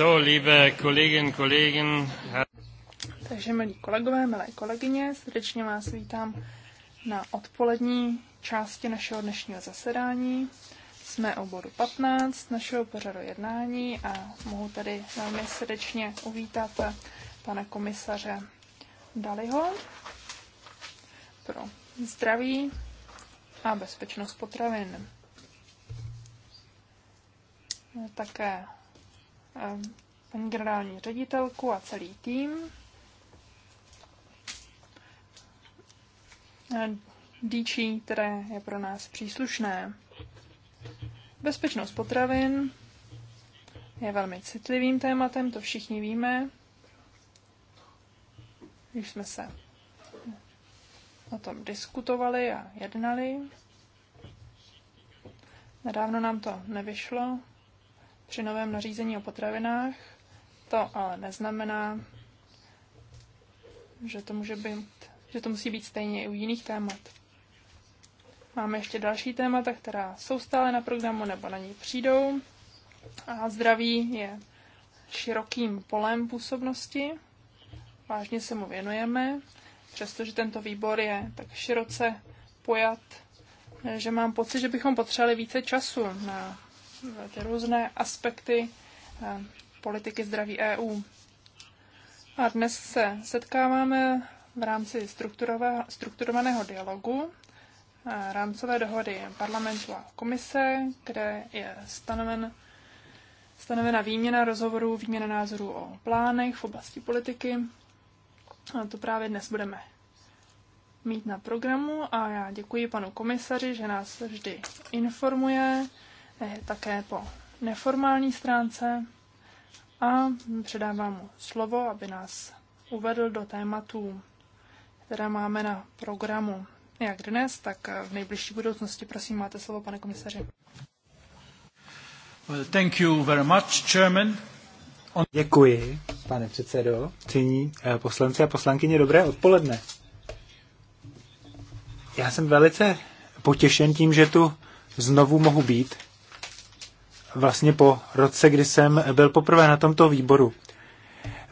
So, liebe Kolleginnen, Kollegen. Takže milí kolegové, milé kolegyně, srdečně vás vítám na odpolední části našeho dnešního zasedání. Jsme u bodu 15 našeho pořadu jednání a mohu tady velmi srdečně uvítat pana komisaře Daliho pro zdraví a bezpečnost potravin. Také Eh, paní generální ředitelku a celý tým. Eh, DG, které je pro nás příslušné. Bezpečnost potravin je velmi citlivým tématem, to všichni víme. Když jsme se o tom diskutovali a jednali. Nedávno nám to nevyšlo, při novém nařízení o potravinách. To ale neznamená, že to, může být, že to musí být stejně i u jiných témat. Máme ještě další témata, která jsou stále na programu nebo na ní přijdou. A zdraví je širokým polem působnosti. Vážně se mu věnujeme, přestože tento výbor je tak široce pojat, že mám pocit, že bychom potřebovali více času na ty různé aspekty eh, politiky zdraví EU. A dnes se setkáváme v rámci strukturovaného dialogu eh, rámcové dohody parlamentu a komise, kde je stanoven, stanovena výměna rozhovorů, výměna názorů o plánech v oblasti politiky. A to právě dnes budeme mít na programu a já děkuji panu komisaři, že nás vždy informuje Eh, také po neformální stránce a předávám mu slovo, aby nás uvedl do tématů, které máme na programu jak dnes, tak v nejbližší budoucnosti. Prosím, máte slovo, pane komisaři. Well, thank you very much, Chairman. On... Děkuji, pane předsedo. Cení eh, poslanci a poslankyně, dobré odpoledne. Já jsem velice potěšen tím, že tu znovu mohu být vlastně po roce, kdy jsem byl poprvé na tomto výboru.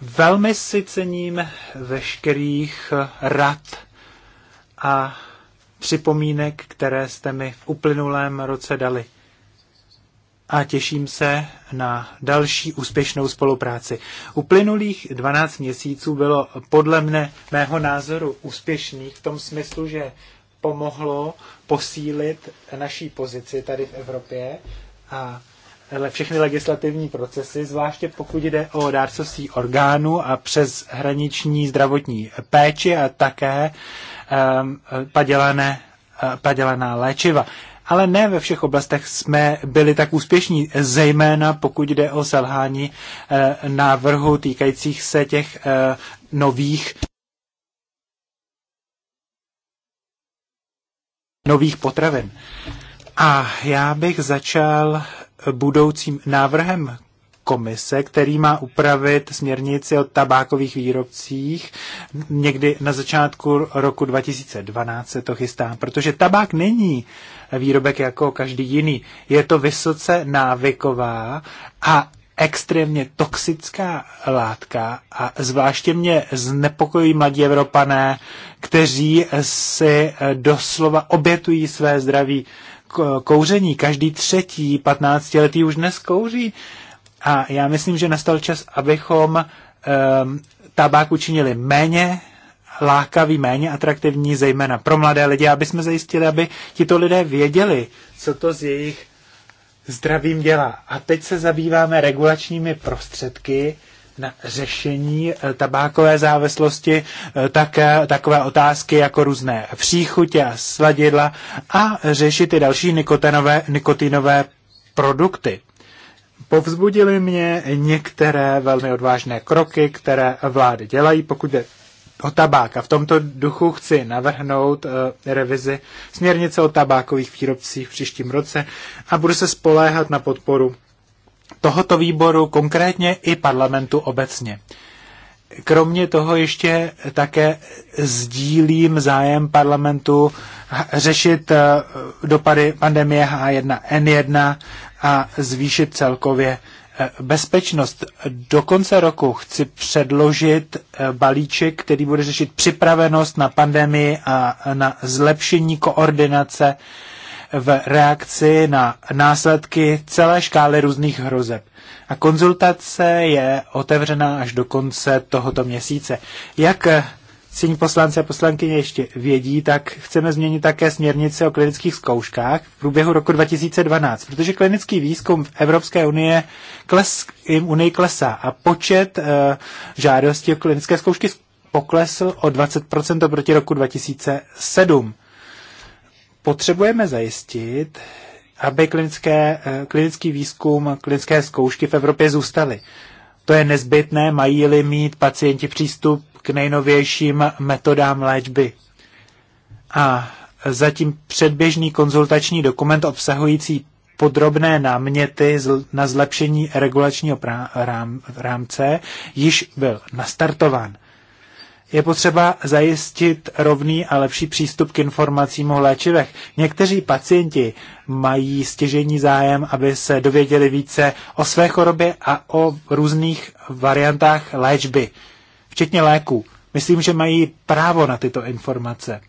Velmi si cením veškerých rad a připomínek, které jste mi v uplynulém roce dali. A těším se na další úspěšnou spolupráci. Uplynulých 12 měsíců bylo podle mne, mého názoru úspěšných v tom smyslu, že pomohlo posílit naší pozici tady v Evropě a všechny legislativní procesy, zvláště pokud jde o dárcovství orgánů a přes hraniční zdravotní péči a také um, padělané, eh, padělaná léčiva. Ale ne ve všech oblastech jsme byli tak úspěšní, zejména pokud jde o selhání uh, návrhu týkajících se těch uh, nových nových potravin. A já bych začal budoucím návrhem komise, který má upravit směrnici o tabákových výrobcích. Někdy na začátku roku 2012 se to chystá, protože tabák není výrobek jako každý jiný. Je to vysoce návyková a extrémně toxická látka a zvláště mě znepokojí mladí Evropané, kteří si doslova obětují své zdraví kouření. Každý třetí 15-letý už dnes kouří. A já myslím, že nastal čas, abychom um, tabák učinili méně lákavý, méně atraktivní, zejména pro mladé lidi, aby jsme zajistili, aby tito lidé věděli, co to z jejich zdravím dělá. A teď se zabýváme regulačními prostředky, na řešení eh, tabákové závislosti, eh, tak takové otázky jako různé příchutě a sladidla a řešit i další nikotinové, nikotinové produkty. Povzbudili mě některé velmi odvážné kroky, které vlády dělají, pokud je o tabák. A v tomto duchu chci navrhnout e, revizi směrnice o tabákových výrobcích v příštím roce a budu se spoléhat na podporu tohoto výboru konkrétně i parlamentu obecně. Kromě toho ještě také sdílím zájem parlamentu řešit eh, dopady pandemie H1N1 a zvýšit celkově eh, bezpečnost. Do konce roku chci předložit eh, balíček, který bude řešit připravenost na pandemii a na zlepšení koordinace v reakci na následky celé škály různých hrozeb. A konzultace je otevřená až do konce tohoto měsíce. Jak síň eh, poslance a poslankyně ještě vědí, tak chceme změnit také směrnice o klinických zkouškách v průběhu roku 2012, protože klinický výzkum v Evropské unii, kles, unii klesá a počet uh, žádostí o klinické zkoušky poklesl o 20% oproti roku 2007 potřebujeme zajistit, aby klinické, eh, klinický výzkum, klinické zkoušky v Evropě zůstaly. To je nezbytné, mají-li mít pacienti přístup k nejnovějším metodám léčby. A zatím předběžný konzultační dokument obsahující podrobné náměty na zlepšení regulačního rám, rámce již byl nastartován je potřeba zajistit rovný a lepší přístup k informacím o léčivech. Někteří pacienti mají stěžení zájem, aby se dověděli více o své chorobě a o různých variantách léčby, včetně léků. Myslím, že mají právo na tyto informace.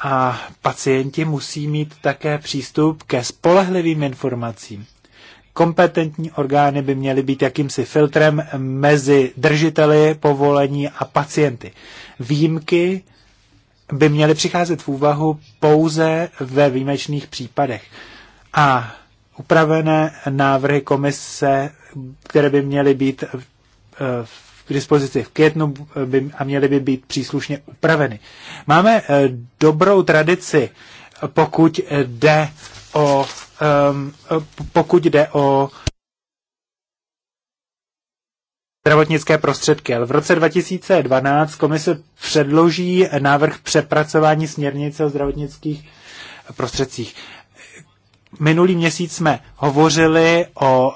A pacienti musí mít také přístup ke spolehlivým informacím kompetentní orgány by měly být jakýmsi filtrem mezi držiteli povolení a pacienty. Výjimky by měly přicházet v úvahu pouze ve výjimečných případech. A upravené návrhy komise, které by měly být k eh, dispozici v květnu a měly by být příslušně upraveny. Máme eh, dobrou tradici, pokud jde o um, pokud jde o zdravotnické prostředky. Ale v roce 2012 komise předloží návrh přepracování směrnice o zdravotnických prostředcích. Minulý měsíc jsme hovořili o,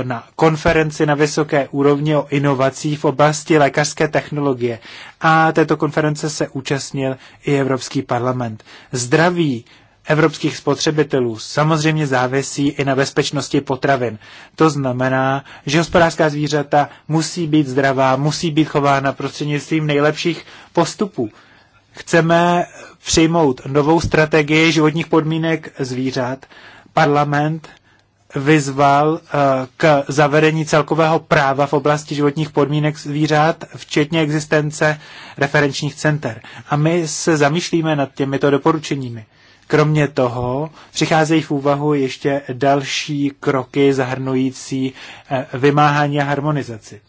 e, na konferenci na vysoké úrovni o inovacích v oblasti lékařské technologie a této konference se účastnil i Evropský parlament. Zdraví evropských spotřebitelů samozřejmě závisí i na bezpečnosti potravin. To znamená, že hospodářská zvířata musí být zdravá, musí být chována prostřednictvím nejlepších postupů. Chceme přijmout novou strategii životních podmínek zvířat. Parlament vyzval eh, k zavedení celkového práva v oblasti životních podmínek zvířat, včetně existence referenčních center. A my se zamýšlíme nad těmito doporučeními. Kromě toho přicházejí v úvahu ještě další kroky zahrnující eh, vymáhání a harmonizaci.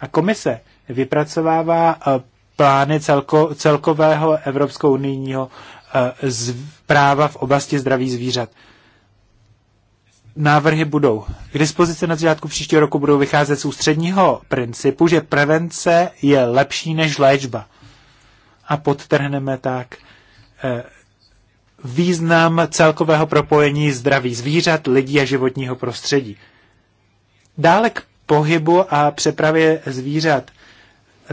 A komise vypracovává eh, plány celko, celkového Evropskou unijního eh, práva v oblasti zdraví zvířat. Návrhy budou k dispozici na začátku příštího roku budou vycházet z ústředního principu, že prevence je lepší než léčba. A podtrhneme tak význam celkového propojení zdraví zvířat, lidí a životního prostředí. Dále k pohybu a přepravě zvířat.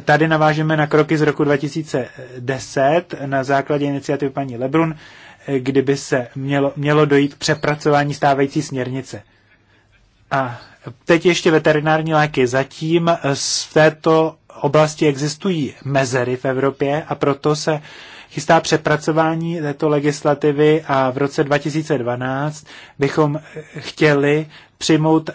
Tady navážeme na kroky z roku 2010 na základě iniciativy paní Lebrun, kdyby se mělo, mělo dojít k přepracování stávající směrnice. A teď ještě veterinární léky. Zatím v této oblasti existují mezery v Evropě a proto se chystá přepracování této legislativy a v roce 2012 bychom chtěli přijmout eh,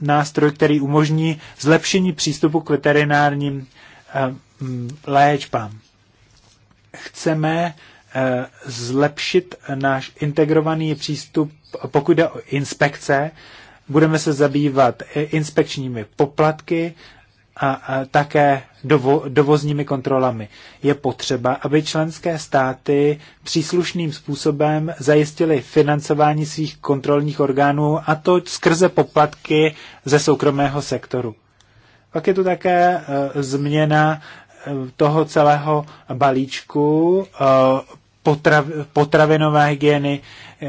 nástroj, který umožní zlepšení přístupu k veterinárním eh, mm, léčbám. Chceme eh, zlepšit náš integrovaný přístup, pokud jde o inspekce. Budeme se zabývat inspekčními poplatky, a, a také dovo, dovozními kontrolami. Je potřeba, aby členské státy příslušným způsobem zajistily financování svých kontrolních orgánů a to skrze poplatky ze soukromého sektoru. Pak je tu také e, změna e, toho celého balíčku e, potrav, potravinové hygieny,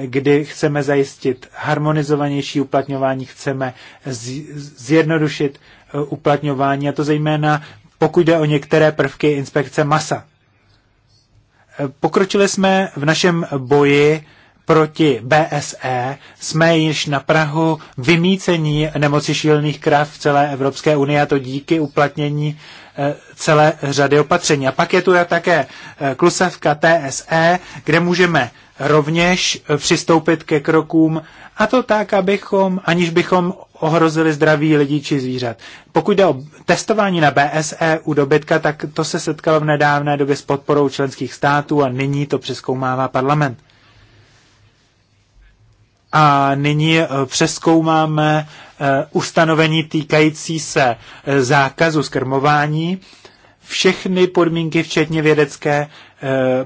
kdy chceme zajistit harmonizovanější uplatňování, chceme zjednodušit e, uplatňování, a to zejména pokud jde o některé prvky inspekce masa. E, pokročili jsme v našem boji proti BSE jsme již na Prahu vymícení nemoci šílených krav v celé Evropské unii a to díky uplatnění e, celé řady opatření. A pak je tu také e, klusavka TSE, kde můžeme rovněž e, přistoupit ke krokům a to tak, abychom, aniž bychom ohrozili zdraví lidí či zvířat. Pokud jde o testování na BSE u dobytka, tak to se setkalo v nedávné době s podporou členských států a nyní to přeskoumává parlament a nyní eh, přeskoumáme eh, ustanovení týkající se eh, zákazu skrmování. Všechny podmínky, včetně vědecké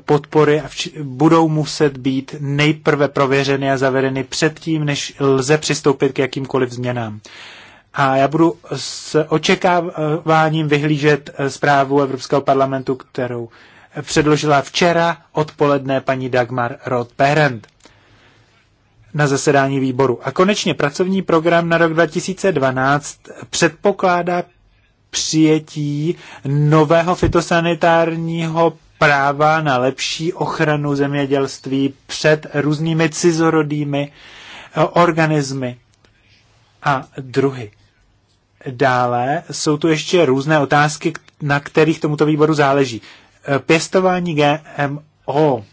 podpory, budou muset být nejprve prověřeny a zavedeny předtím, než lze přistoupit k jakýmkoliv změnám. A já budu s očekáváním vyhlížet zprávu Evropského parlamentu, kterou předložila včera odpoledne paní Dagmar Roth-Perent na zasedání výboru. A konečně pracovní program na rok 2012 předpokládá přijetí nového fitosanitárního práva na lepší ochranu zemědělství před různými cizorodými eh, organismy a druhy. Dále jsou tu ještě různé otázky, na kterých tomuto výboru záleží. Eh, pěstování GMO.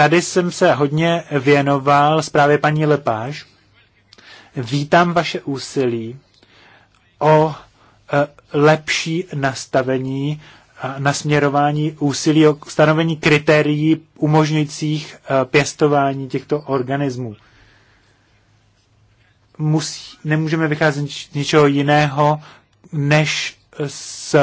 Tady jsem se hodně věnoval zprávě paní Lepáš. Vítám vaše úsilí o e, lepší nastavení nasměrování úsilí o stanovení kritérií umožňujících e, pěstování těchto organismů. Musí, nemůžeme vycházet z ničeho jiného, než z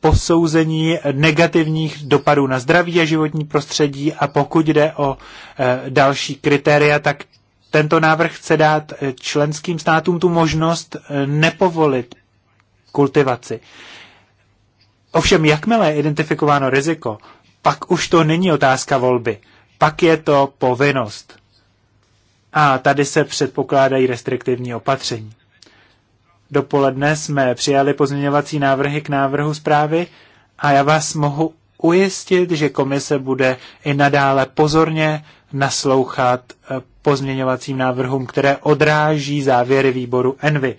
posouzení negativních dopadů na zdraví a životní prostředí a pokud jde o eh, další kritéria, tak tento návrh chce dát eh, členským státům tu možnost eh, nepovolit kultivaci. Ovšem, jakmile je identifikováno riziko, pak už to není otázka volby, pak je to povinnost. A tady se předpokládají restriktivní opatření dopoledne jsme přijali pozměňovací návrhy k návrhu zprávy a já vás mohu ujistit, že komise bude i nadále pozorně naslouchat eh, pozměňovacím návrhům, které odráží závěry výboru Envy.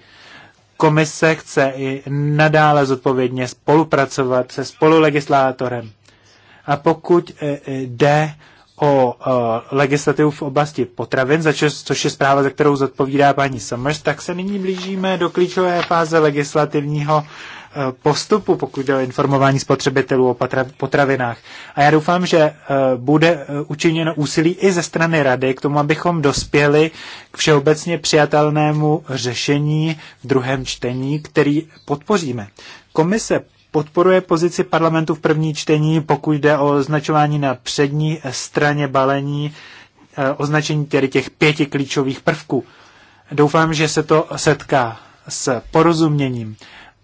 Komise chce i nadále zodpovědně spolupracovat se spolulegislátorem. A pokud eh, eh, jde o e, legislativu v oblasti potravin, což je zpráva, za kterou zodpovídá paní Summers, tak se nyní blížíme do klíčové fáze legislativního e, postupu, pokud jde o informování spotřebitelů o potravinách. A já doufám, že e, bude učiněno úsilí i ze strany Rady k tomu, abychom dospěli k všeobecně přijatelnému řešení v druhém čtení, který podpoříme. Komise podporuje pozici parlamentu v první čtení, pokud jde o označování na přední straně balení, eh, označení tedy těch pěti klíčových prvků. Doufám, že se to setká s porozuměním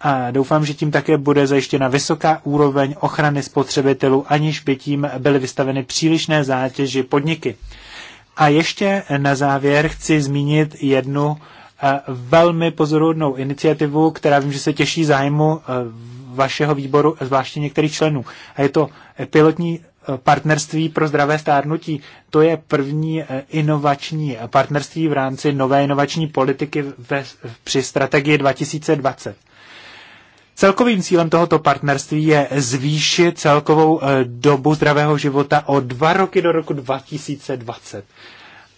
a doufám, že tím také bude zajištěna vysoká úroveň ochrany spotřebitelů, aniž by tím byly vystaveny přílišné zátěži podniky. A ještě na závěr chci zmínit jednu eh, velmi pozorodnou iniciativu, která vím, že se těší zájmu eh, vašeho výboru, zvláště některých členů. A je to eh, pilotní eh, partnerství pro zdravé stárnutí. To je první eh, inovační partnerství v rámci nové inovační politiky ve, při strategii 2020. Celkovým cílem tohoto partnerství je zvýšit celkovou dobu zdravého života o dva roky do roku 2020.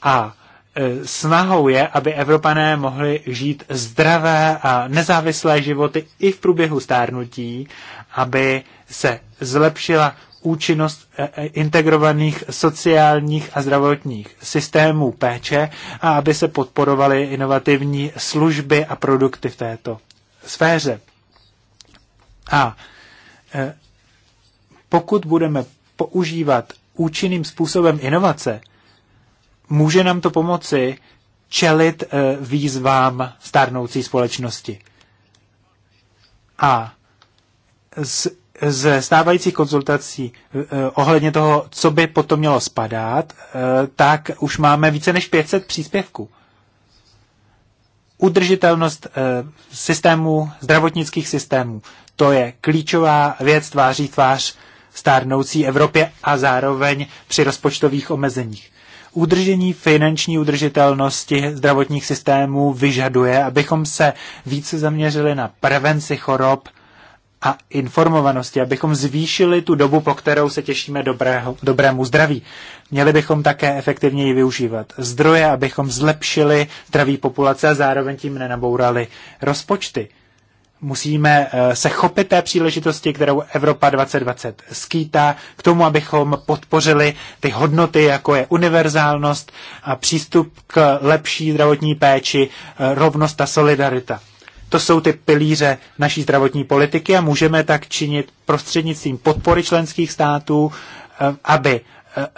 A E, snahou je, aby Evropané mohli žít zdravé a nezávislé životy i v průběhu stárnutí, aby se zlepšila účinnost e, e, integrovaných sociálních a zdravotních systémů péče a aby se podporovaly inovativní služby a produkty v této sféře. A pokud budeme používat účinným způsobem inovace, může nám to pomoci čelit eh, výzvám stárnoucí společnosti. A z, ze stávajících konzultací eh, ohledně toho, co by potom mělo spadat, eh, tak už máme více než 500 příspěvků. Udržitelnost systémů, zdravotnických systémů, to je klíčová věc tváří tvář stárnoucí Evropě a zároveň při rozpočtových omezeních. Udržení finanční udržitelnosti zdravotních systémů vyžaduje, abychom se více zaměřili na prevenci chorob a informovanosti, abychom zvýšili tu dobu, po kterou se těšíme dobrého, dobrému zdraví. Měli bychom také efektivněji využívat zdroje, abychom zlepšili zdraví populace a zároveň tím nenabourali rozpočty musíme eh, se chopit té příležitosti, kterou Evropa 2020 skýtá, k tomu, abychom podpořili ty hodnoty, jako je univerzálnost a přístup k lepší zdravotní péči, eh, rovnost a solidarita. To jsou ty pilíře naší zdravotní politiky a můžeme tak činit prostřednictvím podpory členských států, eh, aby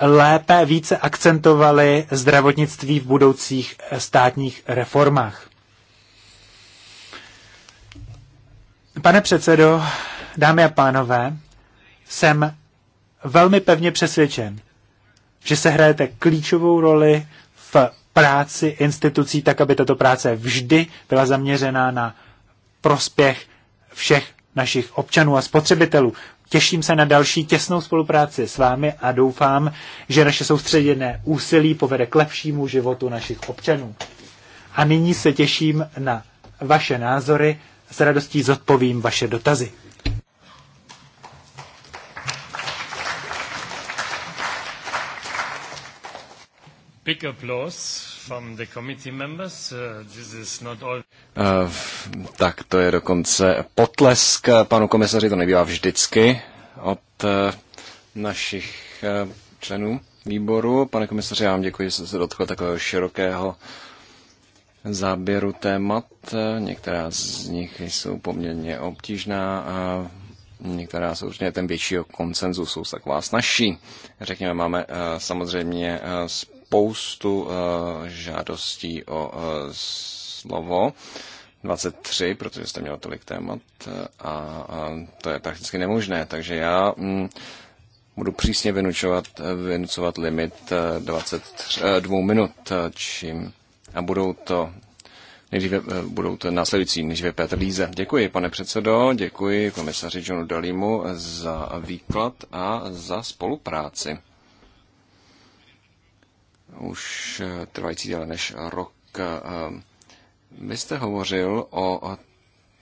lépe více akcentovali zdravotnictví v budoucích státních reformách. Pane předsedo, dámy a pánové, jsem velmi pevně přesvědčen, že se hrajete klíčovou roli v práci institucí, tak aby tato práce vždy byla zaměřená na prospěch všech našich občanů a spotřebitelů. Těším se na další těsnou spolupráci s vámi a doufám, že naše soustředěné úsilí povede k lepšímu životu našich občanů. A nyní se těším na vaše názory s radostí zodpovím vaše dotazy. Big applause from the committee members. Uh, this is not all... Uh, tak to je dokonce potlesk eh, panu komisaři, to nebývá vždycky od uh, našich uh, členů výboru. Pane komisaři, já vám děkuji, že jste se dotkl takového širokého záběru témat. Některá z nich jsou poměrně obtížná a některá jsou určitě ten většího koncenzu, jsou taková naší. Řekněme, máme eh, samozřejmě eh, spoustu eh, žádostí o slovo. 23, protože jste měl tolik témat a, to je prakticky nemožné, takže já mm, budu přísně vynučovat, vynucovat limit 22 minut, čím a budou to Nejdříve eh, budou to následující, nejdříve Petr Líze. Děkuji, pane předsedo, děkuji komisaři Johnu Dalimu za výklad a za spolupráci. Už eh, trvající déle než rok. Eh, vy jste hovořil o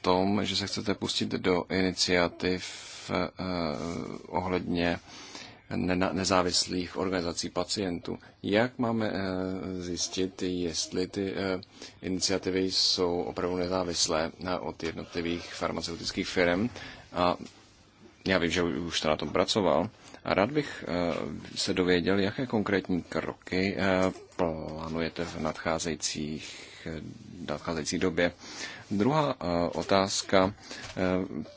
tom, že se chcete pustit do iniciativ ohledně nezávislých organizací pacientů. Jak máme eh, zjistit, jestli ty eh, iniciativy jsou opravdu nezávislé eh, od jednotlivých farmaceutických firm? A já vím, že už to na tom pracoval. A rád bych se dověděl, jaké konkrétní kroky plánujete v nadcházejících, nadcházející době Druhá eh, otázka, eh,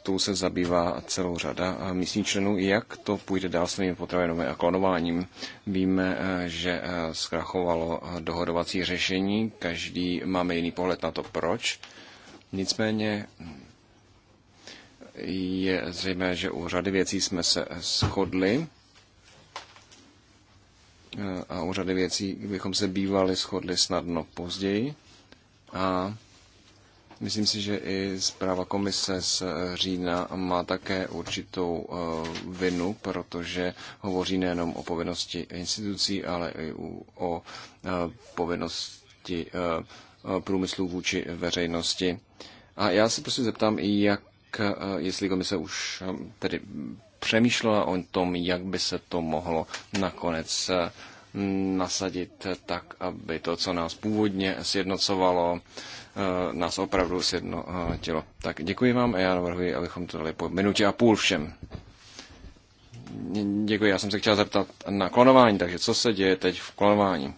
tu se zabývá celou řada eh, místních členů, jak to půjde dál s tím potravinami a klonováním. Víme, že zkrachovalo dohodovací řešení, každý máme jiný pohled na to, proč. Nicméně je zřejmé, že u řady věcí jsme se shodli a u řady věcí bychom se bývali shodli snadno později. A Myslím si, že i zpráva komise z eh, října má také určitou eh, vinu, protože hovoří nejenom o povinnosti institucí, ale i o eh, povinnosti průmyslu vůči veřejnosti. A já se prostě zeptám, jak, jestli komise už tedy přemýšlela o tom, jak by se to mohlo nakonec nasadit tak, aby to, co nás původně sjednocovalo, Eh, nás opravdu sjedno eh, tělo. Tak děkuji vám a já navrhuji, abychom to dali po minutě a půl všem. Děkuji, já jsem se chtěl zeptat na klonování, takže co se děje teď v klonování?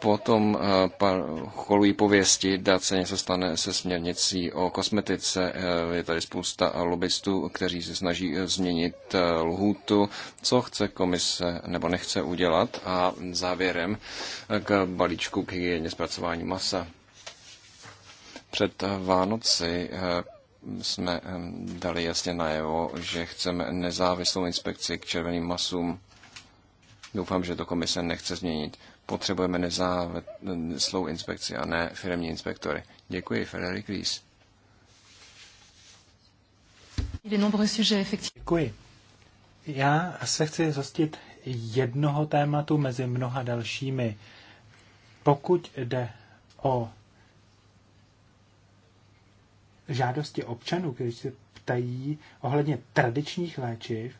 potom kolují eh, pověsti, dát se něco stane se směrnicí o kosmetice. Eh, je tady spousta lobbystů, kteří se snaží eh, změnit lhůtu, co chce komise nebo nechce udělat a závěrem k balíčku k hygieně zpracování masa. Před Vánoci jsme dali jasně najevo, že chceme nezávislou inspekci k červeným masům. Doufám, že to komise nechce změnit potřebujeme nezávislou inspekci a ne firmní inspektory. Děkuji, Frederik Ries. Děkuji. Já se chci zastit jednoho tématu mezi mnoha dalšími. Pokud jde o žádosti občanů, kteří se ptají ohledně tradičních léčiv,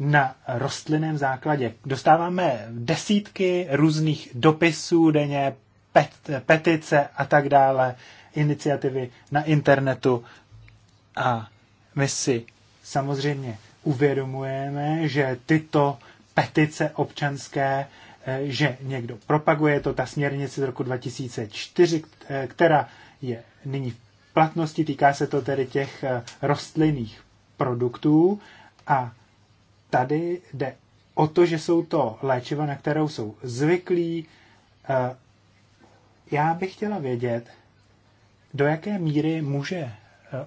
na rostlinném základě. Dostáváme desítky různých dopisů denně, pet, petice a tak dále, iniciativy na internetu a my si samozřejmě uvědomujeme, že tyto petice občanské, eh, že někdo propaguje to, ta směrnice z roku 2004, eh, která je nyní v platnosti, týká se to tedy těch eh, rostlinných produktů a tady jde o to, že jsou to léčiva, na kterou jsou zvyklí. Eh, já bych chtěla vědět, do jaké míry může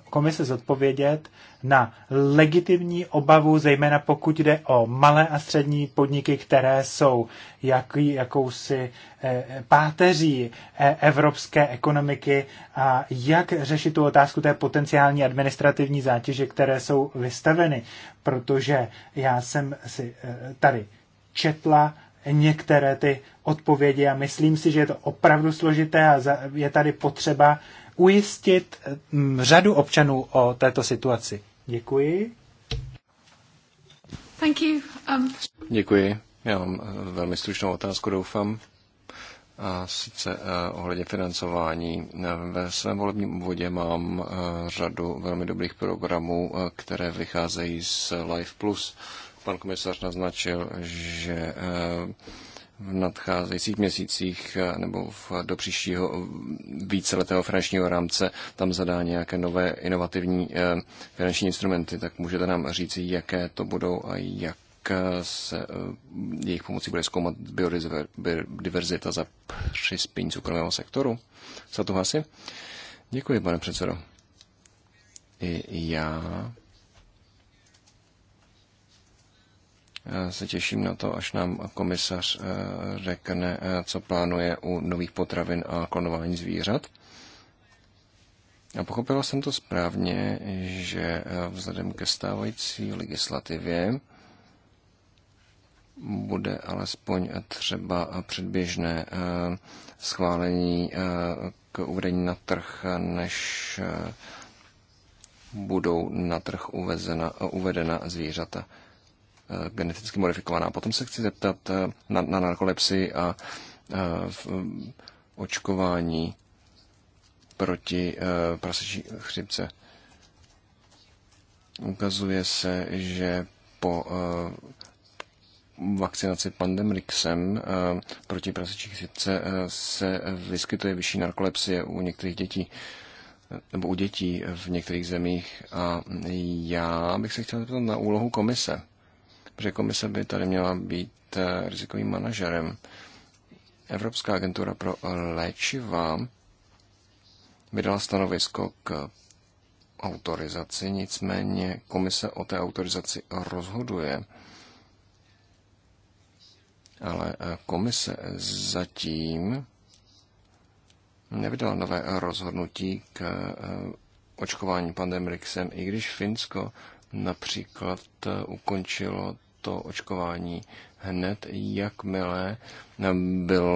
komise zodpovědět na legitimní obavu, zejména pokud jde o malé a střední podniky, které jsou jaký, jakousi eh, páteří eh, evropské ekonomiky a jak řešit tu otázku té potenciální administrativní zátěže, které jsou vystaveny. Protože já jsem si eh, tady četla některé ty odpovědi a myslím si, že je to opravdu složité a je tady potřeba ujistit mm, řadu občanů o této situaci. Děkuji. Thank you. Um... Děkuji. Já mám eh, velmi stručnou otázku, doufám. A sice uh, ohledně financování. Ve svém volebním obvodě mám uh, řadu velmi dobrých programů, uh, které vycházejí z Life Plus. Pan komisař naznačil, že uh, v nadcházejících měsících eh, nebo v, do příštího eh, víceletého finančního rámce tam zadá nějaké nové inovativní eh, finanční instrumenty, tak můžete nám říct, jaké to budou a jak se jejich pomocí bude zkoumat biodiverzita za přispění soukromého sektoru. Satuhasi? Děkuji, pane předsedo. I já se těším na to, až nám komisař eh, řekne, eh, co plánuje u nových potravin a klonování zvířat. A pochopila jsem to správně, že eh, vzhledem ke stávající legislativě bude alespoň třeba předběžné schválení k uvedení na trh, než budou na trh uvezena, uvedena zvířata. Eh, geneticky modifikovaná. Potom se chci zeptat eh, na, na narkolepsii a eh, očkování proti prasečí chřipce. Ukazuje se, že po vakcinaci pandemrixem proti prasečí chřipce se vyskytuje vyšší narkolepsie u některých dětí nebo u dětí v některých zemích. A já bych se chtěl zeptat na úlohu komise protože komise by tady měla být eh, rizikovým manažerem. Evropská agentura pro léčiva vydala stanovisko k autorizaci, nicméně komise o té autorizaci rozhoduje. Ale eh, komise zatím nevydala nové rozhodnutí k eh, očkování pandemrixem, i když Finsko například eh, ukončilo to očkování hned, jakmile eh, byl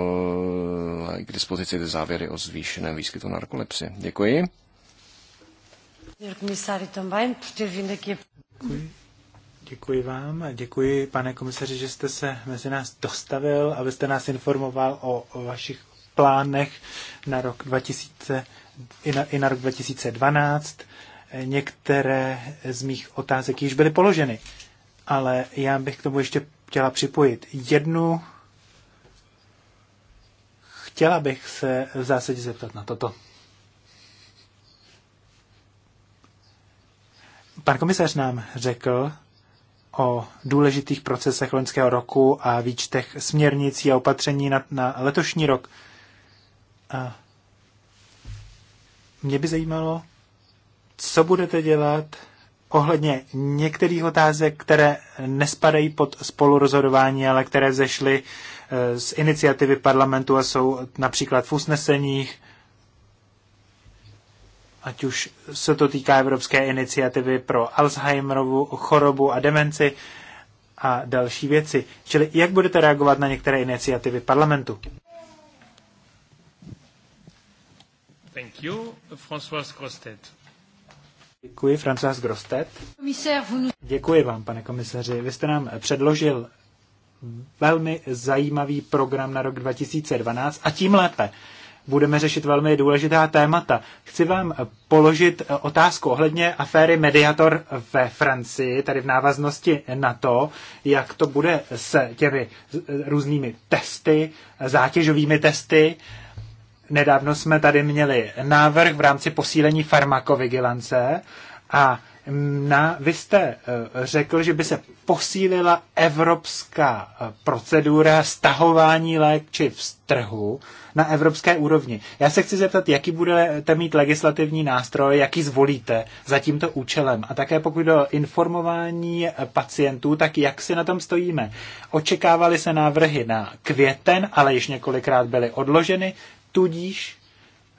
k dispozici ty závěry o zvýšeném výskytu narkolepsy. Děkuji. Děkuji. Děkuji vám a děkuji, pane komisaři, že jste se mezi nás dostavil, abyste nás informoval o vašich plánech na rok 2000, i, na, i na rok 2012 Některé z mých otázek již byly položeny, ale já bych k tomu ještě chtěla připojit jednu. Chtěla bych se v zásadě zeptat na toto. Pan komisař nám řekl o důležitých procesech loňského roku a výčtech směrnicí a opatření na, na letošní rok. A mě by zajímalo, co budete dělat ohledně některých otázek, které nespadají pod spolurozhodování, ale které vzešly eh, z iniciativy parlamentu a jsou například v usneseních, ať už se to týká Evropské iniciativy pro Alzheimerovu chorobu a demenci a další věci. Čili jak budete reagovat na některé iniciativy parlamentu? Thank you, François Grostet. Děkuji, Francis Grostet. Děkuji vám, pane komisaři. Vy jste nám předložil velmi zajímavý program na rok 2012 a tím lépe budeme řešit velmi důležitá témata. Chci vám položit otázku ohledně aféry Mediator ve Francii, tady v návaznosti na to, jak to bude s těmi různými testy, zátěžovými testy Nedávno jsme tady měli návrh v rámci posílení farmakovigilance a na, vy jste eh, řekl, že by se posílila evropská eh, procedura stahování léčiv z trhu na evropské úrovni. Já se chci zeptat, jaký budete mít legislativní nástroj, jaký zvolíte za tímto účelem. A také pokud do informování eh, pacientů, tak jak si na tom stojíme. Očekávaly se návrhy na květen, ale již několikrát byly odloženy. Tudíž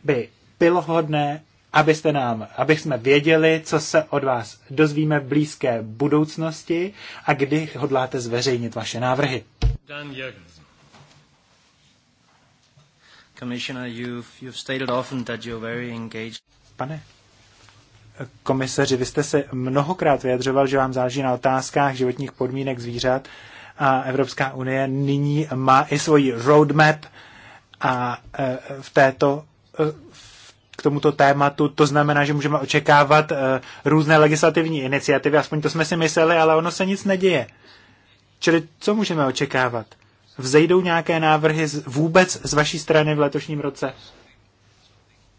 by bylo hodné, abyste nám, aby jsme věděli, co se od vás dozvíme v blízké budoucnosti a kdy hodláte zveřejnit vaše návrhy. Dan Pane komisaři, vy jste se mnohokrát vyjadřoval, že vám záleží na otázkách životních podmínek zvířat a Evropská unie nyní má i svoji roadmap a e, v této k e, tomuto tématu. To znamená, že můžeme očekávat e, různé legislativní iniciativy, aspoň to jsme si mysleli, ale ono se nic neděje. Čili co můžeme očekávat? Vzejdou nějaké návrhy vůbec z vaší strany v letošním roce?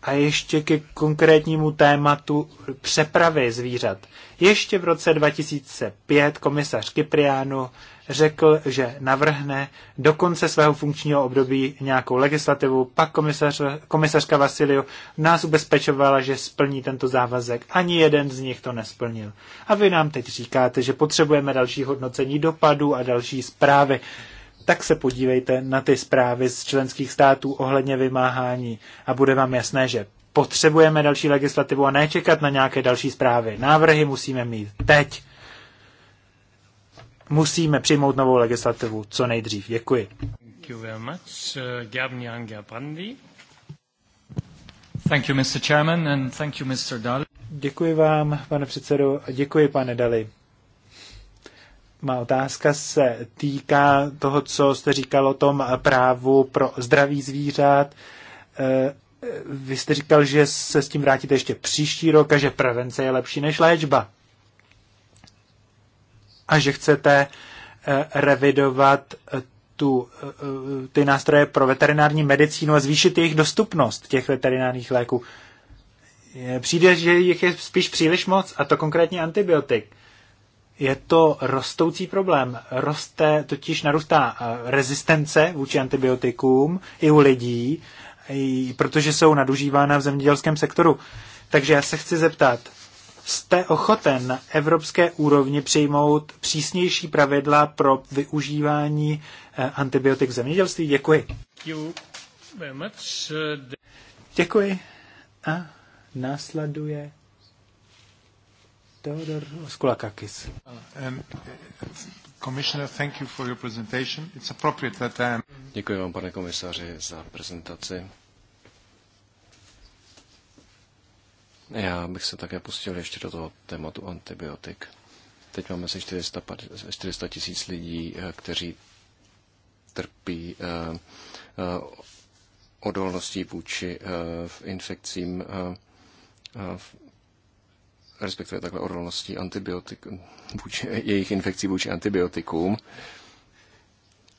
A ještě ke konkrétnímu tématu přepravy zvířat. Ještě v roce 2005 komisař Kypriánu řekl, že navrhne do konce svého funkčního období nějakou legislativu. Pak komisař, komisařka Vasiliu nás ubezpečovala, že splní tento závazek. Ani jeden z nich to nesplnil. A vy nám teď říkáte, že potřebujeme další hodnocení dopadů a další zprávy tak se podívejte na ty zprávy z členských států ohledně vymáhání a bude vám jasné, že potřebujeme další legislativu a nečekat na nějaké další zprávy. Návrhy musíme mít teď musíme přijmout novou legislativu co nejdřív. Děkuji. Thank you very much. Uh, thank you, Mr. Chairman, and thank you, Mr. Dali. Děkuji vám, pane předsedo, a děkuji, pane Dali. Má otázka se týká toho, co jste říkal o tom právu pro zdraví zvířat. Uh, vy jste říkal, že se s tím vrátíte ještě příští rok a že prevence je lepší než léčba a že chcete eh, revidovat eh, tu, eh, ty nástroje pro veterinární medicínu a zvýšit jejich dostupnost těch veterinárních léků. Přijde, že jich je spíš příliš moc, a to konkrétně antibiotik. Je to rostoucí problém. Roste, totiž narůstá rezistence vůči antibiotikům i u lidí, i protože jsou nadužívána v zemědělském sektoru. Takže já se chci zeptat, Jste ochoten na evropské úrovni přijmout přísnější pravidla pro využívání eh, antibiotik v zemědělství? Děkuji. Děkuji. A následuje Teodor Skulakakis. Děkuji vám, pane komisaři, za prezentaci. Já bych se také pustil ještě do toho tématu antibiotik. Teď máme se 400, 400 tisíc lidí, eh, kteří trpí eh, eh, odolností vůči infekcím, respektive takhle odolností antibiotik, vůči, jejich infekcí vůči antibiotikům.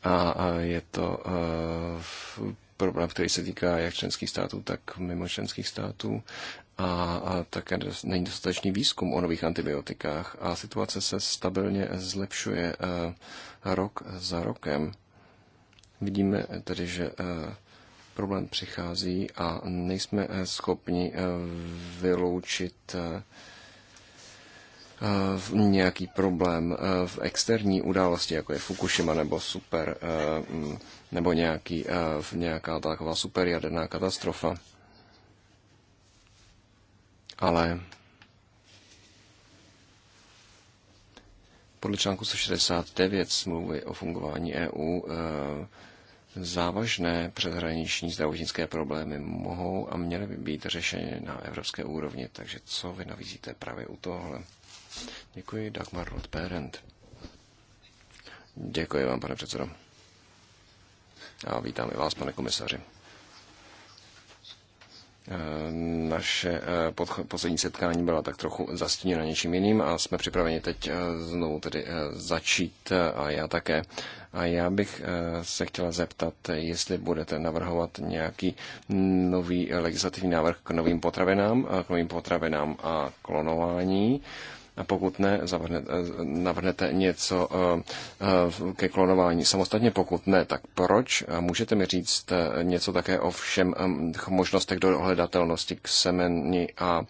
A je to problém, který se týká jak členských států, tak mimo členských států. A, a také není dostatečný výzkum o nových antibiotikách a situace se stabilně zlepšuje eh, rok za rokem. Vidíme tedy, že eh, problém přichází a nejsme eh, schopni vyloučit nějaký problém eh, v externí události, jako je Fukushima nebo super eh, mm, nebo nějaký, eh, nějaká taková superjaderná katastrofa. Ale podle článku 169 smlouvy o fungování EU závažné přeshraniční zdravotnické problémy mohou a měly by být řešeny na evropské úrovni. Takže co vy navízíte právě u tohle? Děkuji, Dagmar roth Děkuji vám, pane předsedo. A vítám i vás, pane komisaři. E, naše e, poslední setkání byla tak trochu zastíněna něčím jiným a jsme připraveni teď e, znovu tedy začít a já také. A já bych se chtěla zeptat, jestli budete navrhovat nějaký nový legislativní návrh k novým potravinám, k novým potravinám a klonování pokud ne, eh, navrhnete něco eh, eh, ke klonování samostatně. Pokud ne, tak proč? Můžete mi říct něco také o všem možnostech dohledatelnosti k semeni a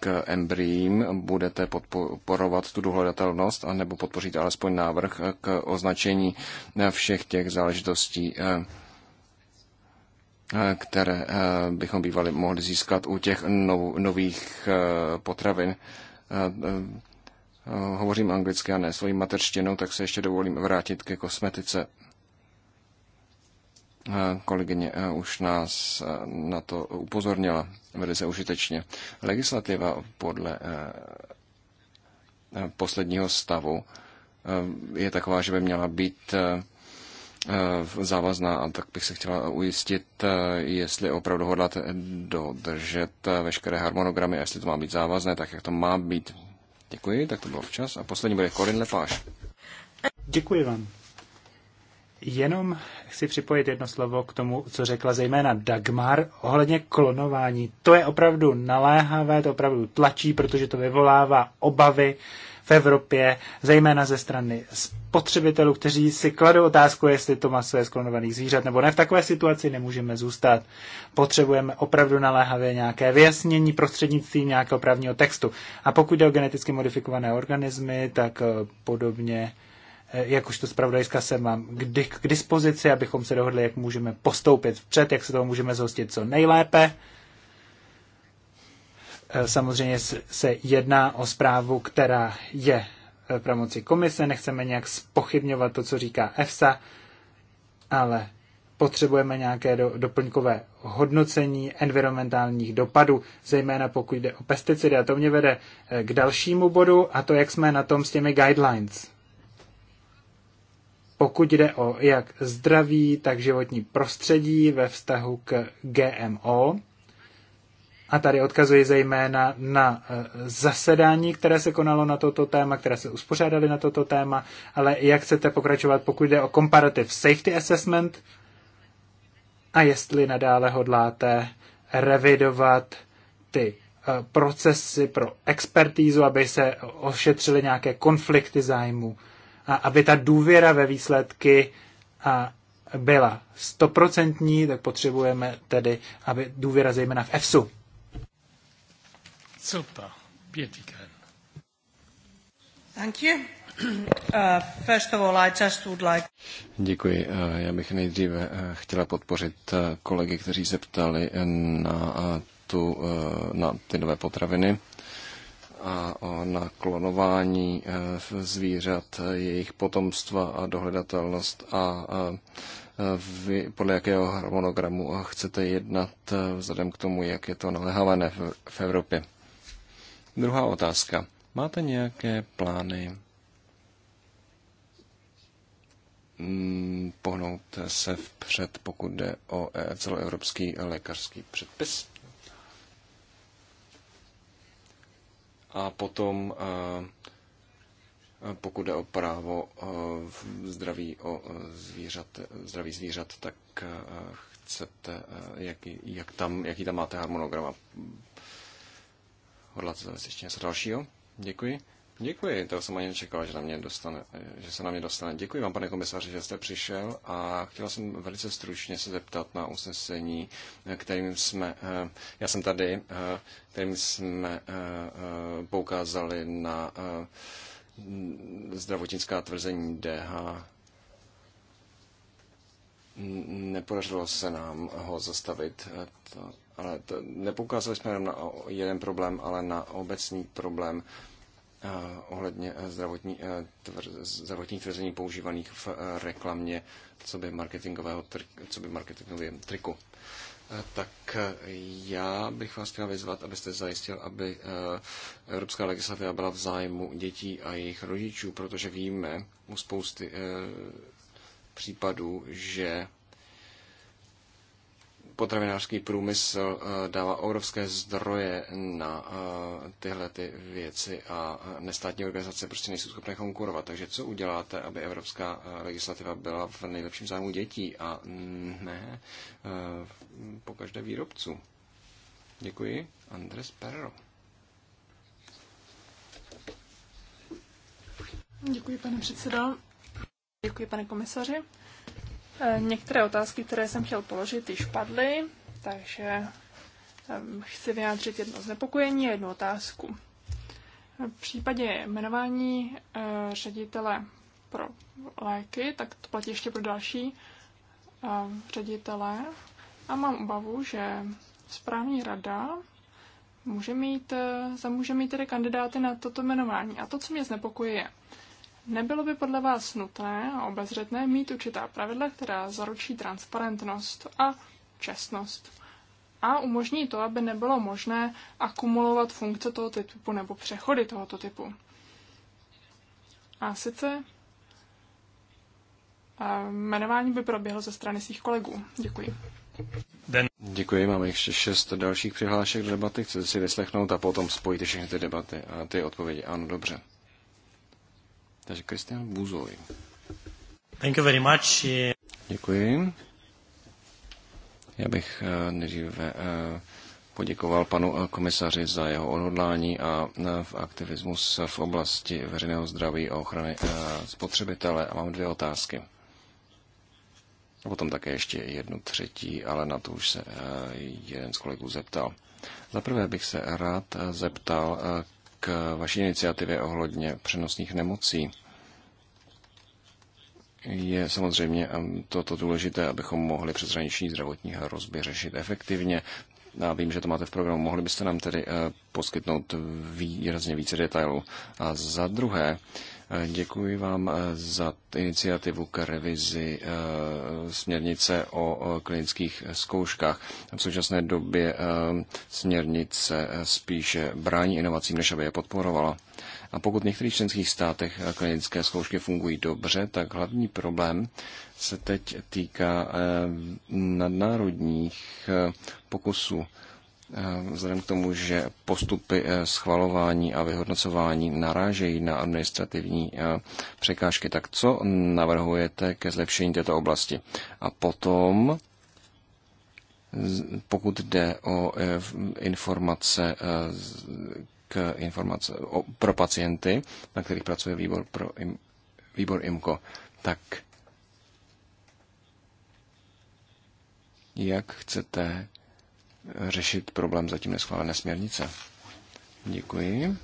k embryím budete podporovat tu dohledatelnost, anebo podpořit alespoň návrh k označení všech těch záležitostí, které bychom bývali mohli získat u těch nových potravin. Eh, eh, hovořím anglicky a ne svojí materštinou, tak se ještě dovolím vrátit ke kosmetice. Eh, kolegyně už nás na to upozornila velice užitečně. Legislativa podle posledního stavu je taková, že by měla být Eh, závazná a tak bych se chtěla ujistit, eh, jestli opravdu hodláte dodržet eh, veškeré harmonogramy a jestli to má být závazné, tak jak to má být. Děkuji, tak to bylo včas. A poslední bude Korin Lepáš. Děkuji vám. Jenom chci připojit jedno slovo k tomu, co řekla zejména Dagmar ohledně klonování. To je opravdu naléhavé, to opravdu tlačí, protože to vyvolává obavy v Evropě, zejména ze strany spotřebitelů, kteří si kladou otázku, jestli to maso je sklonovaných zvířat nebo ne. V takové situaci nemůžeme zůstat. Potřebujeme opravdu naléhavě nějaké vyjasnění prostřednictvím nějakého právního textu. A pokud jde o geneticky modifikované organismy, tak eh, podobně eh, jak už to zpravodajská se mám kdy, k dispozici, abychom se dohodli, jak můžeme postoupit vpřed, jak se toho můžeme zhostit co nejlépe. Eh, samozřejmě se jedná o zprávu, která je eh, pravomocí komise, nechceme nějak spochybňovat to, co říká EFSA, ale potřebujeme nějaké do, doplňkové hodnocení environmentálních dopadů, zejména pokud jde o pesticidy. A to mě vede eh, k dalšímu bodu, a to, jak jsme na tom s těmi guidelines. Pokud jde o jak zdraví, tak životní prostředí ve vztahu k GMO, a tady odkazuji zejména na eh, zasedání, které se konalo na toto téma, které se uspořádali na toto téma, ale jak chcete pokračovat, pokud jde o comparative safety assessment a jestli nadále hodláte revidovat ty eh, procesy pro expertízu, aby se ošetřily nějaké konflikty zájmu a aby ta důvěra ve výsledky a byla stoprocentní, tak potřebujeme tedy, aby důvěra zejména v EFSU. Zoppa, Pietikäinen. Thank you. Uh, first of all, I just would like... Děkuji. Uh, já bych nejdříve uh, chtěla podpořit kolegy, kteří se ptali na, tu, na ty nové potraviny a na klonování zvířat, jejich potomstva a dohledatelnost a vy podle jakého harmonogramu chcete jednat vzhledem k tomu, jak je to naléhavé v Evropě. Druhá otázka. Máte nějaké plány mm, pohnout se vpřed, pokud jde o e, celoevropský lékařský předpis? A potom, e, pokud jde o právo e, zdraví, o zvířat, zdraví zvířat, tak chcete, jaký, jak tam, jaký tam máte harmonogram a to zase ještě něco dalšího? Děkuji. Děkuji, to jsem ani nečekal, že, na mě dostane, že se na mě dostane. Děkuji vám, pane komisaři, že jste přišel a chtěl jsem velice stručně se zeptat na usnesení, kterým jsme, eh, já jsem tady, eh, kterým jsme eh, poukázali na zdravotnická tvrzení DH. Nepodařilo se nám ho zastavit. To ale to, nepoukázali jsme jenom na jeden problém, ale na obecný problém eh, ohledně eh, zdravotní, eh, tvr, zdravotních tvrzení používaných v reklamě, co by marketingového tri, co by marketingovém triku. Tak já bych vás chtěl vyzvat, abyste zajistil, aby evropská legislativa byla v zájmu dětí a jejich rodičů, protože víme u spousty případů, že potravinářský průmysl eh, dává obrovské zdroje na eh, tyhle ty věci a eh, nestátní organizace prostě nejsou schopné konkurovat. Takže co uděláte, aby evropská legislativa byla v nejlepším zájmu dětí a ne po každé výrobců? Děkuji. Andres Perro. Děkuji, pane předsedo. Děkuji, pane komisaři. Eh, některé otázky, které jsem chtěl položit, již padly, takže ehm, chci vyjádřit jedno znepokojení a jednu otázku. V případě jmenování eh, ředitele pro léky, tak to platí ještě pro další ehm, ředitele. A mám obavu, že správní rada může mít, eh, může mít tedy kandidáty na toto jmenování. A to, co mě znepokojuje, Nebylo by podle vás nutné a obezřetné mít určitá pravidla, která zaručí transparentnost a čestnost a umožní to, aby nebylo možné akumulovat funkce tohoto typu nebo přechody tohoto typu. A sice eh, jmenování by proběhlo ze strany svých kolegů. Děkuji. Den. Děkuji, máme ještě šest dalších přihlášek do debaty. Chcete si vyslechnout a potom spojit všechny ty debaty a ty odpovědi. Ano, dobře. Takže Kristian Buzoj. Thank you very much. Děkuji. Já bych eh, nejdříve eh, poděkoval panu eh, komisaři za jeho odhodlání a v aktivismus v oblasti veřejného zdraví a ochrany spotřebitele. A mám dvě otázky. A potom také ještě jednu třetí, ale na to už se jeden z kolegů zeptal. Za prvé bych se rád zeptal, k vaší iniciativě ohledně přenosných nemocí. Je samozřejmě um, toto důležité, abychom mohli přeshraniční zdravotní hrozby řešit efektivně. Já vím, že to máte v programu. Mohli byste nám tedy uh, poskytnout výrazně více detailů. A za druhé, Děkuji vám eh, za iniciativu k revizi eh, směrnice o klinických zkouškách. V současné době eh, směrnice spíše brání inovacím, než aby je podporovala. A pokud v některých členských státech klinické zkoušky fungují dobře, tak hlavní problém se teď týká nadnárodních pokusů Eh, vzhledem k tomu, že postupy eh, schvalování a vyhodnocování narážejí na administrativní eh, překážky. Tak co navrhujete ke zlepšení této oblasti? A potom, pokud jde o informace k informace o, pro pacienty, na kterých pracuje výbor, pro, výbor IMCO, tak jak chcete řešit problém zatím neschválené směrnice. Děkuji.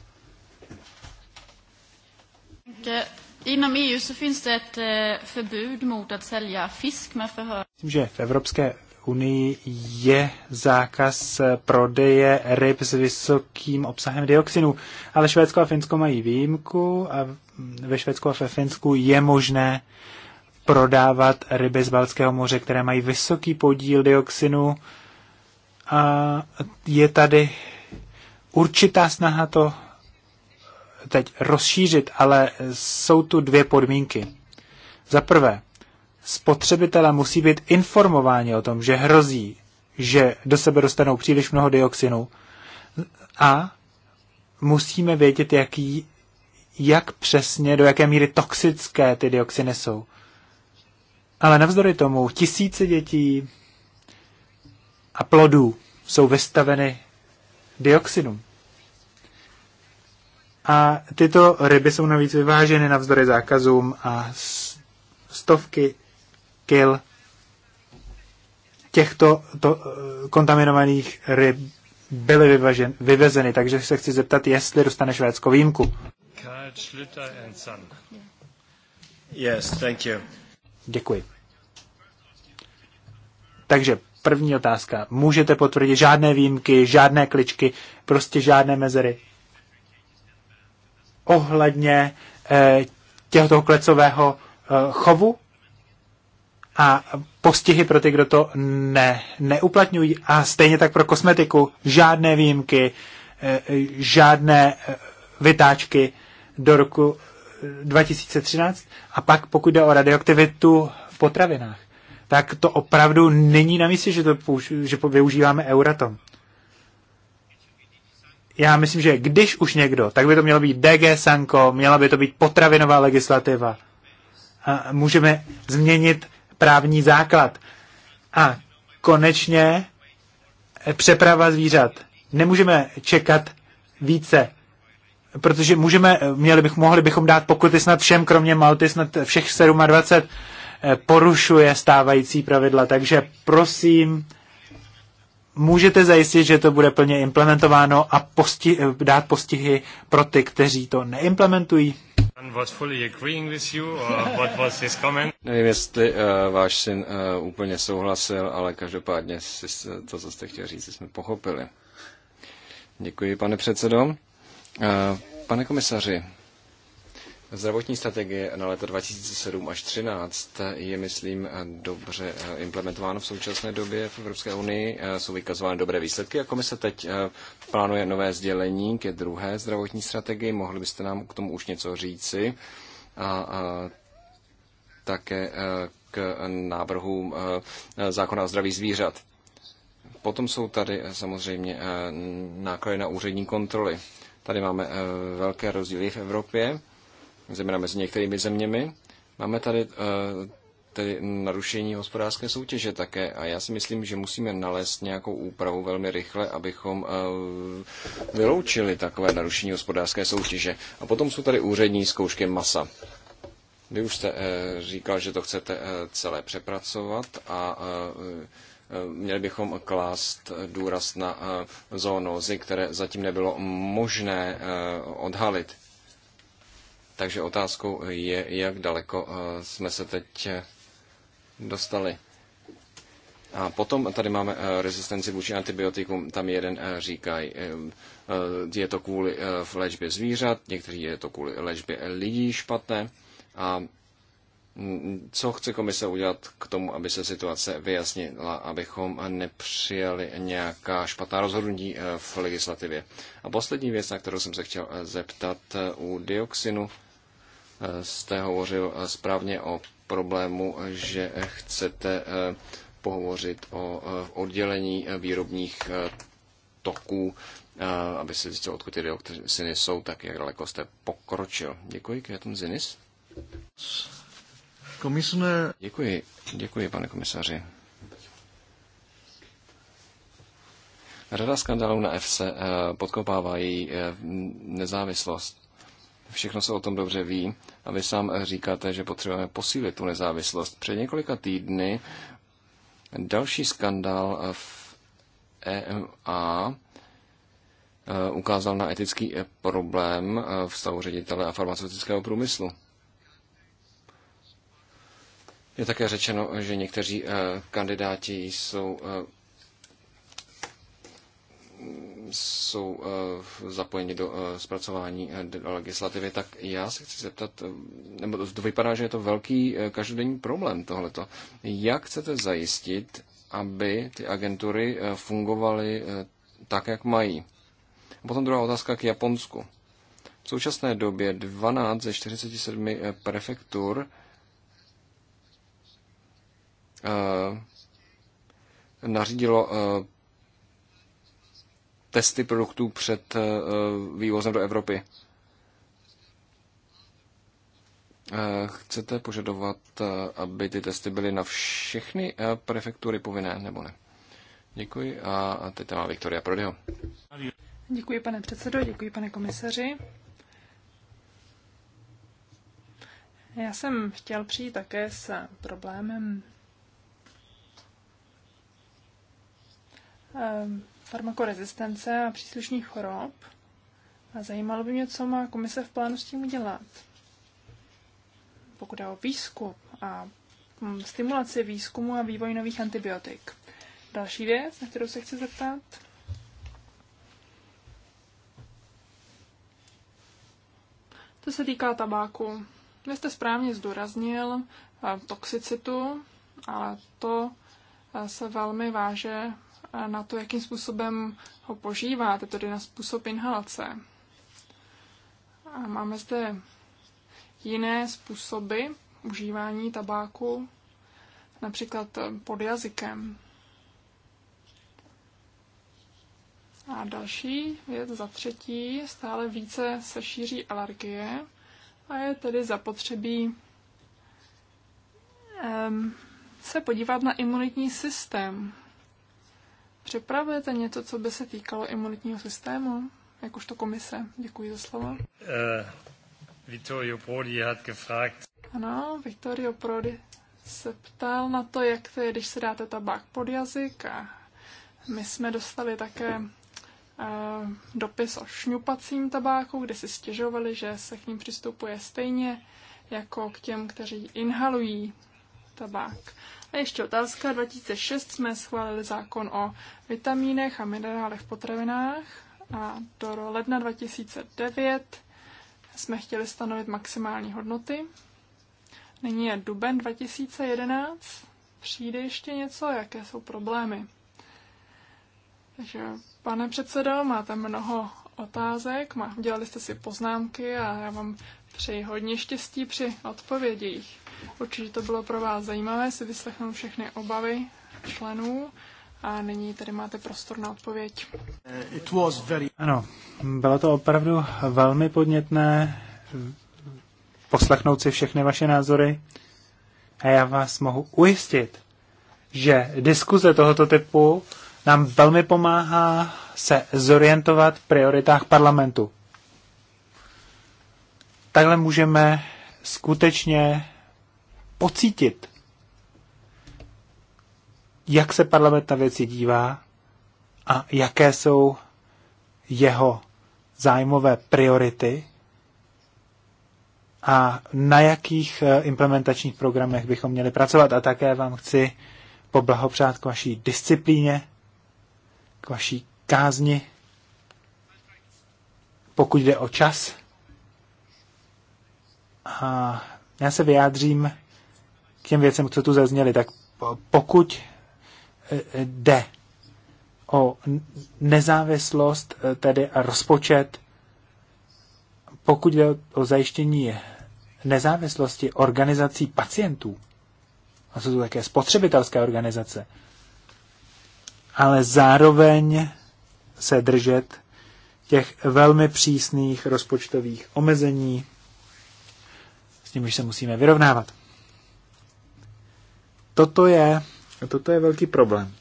Eh, inom EU finns det eh, förbud mot att sälja fisk med förhör. Myslím, že v Evropské unii je zákaz eh, prodeje ryb s vysokým obsahem dioxinu, ale Švédsko a Finsko mají výjimku a ve Švédsku a ve Finsku je možné prodávat ryby z Balckého moře, které mají vysoký podíl dioxinu a je tady určitá snaha to teď rozšířit, ale jsou tu dvě podmínky. Za prvé, spotřebitelé musí být informováni o tom, že hrozí, že do sebe dostanou příliš mnoho dioxinu a musíme vědět, jaký, jak přesně, do jaké míry toxické ty dioxiny jsou. Ale navzdory tomu tisíce dětí a plodů jsou vystaveny dioxinům. A tyto ryby jsou navíc vyváženy navzdory zákazům a stovky kil těchto to, eh, kontaminovaných ryb byly vyvažen, vyvezeny, takže se chci zeptat, jestli dostane Švédsko výjimku. Yes, thank you. Děkuji. Takže První otázka. Můžete potvrdit žádné výjimky, žádné kličky, prostě žádné mezery ohledně eh, těchto klecového eh, chovu a postihy pro ty, kdo to ne, neuplatňují. A stejně tak pro kosmetiku žádné výjimky, eh, žádné eh, vytáčky do roku 2013. Eh, a pak pokud jde o radioaktivitu v potravinách tak to opravdu není na místě, že, to použ- že využíváme Euratom. Já myslím, že když už někdo, tak by to mělo být DG Sanko, měla by to být potravinová legislativa. A můžeme změnit právní základ. A konečně eh, přeprava zvířat. Nemůžeme čekat více, protože můžeme, eh, měli bych, mohli bychom dát pokuty snad všem, kromě Malty, snad všech 27, Eh, porušuje stávající pravidla. Takže prosím, můžete zajistit, že to bude plně implementováno a posti- eh, dát postihy pro ty, kteří to neimplementují? Nevím, jestli uh, váš syn uh, úplně souhlasil, ale každopádně si, to, co jste chtěl říct, jsme pochopili. Děkuji, pane předsedo. Uh, pane komisaři, Zdravotní strategie na léta 2007 až 2013 je, myslím, dobře eh, implementováno v současné době v Evropské unii. Eh, jsou vykazovány dobré výsledky a komise teď eh, plánuje nové sdělení ke druhé zdravotní strategii. Mohli byste nám k tomu už něco říci? A, a také k návrhům zákona o zdraví zvířat. Potom jsou tady samozřejmě náklady na úřední kontroly. Tady máme velké rozdíly v Evropě zejména mezi některými zeměmi. Máme tady eh, tedy narušení hospodářské soutěže také a já si myslím, že musíme nalézt nějakou úpravu velmi rychle, abychom eh, vyloučili takové narušení hospodářské soutěže. A potom jsou tady úřední zkoušky masa. Vy už jste eh, říkal, že to chcete celé přepracovat a měli bychom klást důraz na zoonózy, které zatím nebylo možné odhalit. Takže otázkou je, jak daleko eh, jsme se teď eh, dostali. A potom tady máme eh, rezistenci vůči antibiotikům. Tam jeden říká, je to kvůli v léčbě zvířat, někteří je to kvůli léčbě lidí špatné. A mm, co chce komise udělat k tomu, aby se situace vyjasnila, abychom nepřijali nějaká špatná rozhodnutí v legislativě? A poslední věc, na kterou jsem se chtěl zeptat u dioxinu, jste hovořil správně o problému, že chcete eh, pohovořit o eh, oddělení eh, výrobních toků, aby se zjistil, odkud ty dioxiny jsou, tak jak daleko jste pokročil. Děkuji, Květon Zinis. Komisne... Děkuji, děkuji, pane komisaři. Rada skandalů na FC podkopává její nezávislost. Všechno se o tom dobře ví a vy sám říkáte, že potřebujeme posílit tu nezávislost. Před několika týdny další skandál v EMA eh, ukázal na etický problém eh, v stavu ředitele a farmaceutického průmyslu. Je také řečeno, že někteří eh, kandidáti jsou jsou eh, zapojeni do eh, zpracování eh, legislativy, tak já se chci zeptat, nebo to vypadá, že je to velký každodenní problém tohleto. Jak chcete zajistit, aby ty agentury fungovaly tak, jak mají? A potom druhá otázka k Japonsku. V současné době 12 ze 47 prefektur nařídilo testy produktů před eh, vývozem do Evropy. Eh, chcete požadovat, eh, aby ty testy byly na všechny prefektury povinné, nebo ne? Děkuji a teď tam má Viktoria Prodyho. Děkuji, pane předsedo, děkuji, pane komisaři. Já jsem chtěl přijít také s problémem farmakorezistence a příslušných chorob. A zajímalo by mě, co má komise v plánu s tím udělat. Pokud je o výzkum a mm, stimulaci výzkumu a vývoj nových antibiotik. Další věc, na kterou se chci zeptat. To se týká tabáku. Vy jste správně zdůraznil eh, toxicitu, ale to eh, se velmi váže na to, jakým způsobem ho požíváte, tedy na způsob inhalace. A máme zde jiné způsoby užívání tabáku, například pod jazykem. A další věc za třetí, stále více se šíří alergie a je tedy zapotřebí um, se podívat na imunitní systém Připravujete něco, co by se týkalo imunitního systému, jakožto komise? Děkuji za slovo. Uh, Vittorio Prodi hat gefragt. Ano, Vittorio Prodi se ptal na to, jak to je, když se dáte tabák pod jazyk a my jsme dostali také uh, dopis o šňupacím tabáku, kde si stěžovali, že se k ním přistupuje stejně jako k těm, kteří inhalují tabák. A ještě otázka. 2006 jsme schválili zákon o vitamínech a minerálech v potravinách a do ledna 2009 jsme chtěli stanovit maximální hodnoty. Nyní je duben 2011. Přijde ještě něco? Jaké jsou problémy? Takže, pane předsedo, máte mnoho otázek, dělali jste si poznámky a já vám přeji hodně štěstí při odpovědích. Určitě to bylo pro vás zajímavé si vyslechnout všechny obavy členů a nyní tady máte prostor na odpověď. Ano, bylo to opravdu velmi podnětné poslechnout si všechny vaše názory a já vás mohu ujistit, že diskuze tohoto typu nám velmi pomáhá se zorientovat v prioritách parlamentu. Takhle můžeme skutečně pocítit, jak se parlament na věci dívá a jaké jsou jeho zájmové priority a na jakých eh, implementačních programech bychom měli pracovat. A také vám chci poblahopřát k vaší disciplíně, k vaší kázni, pokud jde o čas. A já se vyjádřím k těm věcem, co tu zazněly, tak pokud e, e, jde o nezávislost e, tedy a rozpočet, pokud jde o zajištění nezávislosti organizací pacientů, a jsou to také spotřebitelské organizace, ale zároveň se držet těch velmi přísných rozpočtových omezení, s nimiž se musíme vyrovnávat. Toto je, toto je velký problém.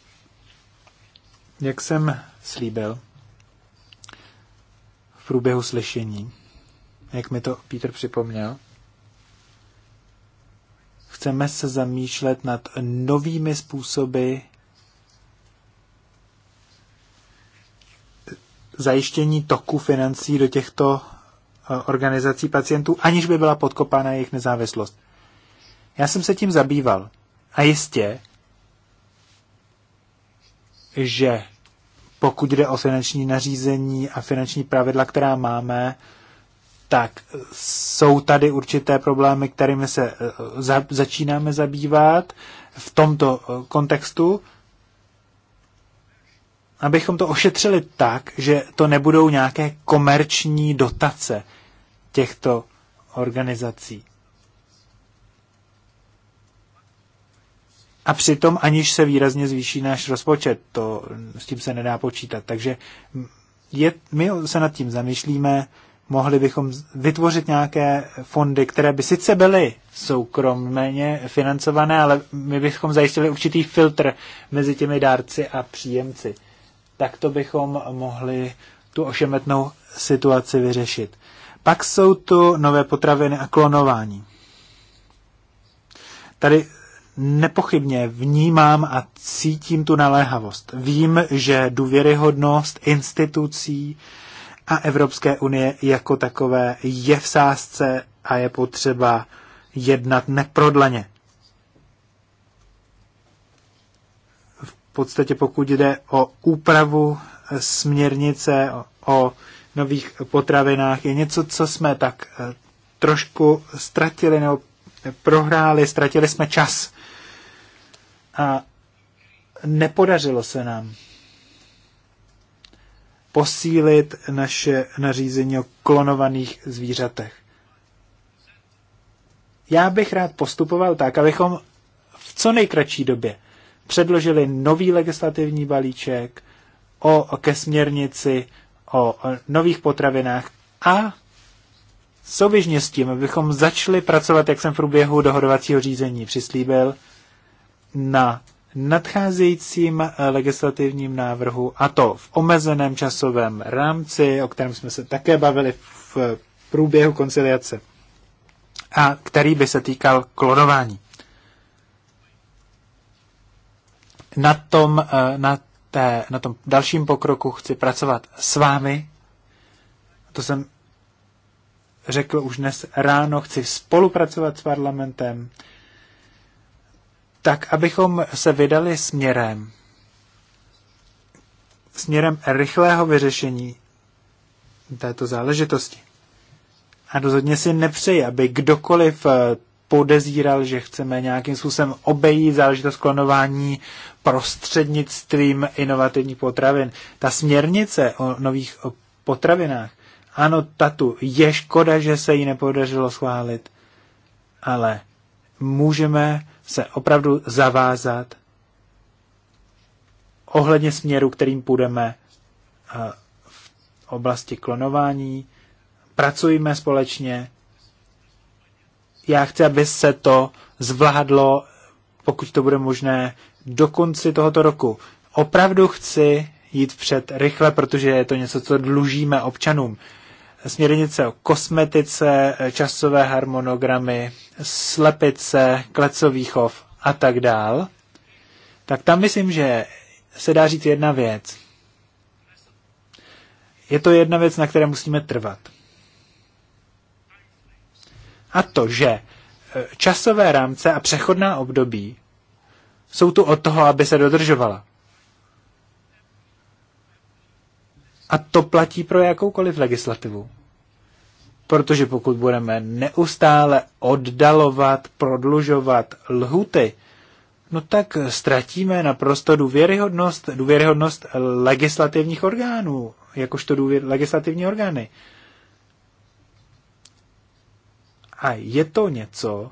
Jak jsem slíbil v průběhu slyšení, jak mi to Pítr připomněl, chceme se zamýšlet nad novými způsoby zajištění toku financí do těchto eh, organizací pacientů, aniž by byla podkopána jejich nezávislost. Já jsem se tím zabýval. A jistě, že pokud jde o finanční nařízení a finanční pravidla, která máme, tak jsou tady určité problémy, kterými se eh, za, začínáme zabývat v tomto eh, kontextu, abychom to ošetřili tak, že to nebudou nějaké komerční dotace těchto organizací. a přitom aniž se výrazně zvýší náš rozpočet. To s tím se nedá počítat. Takže je, my se nad tím zamýšlíme, mohli bychom vytvořit nějaké fondy, které by sice byly soukromně financované, ale my bychom zajistili určitý filtr mezi těmi dárci a příjemci. Tak to bychom mohli tu ošemetnou situaci vyřešit. Pak jsou tu nové potraviny a klonování. Tady nepochybně vnímám a cítím tu naléhavost. Vím, že důvěryhodnost institucí a Evropské unie jako takové je v sázce a je potřeba jednat neprodleně. V podstatě pokud jde o úpravu směrnice o nových potravinách, je něco, co jsme tak eh, trošku ztratili nebo prohráli, ztratili jsme čas a nepodařilo se nám posílit naše nařízení o klonovaných zvířatech. Já bych rád postupoval tak, abychom v co nejkratší době předložili nový legislativní balíček o, ke směrnici o, o nových potravinách a souběžně s tím, abychom začali pracovat, jak jsem v průběhu dohodovacího řízení přislíbil, na nadcházejícím eh, legislativním návrhu, a to v omezeném časovém rámci, o kterém jsme se také bavili v eh, průběhu konciliace, a který by se týkal klonování. Na tom, eh, na, té, na tom dalším pokroku chci pracovat s vámi. To jsem řekl už dnes ráno, chci spolupracovat s parlamentem tak abychom se vydali směrem, směrem rychlého vyřešení této záležitosti. A rozhodně si nepřeji, aby kdokoliv eh, podezíral, že chceme nějakým způsobem obejít záležitost klonování prostřednictvím inovativních potravin. Ta směrnice o nových potravinách, ano, tatu, je škoda, že se jí nepodařilo schválit, ale můžeme se opravdu zavázat ohledně směru, kterým půjdeme eh, v oblasti klonování. pracujeme společně. Já chci, aby se to zvládlo, pokud to bude možné, do konci tohoto roku. Opravdu chci jít před rychle, protože je to něco, co dlužíme občanům směrnice o kosmetice, časové harmonogramy, slepice, klecový chov a tak dál, tak tam myslím, že se dá říct jedna věc. Je to jedna věc, na které musíme trvat. A to, že e, časové rámce a přechodná období jsou tu od toho, aby se dodržovala. A to platí pro jakoukoliv legislativu. Protože pokud budeme neustále oddalovat, prodlužovat lhuty, no tak ztratíme naprosto důvěryhodnost, důvěryhodnost legislativních orgánů, jakožto důvěr, legislativní orgány. A je to něco,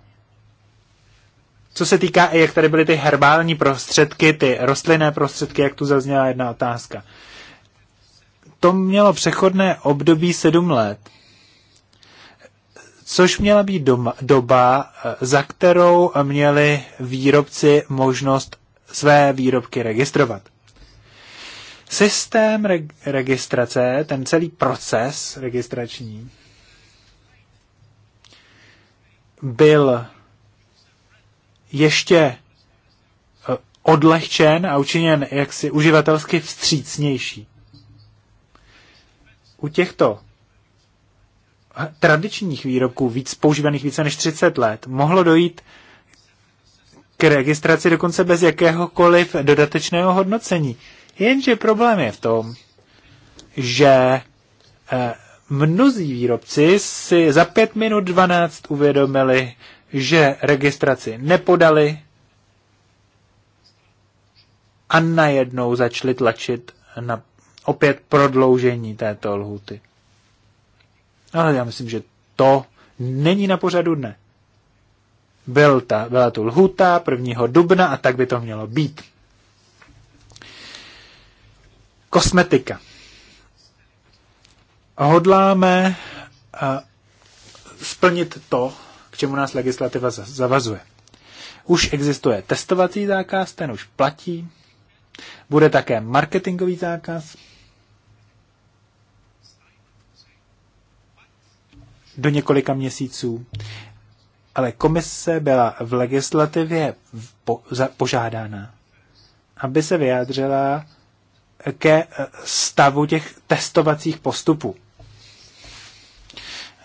co se týká, jak tady byly ty herbální prostředky, ty rostlinné prostředky, jak tu zazněla jedna otázka to mělo přechodné období sedm let, což měla být doma, doba, eh, za kterou měli výrobci možnost své výrobky registrovat. Systém re- registrace, ten celý proces registrační, byl ještě eh, odlehčen a učiněn jaksi uživatelsky vstřícnější u těchto tradičních výrobků, víc používaných více než 30 let, mohlo dojít k registraci dokonce bez jakéhokoliv dodatečného hodnocení. Jenže problém je v tom, že eh, mnozí výrobci si za 5 minut 12 uvědomili, že registraci nepodali a najednou začali tlačit na opět prodloužení této lhuty. Ale já myslím, že to není na pořadu dne. Byl ta, byla tu lhuta 1. dubna a tak by to mělo být. Kosmetika. Hodláme splnit to, k čemu nás legislativa zavazuje. Už existuje testovací zákaz, ten už platí. Bude také marketingový zákaz do několika měsíců. Ale komise byla v legislativě po, za, požádána, aby se vyjádřila ke eh, stavu těch testovacích postupů.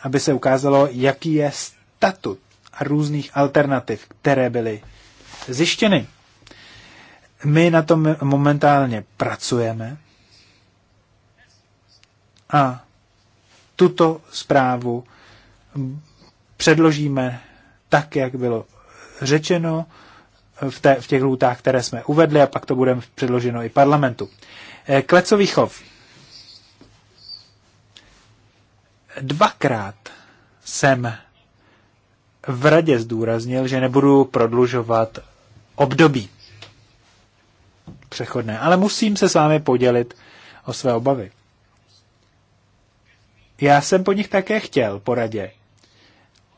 Aby se ukázalo, jaký je statut a různých alternativ, které byly zjištěny. My na tom momentálně pracujeme a tuto zprávu předložíme tak, jak bylo řečeno v, té, v těch lůtách, které jsme uvedli a pak to bude předloženo i parlamentu. Eh, Klecový chov. Dvakrát jsem v radě zdůraznil, že nebudu prodlužovat období přechodné, ale musím se s vámi podělit o své obavy. Já jsem po nich také chtěl poradě,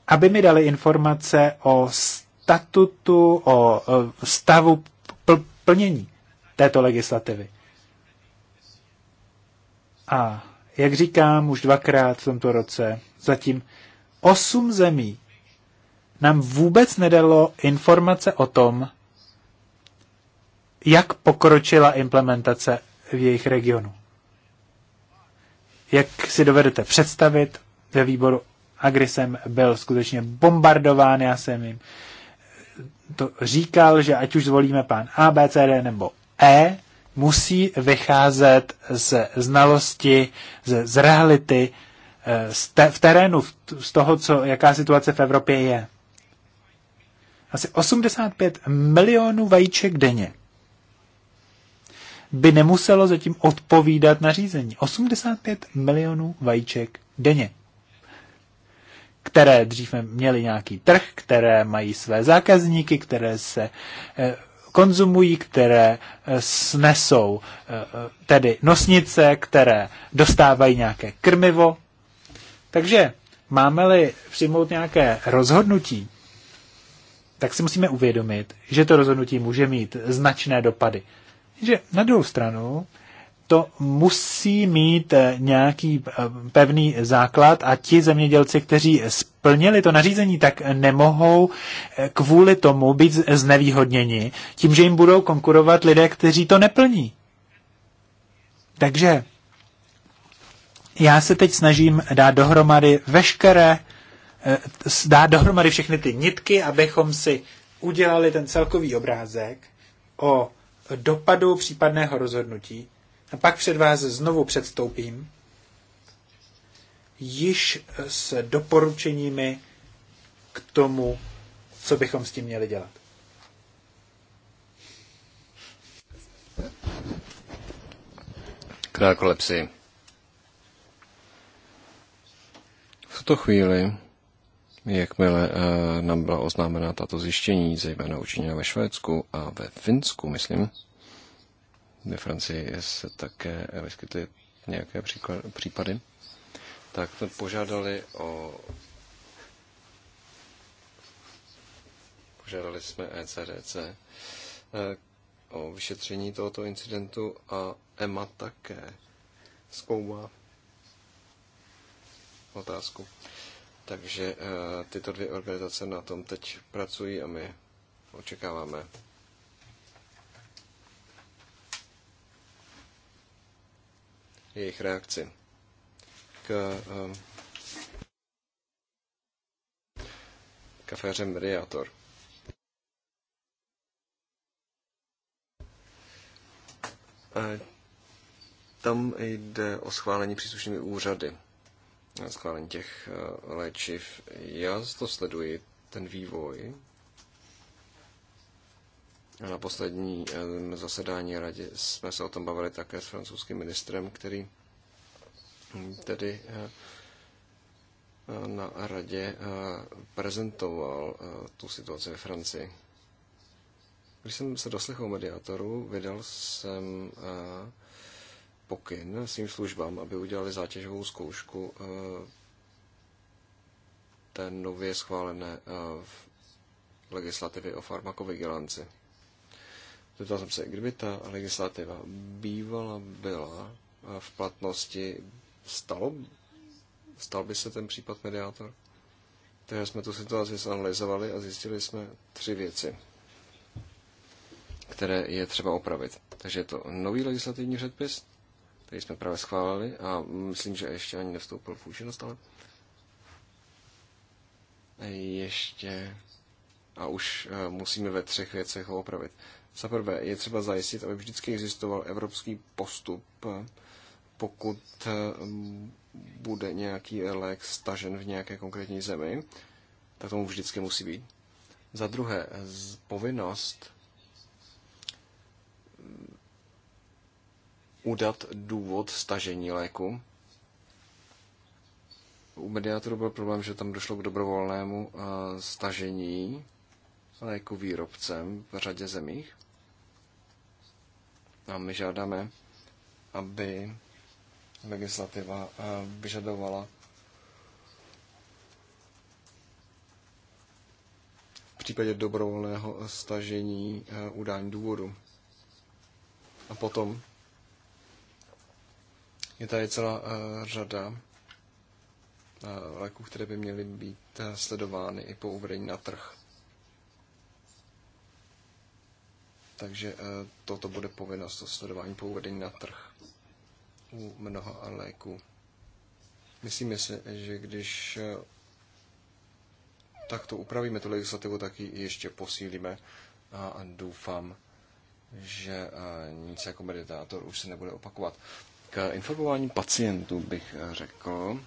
aby mi dali informace o statutu, o stavu pl- plnění této legislativy. A jak říkám už dvakrát v tomto roce, zatím osm zemí nám vůbec nedalo informace o tom, jak pokročila implementace v jejich regionu. Jak si dovedete představit, ve výboru Agri jsem byl skutečně bombardován, já jsem jim to říkal, že ať už zvolíme plán A, B, C, D nebo E, musí vycházet ze znalosti, ze, z reality, eh, z te, v terénu, z toho, co, jaká situace v Evropě je. Asi 85 milionů vajíček denně by nemuselo zatím odpovídat nařízení. 85 milionů vajíček denně které dřív měly nějaký trh, které mají své zákazníky, které se eh, konzumují, které eh, snesou eh, tedy nosnice, které dostávají nějaké krmivo. Takže máme-li přijmout nějaké rozhodnutí, tak si musíme uvědomit, že to rozhodnutí může mít značné dopady. Že na druhou stranu to musí mít eh, nějaký eh, pevný základ a ti zemědělci, kteří splnili to nařízení, tak nemohou eh, kvůli tomu být znevýhodněni tím, že jim budou konkurovat lidé, kteří to neplní. Takže já se teď snažím dát dohromady veškeré, dát dohromady všechny ty nitky, abychom si udělali ten celkový obrázek o dopadu případného rozhodnutí a pak před vás znovu předstoupím, již s doporučeními k tomu, co bychom s tím měli dělat. K V tuto chvíli, jakmile eh, nám byla oznámena tato zjištění, zejména učiněna ve Švédsku a ve Finsku, myslím, ve Francii se také vyskytly nějaké příklad, případy, tak jsme požádali o požádali jsme ECDC eh, o vyšetření tohoto incidentu a EMA také zkoumá otázku. Takže eh, tyto dvě organizace na tom teď pracují a my očekáváme jejich reakci. K eh, kaféře Mediator. Tam jde o schválení příslušnými úřady, schválení těch eh, léčiv. Já to sleduji, ten vývoj, na poslední eh, zasedání radě jsme se o tom bavili také s francouzským ministrem, který tedy eh, na radě eh, prezentoval tu situaci ve Francii. Když jsem se doslechl mediátoru, vydal jsem pokyn svým službám, aby udělali zátěžovou zkoušku té nově schválené legislativy o farmakovigilanci. Zeptal jsem se, kdyby ta legislativa bývala byla eh, v platnosti, stalo, stal by se ten případ mediátor? Takže jsme tu situaci zanalizovali a zjistili jsme tři věci, které je třeba opravit. Takže je to nový legislativní předpis, který jsme právě schválili a myslím, že ještě ani nevstoupil v účinnost, ale ještě a už eh, musíme ve třech věcech ho opravit. Za prvé je třeba zajistit, aby vždycky existoval evropský postup, pokud eh, bude nějaký lék stažen v nějaké konkrétní zemi, tak tomu vždycky musí být. Za druhé, povinnost mm, udat důvod stažení léku. U mediátorů byl problém, že tam došlo k dobrovolnému eh, stažení léku výrobcem v řadě zemích. A my žádáme, aby legislativa eh, vyžadovala v případě dobrovolného stažení eh, udání důvodu. A potom je tady celá eh, řada léků, které by měly být sledovány i po uvedení na trh. Takže eh, toto bude povinnost, to sledování po uvedení na trh u mnoha léků. Myslíme si, že když eh, takto upravíme tu legislativu, tak ji ještě posílíme a doufám, že eh, nic jako meditátor už se nebude opakovat. K informování pacientů bych řekl,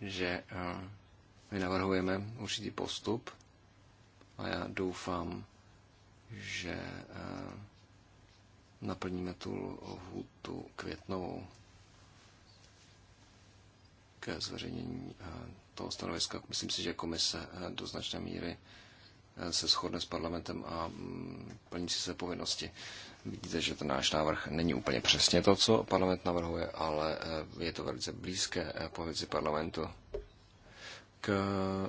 že my navrhujeme určitý postup a já doufám, že eh, naplníme tu lhutu květnovou ke zveřejnění eh, toho stanoviska. Myslím si, že komise eh, do značné míry se shodne s parlamentem a mm, plní si své povinnosti. Vidíte, že ten náš návrh není úplně přesně to, co parlament navrhuje, ale je to velice blízké pozici parlamentu k eh,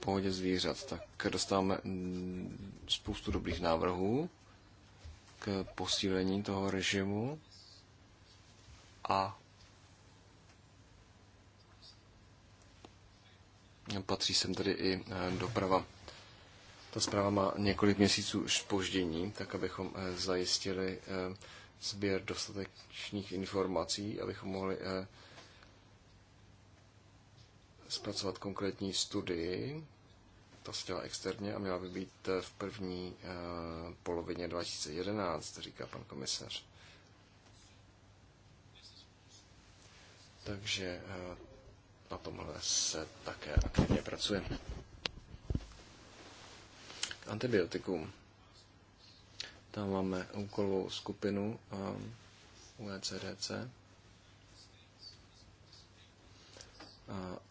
pohodě zvířat, tak dostáváme mm, spoustu dobrých návrhů k posílení toho režimu a patří sem tedy i eh, doprava. Ta zpráva má několik měsíců spoždění, tak abychom eh, zajistili sběr dostatečných informací, abychom mohli zpracovat konkrétní studii, ta se dělá externě a měla by být eh, v první eh, polovině 2011, říká pan komisař. Takže eh, na tomhle se také aktivně pracuje. Antibiotikum. Tam máme úkolovou skupinu UECDC. Um,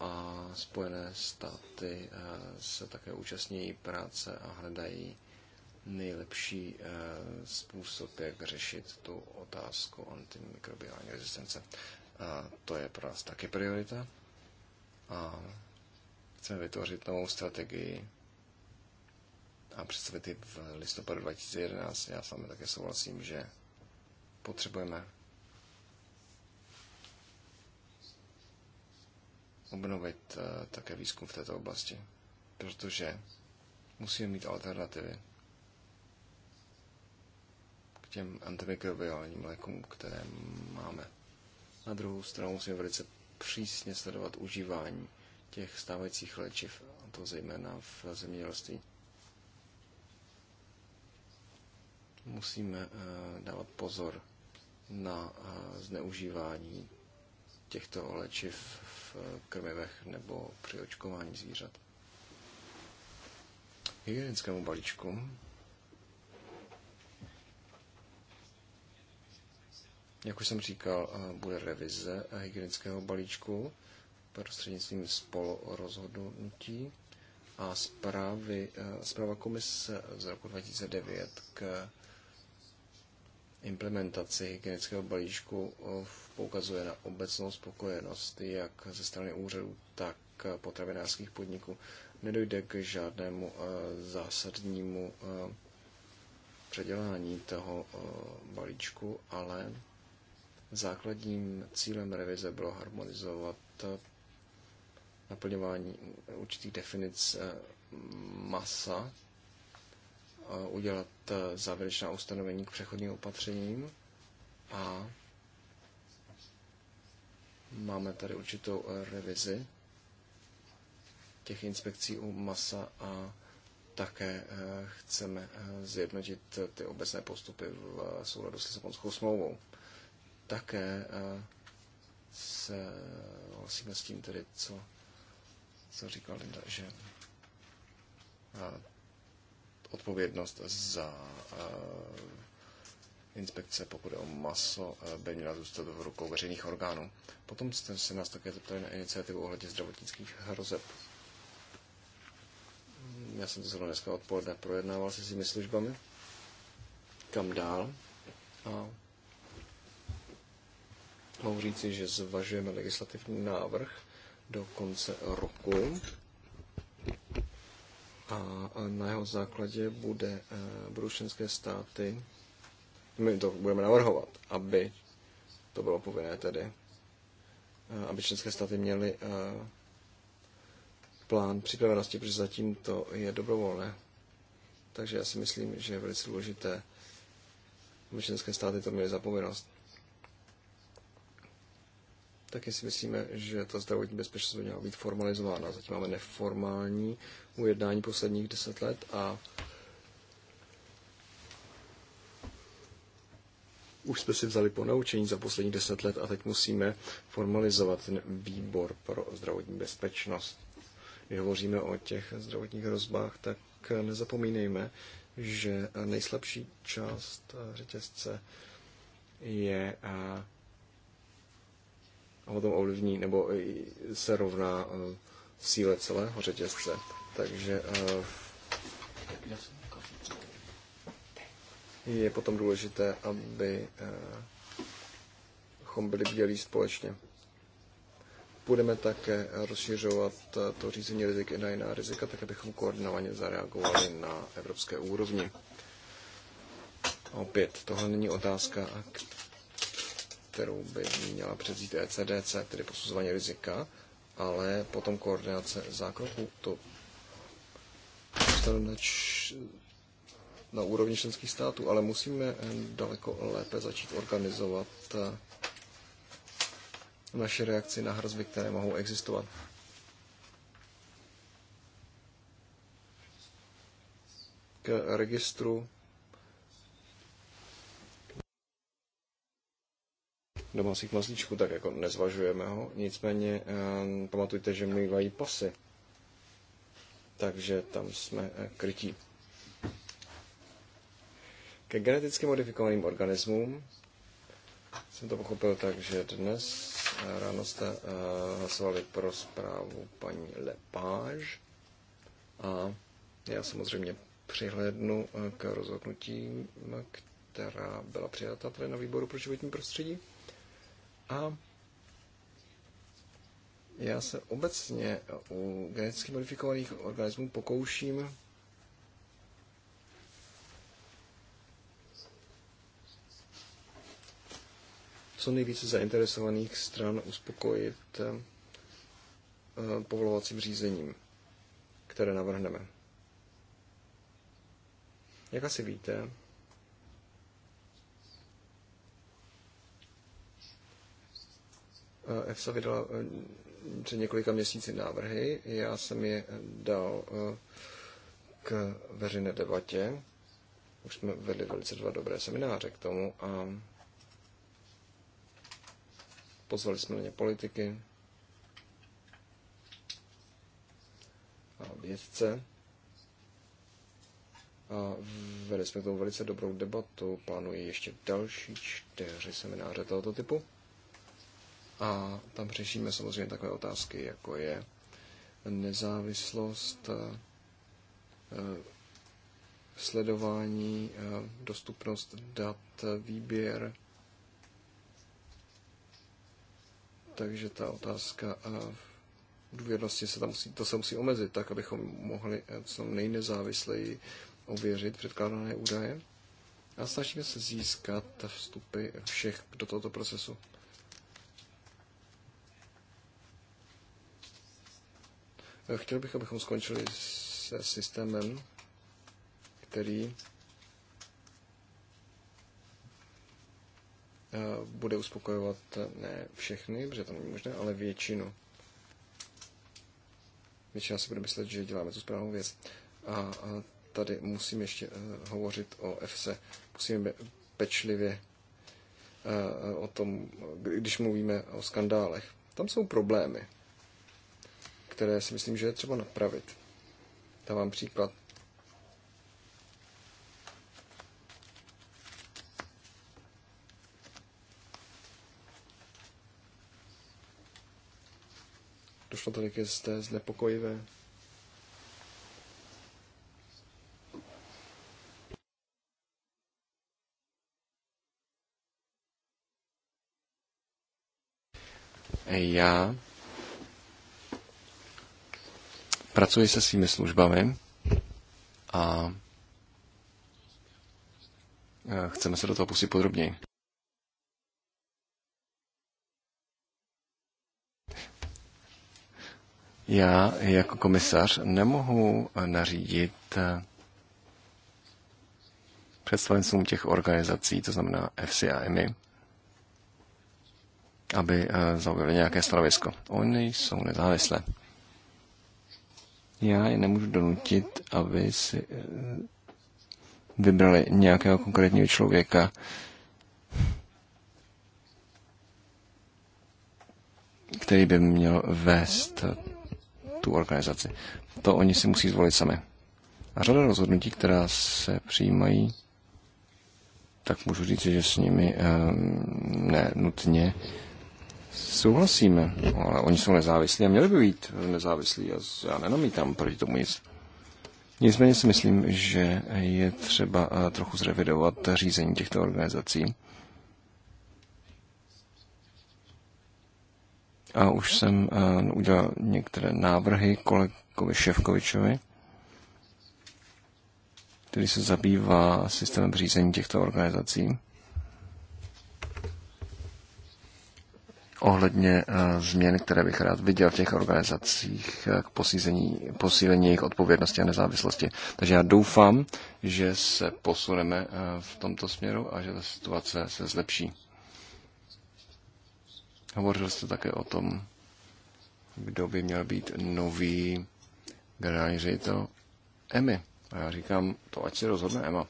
a Spojené státy e, se také účastní práce a hledají nejlepší e, způsob, jak řešit tu otázku antimikrobiální rezistence. A to je pro nás taky priorita. A chceme vytvořit novou strategii a představit ji v listopadu 2011. Já sami také souhlasím, že potřebujeme obnovit eh, také výzkum v této oblasti, protože musíme mít alternativy k těm antimikrobiálním lékům, které máme. Na druhou stranu musíme velice přísně sledovat užívání těch stávajících léčiv, a to zejména v zemědělství. Musíme eh, dávat pozor na eh, zneužívání těchto léčiv v krmivech nebo při očkování zvířat. Hygienickému balíčku Jak už jsem říkal, bude revize hygienického balíčku prostřednictvím spolorozhodnutí a zprávy, zpráva komise z roku 2009 k implementaci genetického balíčku eh, poukazuje na obecnou spokojenost jak ze strany úřadů, tak eh, potravinářských podniků. Nedojde k žádnému eh, zásadnímu předělání toho balíčku, ale základním cílem revize bylo harmonizovat naplňování určitých definic masa udělat eh, závěrečná ustanovení k přechodním opatřením a máme tady určitou eh, revizi těch inspekcí u masa a také eh, chceme zjednotit ty obecné postupy v souladu s Lisabonskou smlouvou. Také se hlasíme s tím tedy, co, co říkal Linda, že odpovědnost za eh, inspekce, pokud je o maso, eh, by měla zůstat v rukou veřejných orgánů. Potom jste se nás také zeptali na iniciativu ohledně zdravotnických hrozeb. Já jsem to zrovna dneska odpoledne projednával se svými službami. Kam dál? A mohu říci, že zvažujeme legislativní návrh do konce roku a na jeho základě bude, e, budou členské státy, my to budeme navrhovat, aby to bylo povinné tedy, e, aby členské státy měly e, plán připravenosti, protože zatím to je dobrovolné. Takže já si myslím, že je velice důležité, aby členské státy to měly povinnost taky si myslíme, že ta zdravotní bezpečnost by měla být formalizována. Zatím máme neformální ujednání posledních deset let a už jsme si vzali po naučení za posledních deset let a teď musíme formalizovat ten výbor pro zdravotní bezpečnost. Když hovoříme o těch zdravotních hrozbách, tak nezapomínejme, že nejslabší část řetězce je ho to ovlivní nebo se rovná eh, síle celého řetězce. Takže eh, je potom důležité, aby abychom eh, byli bdělí společně. Budeme také rozšiřovat to řízení rizik i na jiná rizika, tak abychom koordinovaně zareagovali na evropské úrovni. Opět, tohle není otázka, kterou by měla převzít ECDC, tedy posuzování rizika, ale potom koordinace zákroků. To zůstane na úrovni členských států, ale musíme eh, daleko lépe začít organizovat eh, naše reakci na hrozby, které mohou existovat. K registru domácí mazlíčku, tak jako nezvažujeme ho. Nicméně eh, pamatujte, že mývají pasy. Takže tam jsme eh, krytí. Ke geneticky modifikovaným organismům jsem to pochopil tak, že dnes eh, ráno jste hlasovali pro zprávu paní Lepáž a já samozřejmě přihlédnu k rozhodnutím, která byla přijata tady na výboru pro životní prostředí. A já se obecně u geneticky modifikovaných organismů pokouším co nejvíce zainteresovaných stran uspokojit eh, povolovacím řízením, které navrhneme. Jak asi víte, Eh, EFSA vydala eh, před několika měsíci návrhy. Já jsem je dal eh, k veřejné debatě. Už jsme vedli velice dva dobré semináře k tomu a pozvali jsme na ně politiky a vědce. A vedli jsme k tomu velice dobrou debatu. Plánuji ještě další čtyři semináře tohoto typu. A tam řešíme samozřejmě takové otázky, jako je nezávislost, eh, sledování, eh, dostupnost dat, výběr. Takže ta otázka eh, důvěrnosti se tam musí, to se musí omezit tak, abychom mohli co nejnezávisleji ověřit předkládané údaje a snažíme se získat vstupy všech do tohoto procesu. Eh, chtěl bych, abychom skončili se systémem, který eh, bude uspokojovat eh, ne všechny, protože to není možné, ale většinu. Většina si bude myslet, že děláme tu správnou věc. A, tady musím ještě hovořit o FC. Musíme pečlivě o tom, když mluvíme o skandálech. Tam jsou problémy které si myslím, že je třeba napravit. Tam vám příklad. Došlo tady ke zde znepokojivé já Pracuji se svými službami a e, chceme se do toho pustit podrobněji. Já jako komisař nemohu nařídit e, představencům těch organizací, to znamená FCI a EMI, aby e, zaujali nějaké stanovisko. Oni jsou nezávislé. Já je nemůžu donutit, aby si eh, vybrali nějakého konkrétního člověka. který by měl vést eh, tu organizaci. To oni si musí zvolit sami. A řada rozhodnutí, která se přijímají, tak můžu říct, že s nimi um, ne nutně Souhlasíme, ale oni jsou nezávislí a měli by být nezávislí a já nenamítám proti tomu nic. Nicméně si myslím, že je třeba eh, trochu zrevidovat řízení těchto organizací. A už jsem eh, udělal některé návrhy kolegovi Ševkovičovi, který se zabývá systémem řízení těchto organizací. ohledně eh, změn, které bych rád viděl v těch organizacích eh, k posízení, posílení jejich odpovědnosti a nezávislosti. Takže já doufám, že se posuneme eh, v tomto směru a že ta situace se zlepší. Hovořil jste také o tom, kdo by měl být nový generální ředitel EMI. A já říkám, to ať si rozhodne EMA.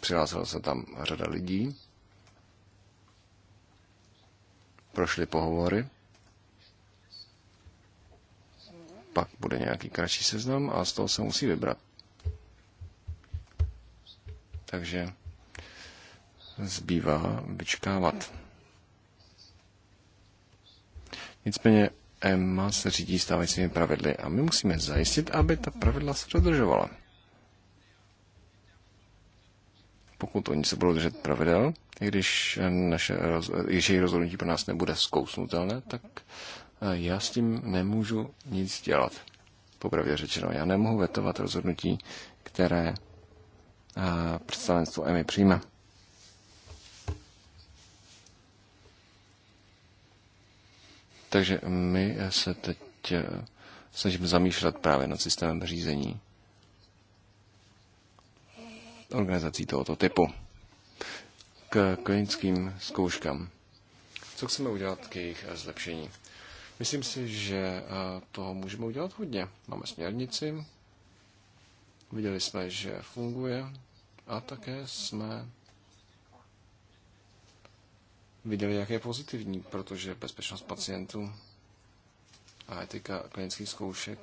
Přihlásila se tam řada lidí. Prošly pohovory. Pak bude nějaký kratší seznam a z toho se musí vybrat. Takže zbývá vyčkávat. Nicméně Emma se řídí stávajícími pravidly a my musíme zajistit, aby ta pravidla se dodržovala. pokud oni se budou držet pravidel, i když, naše, když jejich rozhodnutí pro nás nebude zkousnutelné, tak eh, já s tím nemůžu nic dělat. Popravdě řečeno, já nemohu vetovat rozhodnutí, které eh, představenstvo EMI přijme. Takže my se teď eh, snažíme zamýšlet právě nad systémem řízení organizací tohoto typu. K klinickým zkouškám. Co chceme udělat k jejich zlepšení? Myslím si, že eh, toho můžeme udělat hodně. Máme směrnici, viděli jsme, že funguje a také jsme viděli, jak je pozitivní, protože bezpečnost pacientů a etika klinických zkoušek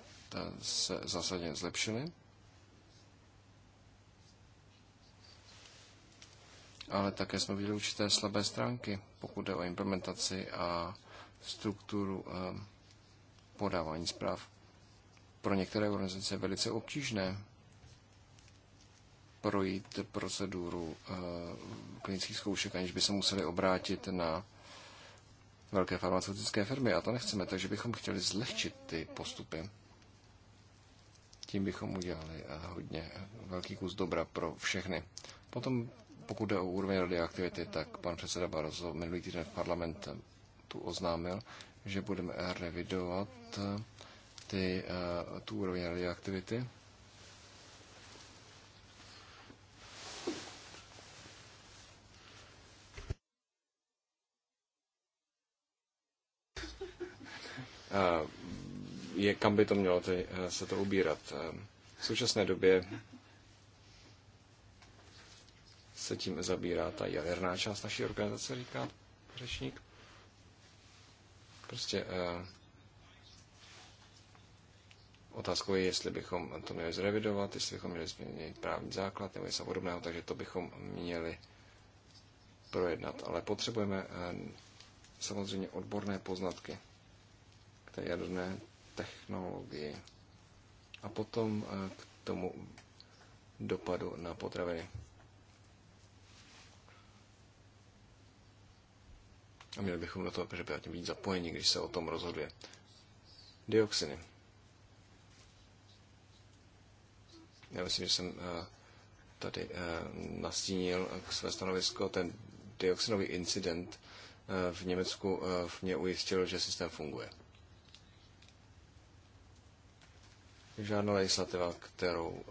se zásadně zlepšily. ale také jsme viděli určité slabé stránky, pokud jde o implementaci a strukturu eh, podávání zpráv. Pro některé organizace je velice obtížné projít proceduru eh, klinických zkoušek, aniž by se museli obrátit na velké farmaceutické firmy a to nechceme, takže bychom chtěli zlehčit ty postupy. Tím bychom udělali eh, hodně velký kus dobra pro všechny. Potom pokud jde o úroveň radioaktivity, tak pan předseda Barroso minulý týden v parlamentu oznámil, že budeme revidovat eh, ty, eh, tu úroveň radioaktivity. Eh, je, kam by to mělo ty, se to ubírat. V současné době se tím zabírá ta jaderná část naší organizace, říká řečník. Prostě eh, otázkou je, jestli bychom to měli zrevidovat, jestli bychom měli změnit právní základ nebo něco podobného, takže to bychom měli projednat. Ale potřebujeme eh, samozřejmě odborné poznatky k té jaderné technologii a potom eh, k tomu dopadu na potraviny. A měli bychom do toho přepětně být zapojeni, když se o tom rozhoduje. Dioxiny. Já myslím, že jsem eh, tady eh, nastínil k eh, své stanovisko ten dioxinový incident v Německu v mě ujistil, že systém funguje. Žádná legislativa, kterou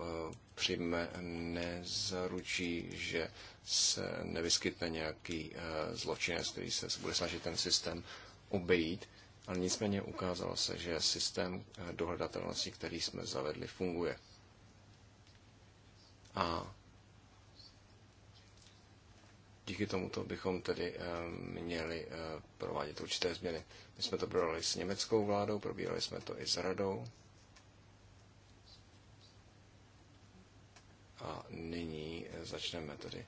přijme, nezaručí, že se nevyskytne nějaký eh, zločinec, který se bude snažit ten systém obejít, ale nicméně ukázalo se, že systém eh, dohledatelnosti, který jsme zavedli, funguje. A díky tomuto bychom tedy eh, měli provádět určité změny. My jsme to probírali s německou vládou, probírali jsme to i s radou. A nyní začneme tedy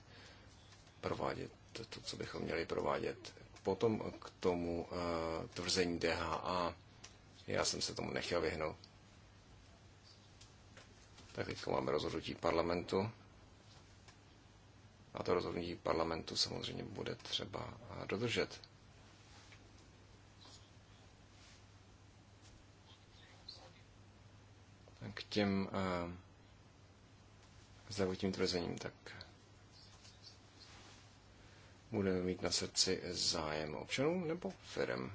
provádět to, co bychom měli provádět. Potom k tomu uh, tvrzení DHA. Já jsem se tomu nechtěl vyhnout. Tak teď máme rozhodnutí parlamentu. A to rozhodnutí parlamentu samozřejmě bude třeba eh, dodržet. K těm uh, zdravotním tvrzením, tak budeme mít na srdci zájem občanů nebo firm.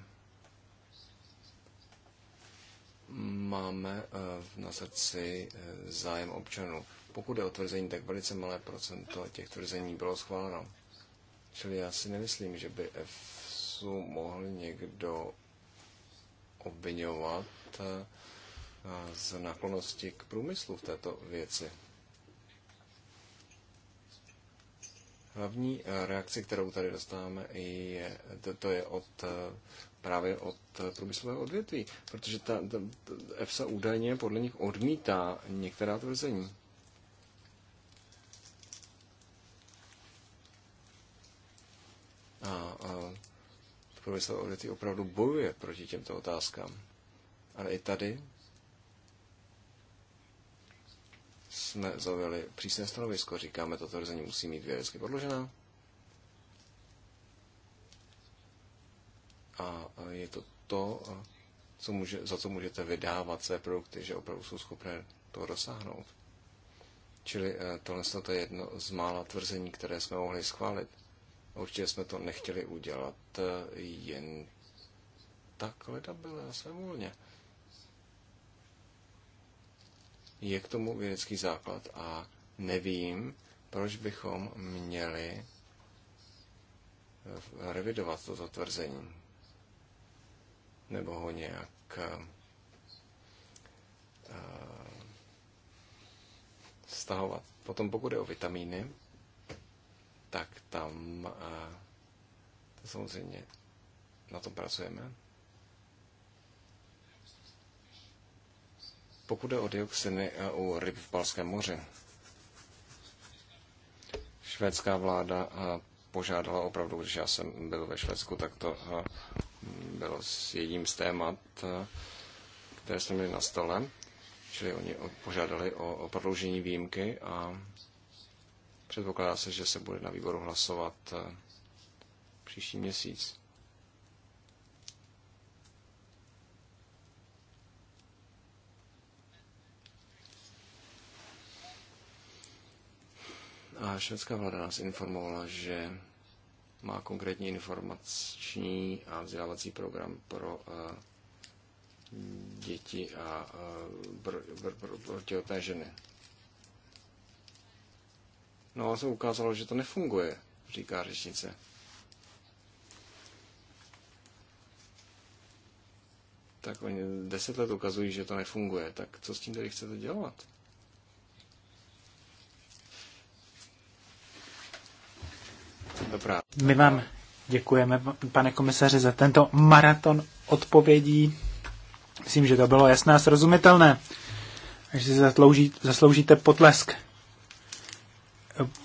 Máme eh, na srdci eh, zájem občanů. Pokud je o tvrzení, tak velice malé procento těch tvrzení bylo schváleno. Čili já si nemyslím, že by EFSU mohl někdo obvinovat eh, z náklonosti k průmyslu v této věci. Hlavní eh, reakce, kterou tady dostáváme, je, to, to je od, eh, právě od eh, průmyslového odvětví, protože ta, ta, ta EFSA údajně podle nich odmítá některá tvrzení. A, a průmyslové odvětví opravdu bojuje proti těmto otázkám. Ale i tady jsme zaujali přísné stanovisko. Říkáme, to tvrzení musí mít vědecky podložená. A je to to, co může, za co můžete vydávat své produkty, že opravdu jsou schopné to dosáhnout. Čili eh, tohle to je jedno z mála tvrzení, které jsme mohli schválit. Určitě jsme to nechtěli udělat eh, jen tak, leda byla svévolně. volně je k tomu vědecký základ a nevím, proč bychom měli eh, revidovat toto tvrzení nebo ho nějak eh, stahovat. Potom pokud je o vitamíny, tak tam to eh, samozřejmě na tom pracujeme. Pokud jde o dioxiny u ryb v Balském moři, švédská vláda eh, požádala opravdu, když já jsem byl ve Švédsku, tak to eh, bylo s jedním z témat, eh, které jsme měli na stole. Čili oni požádali o prodloužení výjimky a předpokládá se, že se bude na výboru hlasovat příští měsíc. švédská vláda nás informovala, že má konkrétní informační a vzdělávací program pro eh, děti a eh, pro, pro, těhotné ženy. No a se ukázalo, že to nefunguje, říká řečnice. Tak oni deset let ukazují, že to nefunguje. Tak co s tím tedy chcete dělat? My vám děkujeme, pane komisaři, za tento maraton odpovědí. Myslím, že to bylo jasné a srozumitelné. Až si zatlouží, zasloužíte potlesk.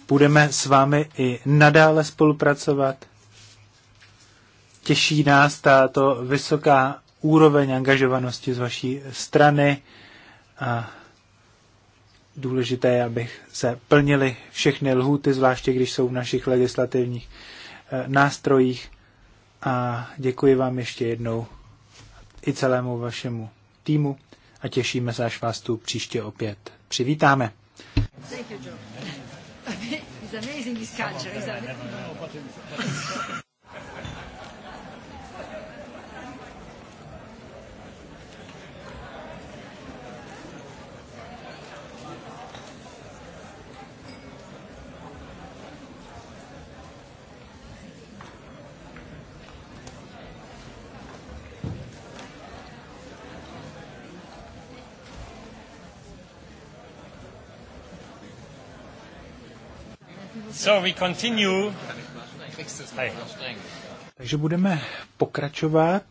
Budeme s vámi i nadále spolupracovat. Těší nás tato vysoká úroveň angažovanosti z vaší strany. A důležité, aby se plnily všechny lhůty, zvláště když jsou v našich legislativních eh, nástrojích. A děkuji vám ještě jednou i celému vašemu týmu a těšíme se, až vás tu příště opět přivítáme. Thank you, Joe. He's amazing this culture, So we continue. Hey. Takže budeme pokračovat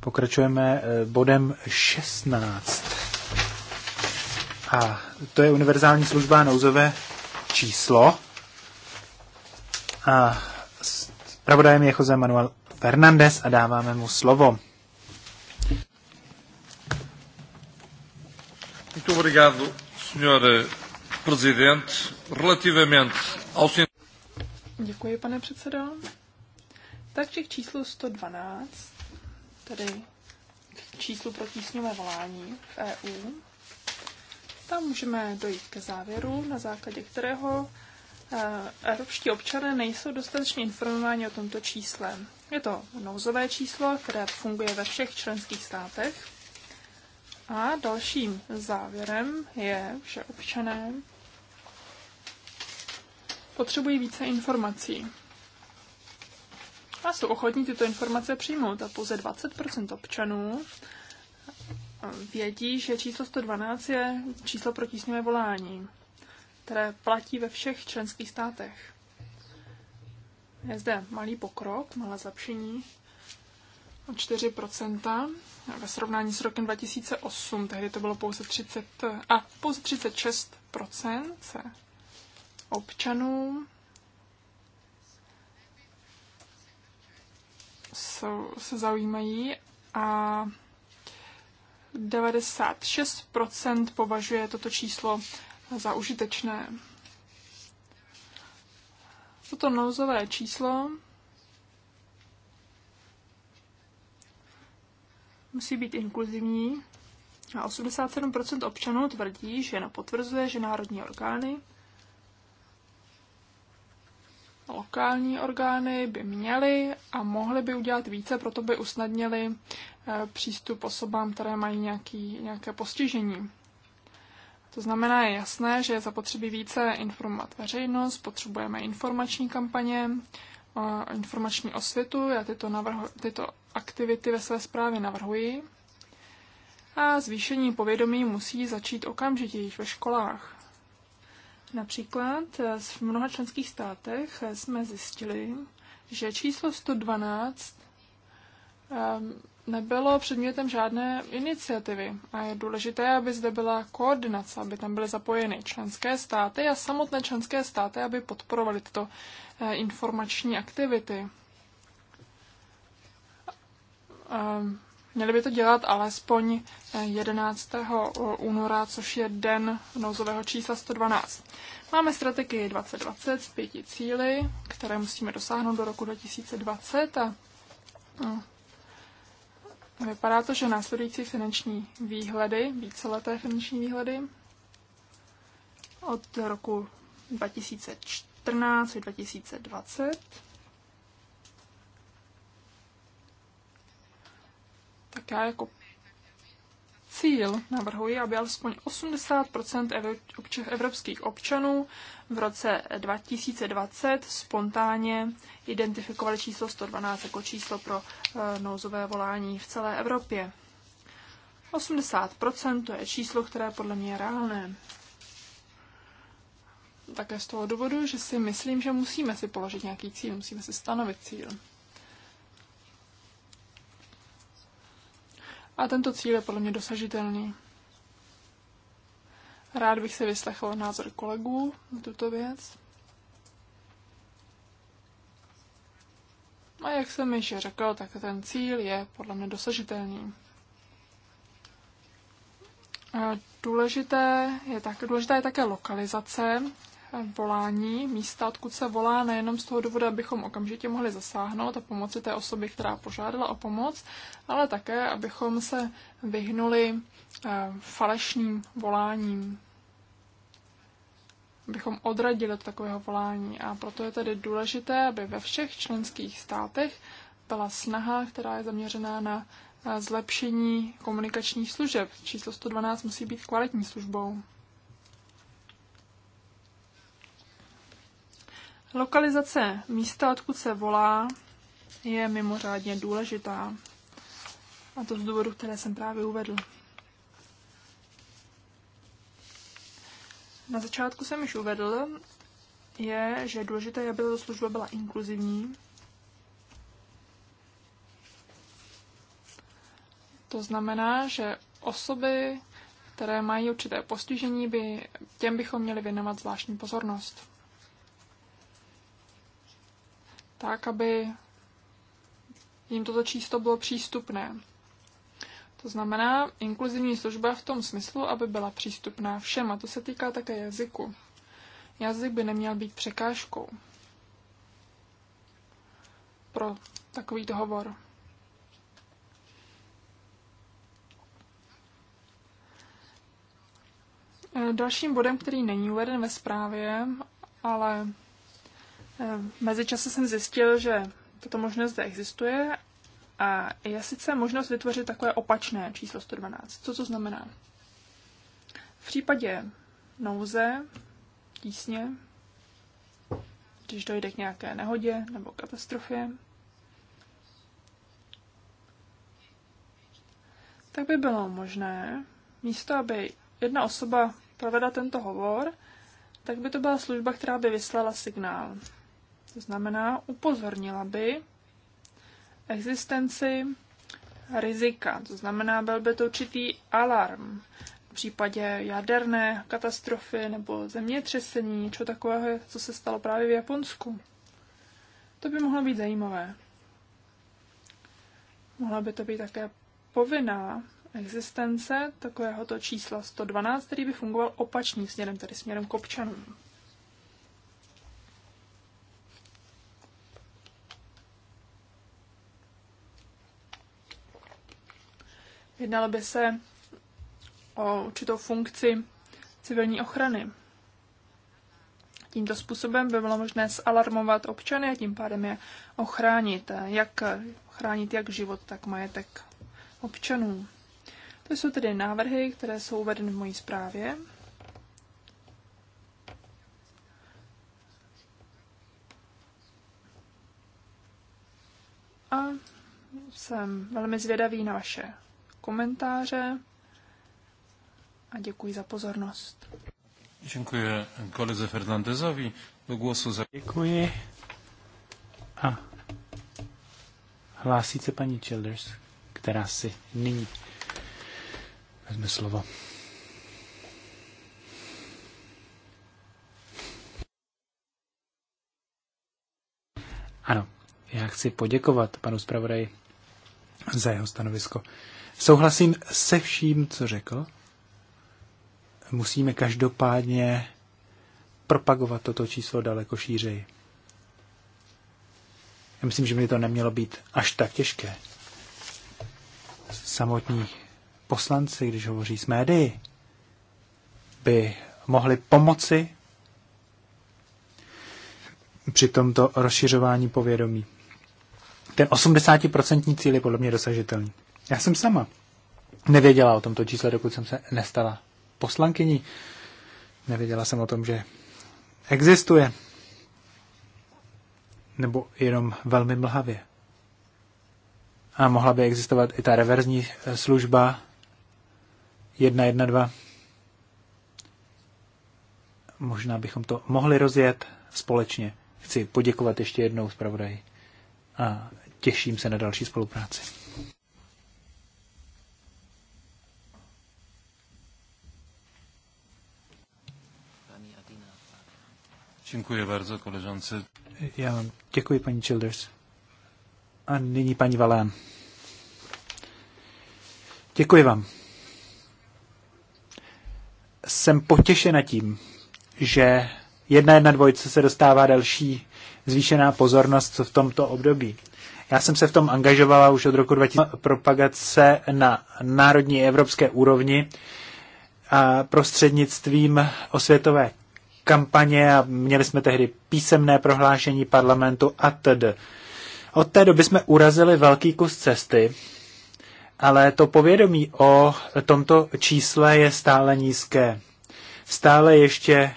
Pokračujeme eh, bodem 16. A to je univerzální služba nouzové číslo. A pravodajem je Jose Manuel Fernandez a dáváme mu slovo. Muito obrigado, Sr. Eh, presidente. Relativamente ao... Děkuji, pane předsedo. Takže k číslu 112 tedy k číslu pro tísňové volání v EU, tam můžeme dojít ke závěru, na základě kterého eh, evropští občané nejsou dostatečně informováni o tomto čísle. Je to nouzové číslo, které funguje ve všech členských státech. A dalším závěrem je, že občané potřebují více informací a jsou ochotní tyto informace přijmout. A pouze 20% občanů vědí, že číslo 112 je číslo pro tísňové volání, které platí ve všech členských státech. Je zde malý pokrok, malé zlepšení o 4% ve srovnání s rokem 2008. Tehdy to bylo pouze 30, a pouze 36% občanů jsou, se zaujímají a 96% považuje toto číslo za užitečné. Toto nouzové číslo musí být inkluzivní a 87% občanů tvrdí, že potvrzuje, že národní orgány Lokální orgány by měly a mohly by udělat více, proto by usnadnili eh, přístup osobám, které mají nějaký, nějaké postižení. To znamená, je jasné, že je zapotřebí více informovat veřejnost, potřebujeme informační kampaně, eh, informační osvětu. Já tyto, navrhu, tyto aktivity ve své zprávě navrhuji. A zvýšení povědomí musí začít okamžitě již ve školách. Například eh, v mnoha členských státech eh, jsme zjistili, že číslo 112 ehm, nebylo předmětem žádné iniciativy a je důležité, aby zde byla koordinace, aby tam byly zapojeny členské státy a samotné členské státy, aby podporovaly tyto eh, informační aktivity. Ehm, Měli by to dělat alespoň 11. Eh, eh, února, což je den nouzového čísla 112. Máme strategii 2020 s pěti cíly, které musíme dosáhnout do roku 2020 a eh, vypadá to, že následující finanční výhledy, víceleté finanční výhledy od roku 2014 2020 tak já jako cíl navrhuji, aby alespoň 80 evropských občanů v roce 2020 spontánně identifikovali číslo 112 jako číslo pro eh, nouzové volání v celé Evropě. 80 to je číslo, které podle mě je reálné. Také z toho důvodu, že si myslím, že musíme si položit nějaký cíl, musíme si stanovit cíl. A tento cíl je podle mě dosažitelný. Rád bych se vyslechl názor kolegů na tuto věc. A jak jsem již řekl, tak ten cíl je podle mě dosažitelný. Důležité je tak, důležitá je také lokalizace volání místa, odkud se volá, nejenom z toho důvodu, abychom okamžitě mohli zasáhnout a pomoci té osobě, která požádala o pomoc, ale také, abychom se vyhnuli eh, falešným voláním, abychom odradili od takového volání. A proto je tedy důležité, aby ve všech členských státech byla snaha, která je zaměřená na eh, zlepšení komunikačních služeb. Číslo 112 musí být kvalitní službou. Lokalizace místa, odkud se volá, je mimořádně důležitá. A to z důvodu, které jsem právě uvedl. Na začátku jsem již uvedl, je, že je důležité, aby tato služba byla inkluzivní. To znamená, že osoby, které mají určité postižení, by, těm bychom měli věnovat zvláštní pozornost tak, aby jim toto číslo bylo přístupné. To znamená inkluzivní služba v tom smyslu, aby byla přístupná všem, a to se týká také jazyku. Jazyk by neměl být překážkou pro takovýto hovor. Dalším bodem, který není uveden ve zprávě, ale Eh, mezičase jsem zjistil, že tato možnost zde existuje a je sice možnost vytvořit takové opačné číslo 112. Co to znamená? V případě nouze, tísně, když dojde k nějaké nehodě nebo katastrofě, tak by bylo možné, místo aby jedna osoba provedla tento hovor, tak by to byla služba, která by vyslala signál. To znamená, upozornila by existenci rizika. To znamená, byl by to určitý alarm. V případě jaderné katastrofy nebo zemětřesení, něco takového, co se stalo právě v Japonsku. To by mohlo být zajímavé. Mohla by to být také povinná existence takovéhoto čísla 112, který by fungoval opačným směrem, tedy směrem k občanům. Jednalo by se o určitou funkci civilní ochrany. Tímto způsobem by bylo možné zalarmovat občany a tím pádem je ochránit. Jak chránit jak život, tak majetek občanů. To jsou tedy návrhy, které jsou uvedeny v mojí zprávě. A jsem velmi zvědavý na vaše komentáře a děkuji za pozornost. Děkuji koleze Fernandezovi. Do głosu za... Děkuji. A hlásí se paní Childers, která si nyní vezme slovo. Ano, já chci poděkovat panu zpravodaji za jeho stanovisko. Souhlasím se vším, co řekl. Musíme každopádně propagovat toto číslo daleko šířeji. Já myslím, že by to nemělo být až tak těžké. Samotní poslanci, když hovoří s médii, by mohli pomoci při tomto rozšiřování povědomí. Ten 80% cíl je podle mě dosažitelný. Já jsem sama nevěděla o tomto čísle, dokud jsem se nestala poslankyní. Nevěděla jsem o tom, že existuje. Nebo jenom velmi mlhavě. A mohla by existovat i ta reverzní služba 112. Možná bychom to mohli rozjet společně. Chci poděkovat ještě jednou zpravodaji a těším se na další spolupráci. Dziękuję bardzo, koleżance. Ja vám dziękuję pani Childers. A nyní pani Valán. Děkuji vám. Jsem potěšena tím, že jedna jedna dvojce se dostává další zvýšená pozornost v tomto období. Já jsem se v tom angažovala už od roku 2000 propagace na národní evropské úrovni a prostřednictvím osvětové kampaně a měli jsme tehdy písemné prohlášení parlamentu a td. Od té doby jsme urazili velký kus cesty, ale to povědomí o tomto čísle je stále nízké. Stále ještě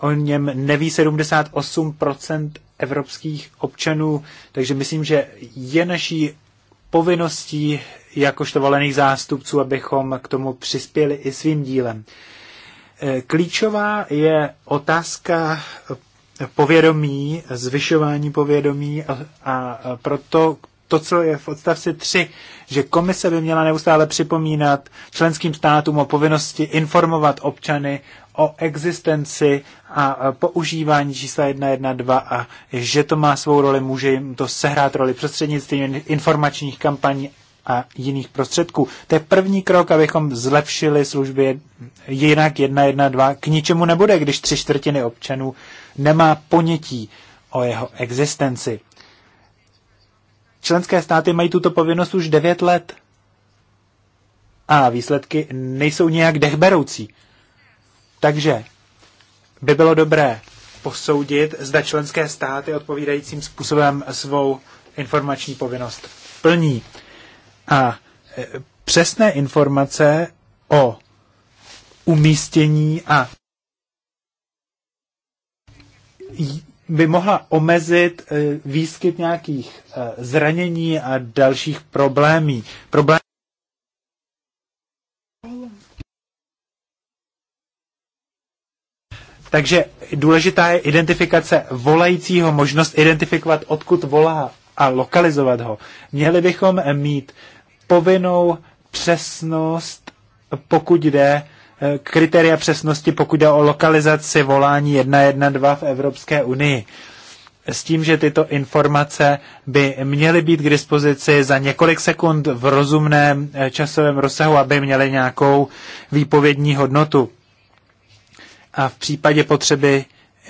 o něm neví 78% evropských občanů, takže myslím, že je naší povinností jakožto volených zástupců, abychom k tomu přispěli i svým dílem. Eh, klíčová je otázka povědomí, zvyšování povědomí a, a proto to, co je v odstavci 3, že komise by měla neustále připomínat členským státům o povinnosti informovat občany o existenci a používání čísla 112 a že to má svou roli, může jim to sehrát roli prostřednictvím informačních kampaní a jiných prostředků. To je první krok, abychom zlepšili služby jinak 112. K ničemu nebude, když tři čtvrtiny občanů nemá ponětí o jeho existenci. Členské státy mají tuto povinnost už 9 let a výsledky nejsou nějak dechberoucí. Takže by bylo dobré posoudit, zda členské státy odpovídajícím způsobem svou informační povinnost plní a e, přesné informace o umístění a by mohla omezit e, výskyt nějakých e, zranění a dalších problémů. Problém... Takže důležitá je identifikace volajícího, možnost identifikovat, odkud volá a lokalizovat ho. Měli bychom mít povinnou přesnost, pokud jde eh, kritéria přesnosti, pokud jde o lokalizaci volání 112 v Evropské unii. S tím, že tyto informace by měly být k dispozici za několik sekund v rozumném eh, časovém rozsahu, aby měly nějakou výpovědní hodnotu. A v případě potřeby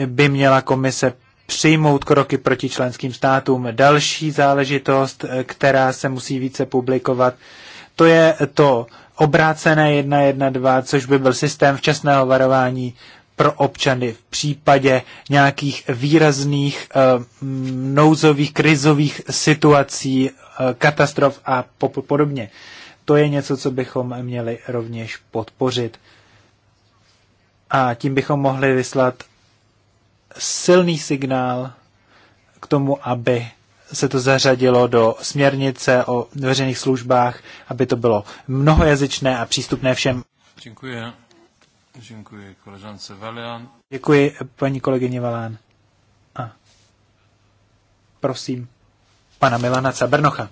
by měla komise přijmout kroky proti členským státům. Další záležitost, eh, která se musí více publikovat, to je to obrácené 112, což by byl systém včasného varování pro občany v případě nějakých výrazných eh, nouzových, krizových situací, eh, katastrof a podobně. To je něco, co bychom měli rovněž podpořit. A tím bychom mohli vyslat silný signál k tomu, aby se to zařadilo do směrnice o veřejných službách, aby to bylo mnohojazyčné a přístupné všem. Děkuji. Děkuji koležance Valian. Děkuji paní kolegyně Valán. A prosím pana Milana Cabernocha.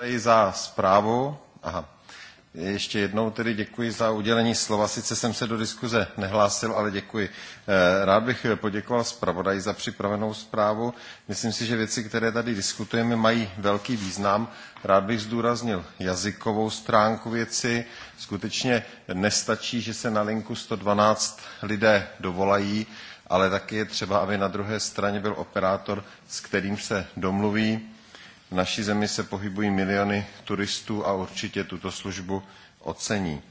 zpravodaji za zprávu. Aha. Ještě jednou tedy děkuji za udělení slova. Sice jsem se do diskuze nehlásil, ale děkuji. Eh, rád bych poděkoval zpravodaji za připravenou zprávu. Myslím si, že věci, které tady diskutujeme, mají velký význam. Rád bych zdůraznil jazykovou stránku věci. Skutečně nestačí, že se na linku 112 lidé dovolají, ale taky je třeba, aby na druhé straně byl operátor, s kterým se domluví v naší zemi se pohybují miliony turistů a určitě tuto službu ocení.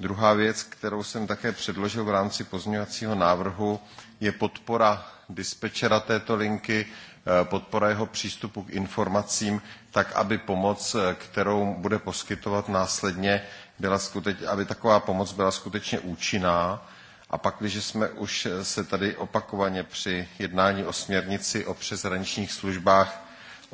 Druhá věc, kterou jsem také předložil v rámci pozměňovacího návrhu, je podpora dispečera této linky, eh, podpora jeho přístupu k informacím, tak aby pomoc, eh, kterou bude poskytovat následně, byla skuteč, aby taková pomoc byla skutečně účinná. A pak, když jsme už eh, se tady opakovaně při jednání o směrnici o přeshraničních službách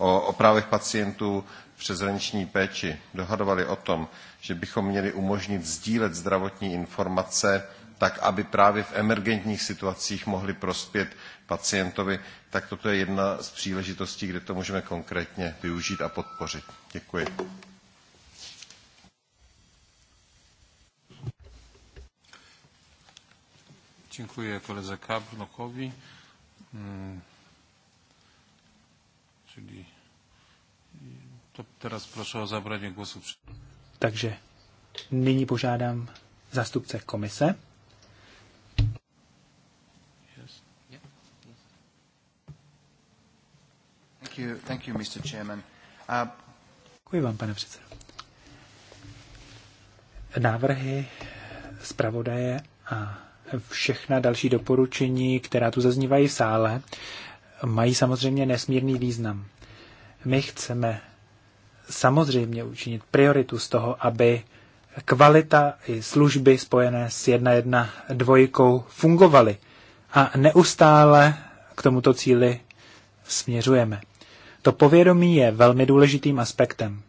o, o právech pacientů přeshraniční péči dohadovali o tom, že bychom měli umožnit sdílet zdravotní informace tak, aby právě v emergentních situacích mohli prospět pacientovi, tak toto je jedna z příležitostí, kde to můžeme konkrétně využít a podpořit. Děkuji. Dziękuję koledze Kabnokowi, hmm. czyli to teraz prosím o głosu. Takže nyní požádám zástupce komise. Thank you, thank you, Mr. Chairman. Uh, Děkuji vám, pane předsedo. Návrhy zpravodaje a všechna další doporučení, která tu zaznívají v sále, mají samozřejmě nesmírný význam. My chceme samozřejmě učinit prioritu z toho, aby kvalita i služby spojené s jedna jedna dvojkou fungovaly. A neustále k tomuto cíli směřujeme. To povědomí je velmi důležitým aspektem.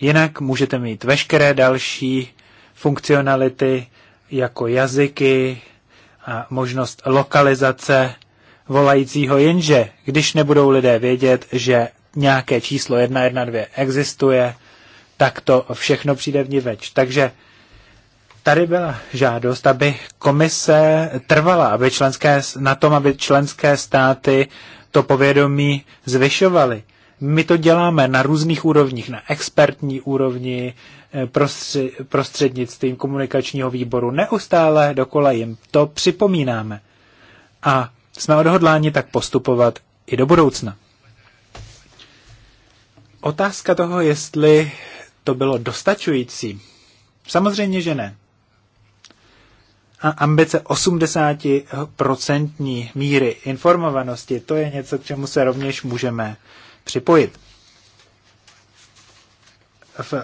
Jinak můžete mít veškeré další funkcionality, jako jazyky a možnost lokalizace volajícího jenže, když nebudou lidé vědět, že nějaké číslo 112 existuje, tak to všechno přijde v ní več. Takže tady byla žádost, aby komise trvala aby členské, na tom, aby členské státy to povědomí zvyšovaly. My to děláme na různých úrovních, na expertní úrovni, eh, prostři, prostřednictvím komunikačního výboru. Neustále dokola jim to připomínáme. A jsme odhodláni tak postupovat i do budoucna. Otázka toho, jestli to bylo dostačující. Samozřejmě, že ne. A ambice 80% míry informovanosti, to je něco, k čemu se rovněž můžeme připojit. V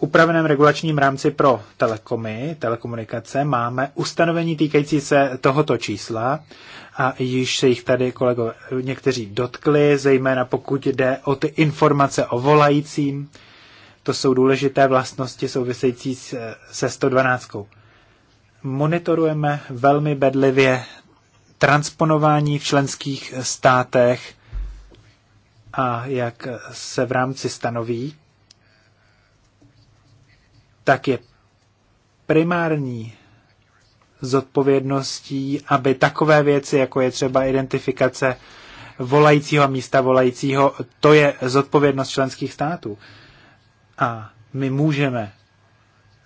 upraveném regulačním rámci pro telekomy, telekomunikace máme ustanovení týkající se tohoto čísla a již se jich tady kolego někteří dotkli, zejména pokud jde o ty informace o volajícím. To jsou důležité vlastnosti související se 112. Monitorujeme velmi bedlivě transponování v členských státech a jak se v rámci stanoví tak je primární zodpovědností, aby takové věci, jako je třeba identifikace volajícího a místa volajícího, to je zodpovědnost členských států. A my můžeme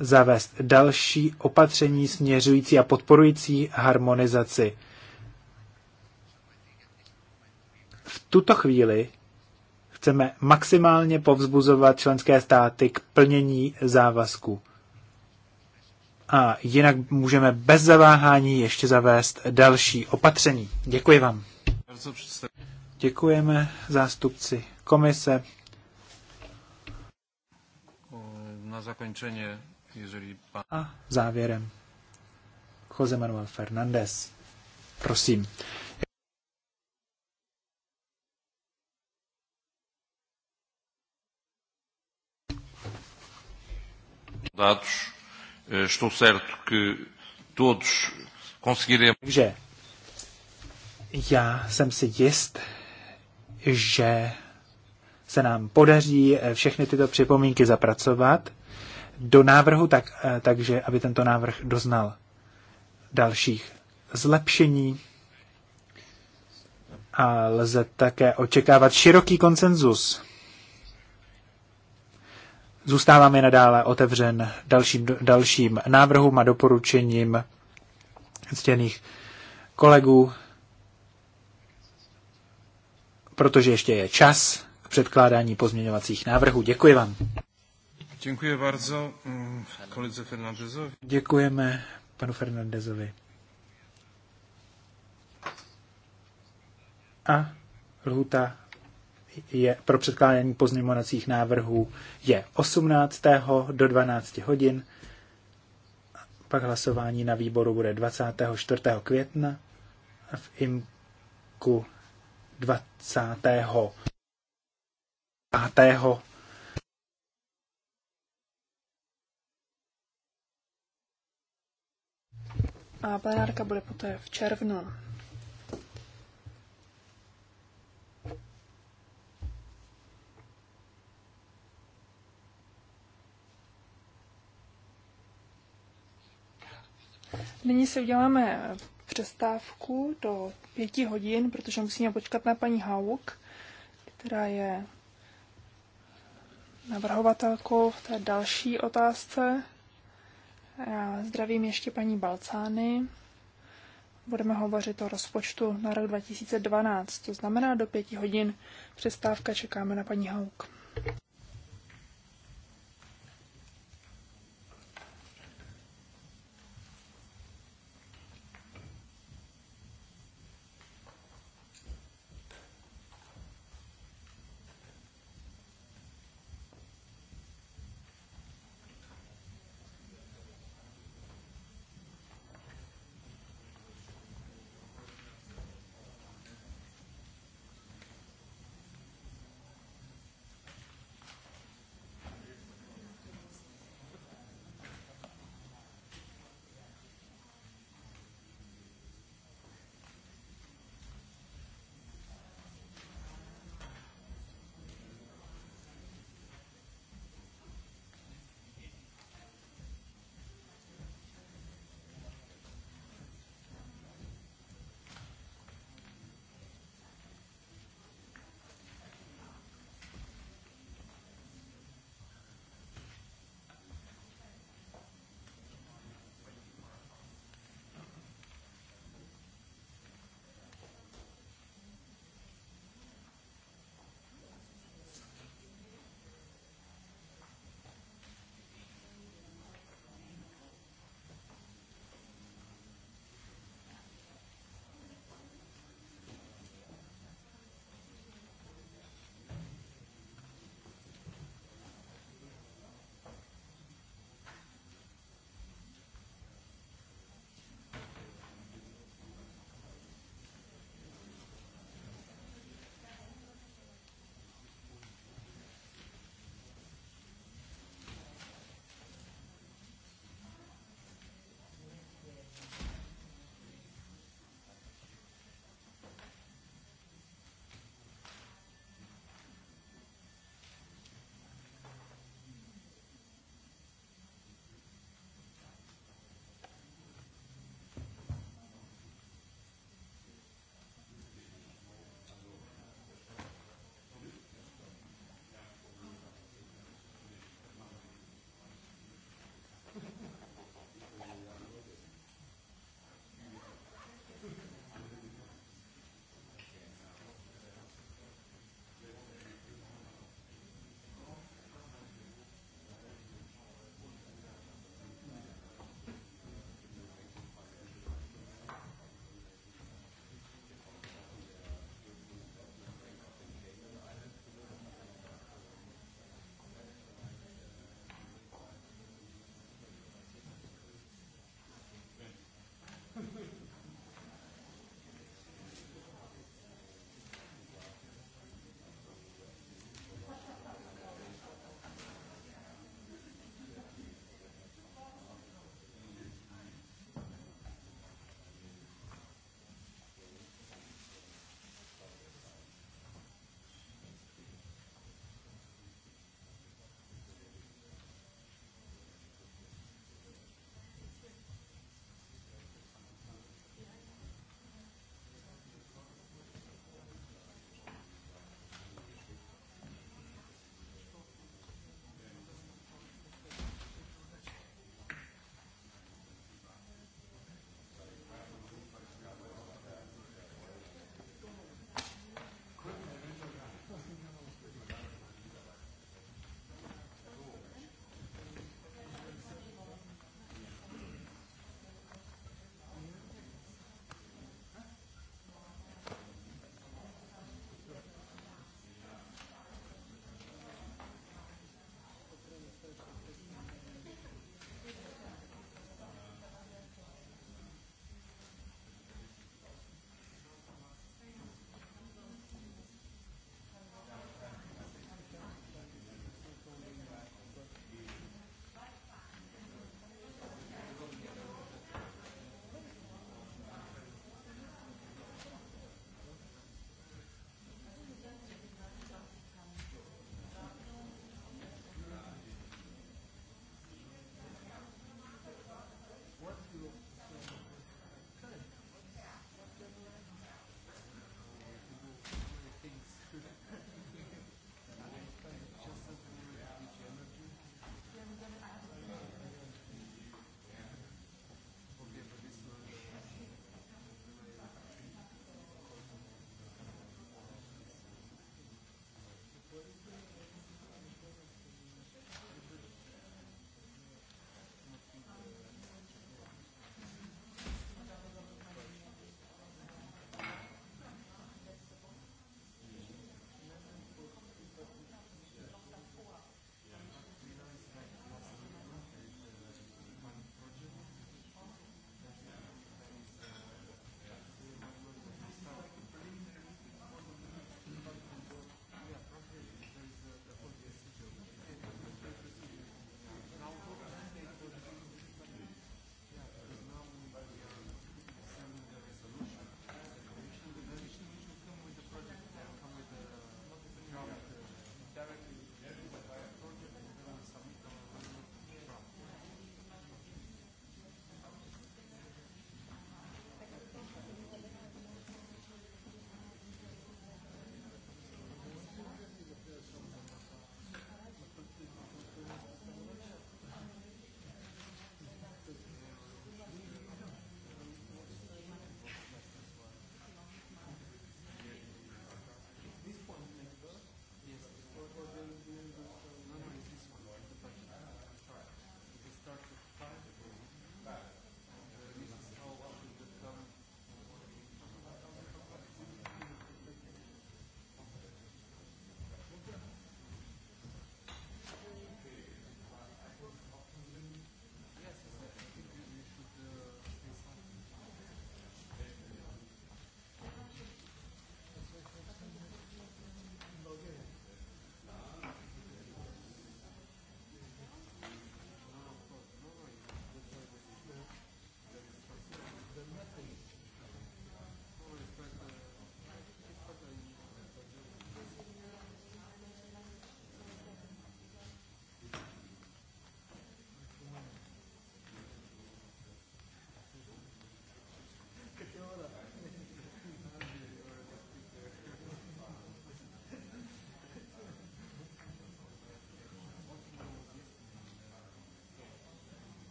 zavést další opatření směřující a podporující harmonizaci. V tuto chvíli Chceme maximálně povzbuzovat členské státy k plnění závazku. A jinak můžeme bez zaváhání ještě zavést další opatření. Děkuji vám. Děkujeme zástupci komise. Na zakončení, jeżeli pan... A závěrem. Jose Manuel Fernández. Prosím. Dados. Eh, estou certo que todos conseguiremos. Takže já jsem si jist, že se nám podaří eh, všechny tyto připomínky zapracovat do návrhu, tak, eh, takže aby tento návrh doznal dalších zlepšení. A lze také očekávat široký konsenzus Zůstáváme nadále otevřen dalším, dalším návrhům a doporučením ctěných kolegů, protože ještě je čas k předkládání pozměňovacích návrhů. Děkuji vám. Děkuji bardzo mm, koledze Fernandezovi. Děkujeme panu Fernandezovi. A lhuta je, pro předkládání pozměňovacích návrhů je 18. do 12 hodin, pak hlasování na výboru bude 24. května a v IMKU 20. 5. A plenárka bude poté v červnu. Nyní si uděláme přestávku do pěti hodin, protože musíme počkat na paní Hauk, která je navrhovatelkou v té další otázce. Já zdravím ještě paní Balcány. Budeme hovořit o rozpočtu na rok 2012, to znamená do pěti hodin přestávka čekáme na paní Hauk.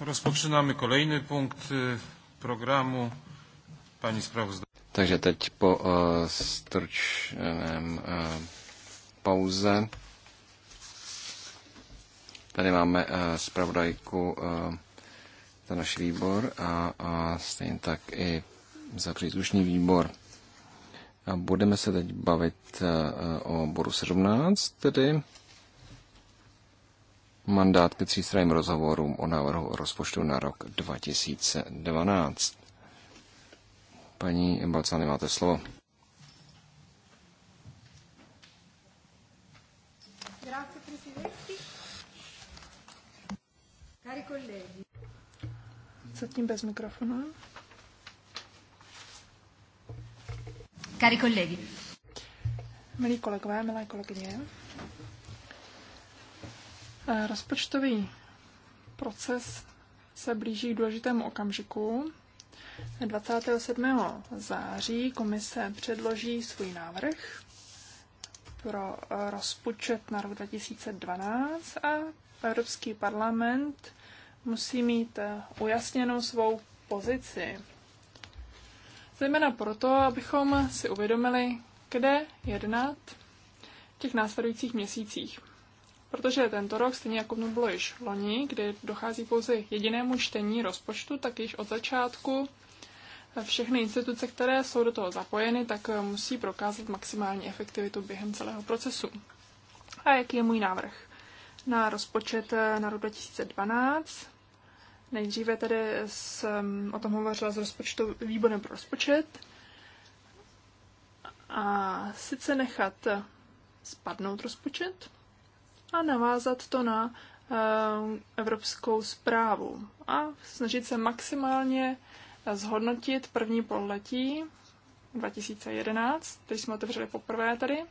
Rozpočínáme kolejný punkt programu Pani zpravodaj. Takže teď po uh, stručném uh, pauze tady máme uh, e, zpravodajku uh, za náš výbor a, a stejně tak i za příslušný výbor. A budeme se teď bavit uh, o bodu 17, tedy mandát ke třístranným rozhovorům o návrhu rozpočtu na rok 2012. Paní Balcány, máte slovo. Zatím bez mikrofonu. Cari colleghi. Milí kolegové, milé kolegyně. Eh, rozpočtový proces se blíží k důležitému okamžiku. 27. září komise předloží svůj návrh pro eh, rozpočet na rok 2012 a Evropský parlament musí mít eh, ujasněnou svou pozici. Zejména proto, abychom si uvědomili, kde jednat v těch následujících měsících. Protože tento rok, stejně jako tomu bylo již loni, kdy dochází pouze jedinému čtení rozpočtu, tak již od začátku všechny instituce, které jsou do toho zapojeny, tak musí prokázat maximální efektivitu během celého procesu. A jaký je můj návrh? Na rozpočet na rok 2012 Nejdříve tedy jsem o tom hovořila s rozpočtu výborem pro rozpočet. A sice nechat spadnout rozpočet, a navázat to na ehm, evropskou zprávu a snažit se maximálně eh, zhodnotit první pololetí 2011, když jsme otevřeli poprvé tady.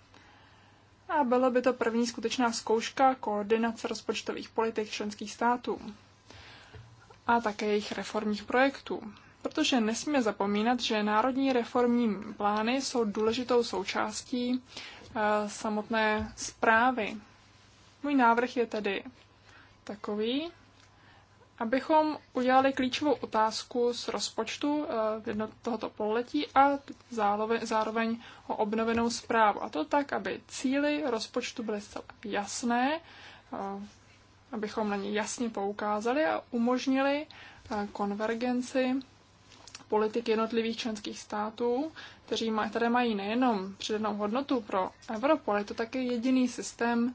A byla by to první skutečná zkouška koordinace rozpočtových politik členských států a také jejich reformních projektů. Protože nesmíme zapomínat, že národní reformní plány jsou důležitou součástí eh, samotné zprávy můj návrh je tedy takový, abychom udělali klíčovou otázku z rozpočtu eh, tohoto pololetí a zároveň o obnovenou zprávu. A to tak, aby cíly rozpočtu byly zcela jasné, eh, abychom na ně jasně poukázali a umožnili eh, konvergenci politik jednotlivých členských států, které mají nejenom přidanou hodnotu pro Evropu, ale je to také jediný systém,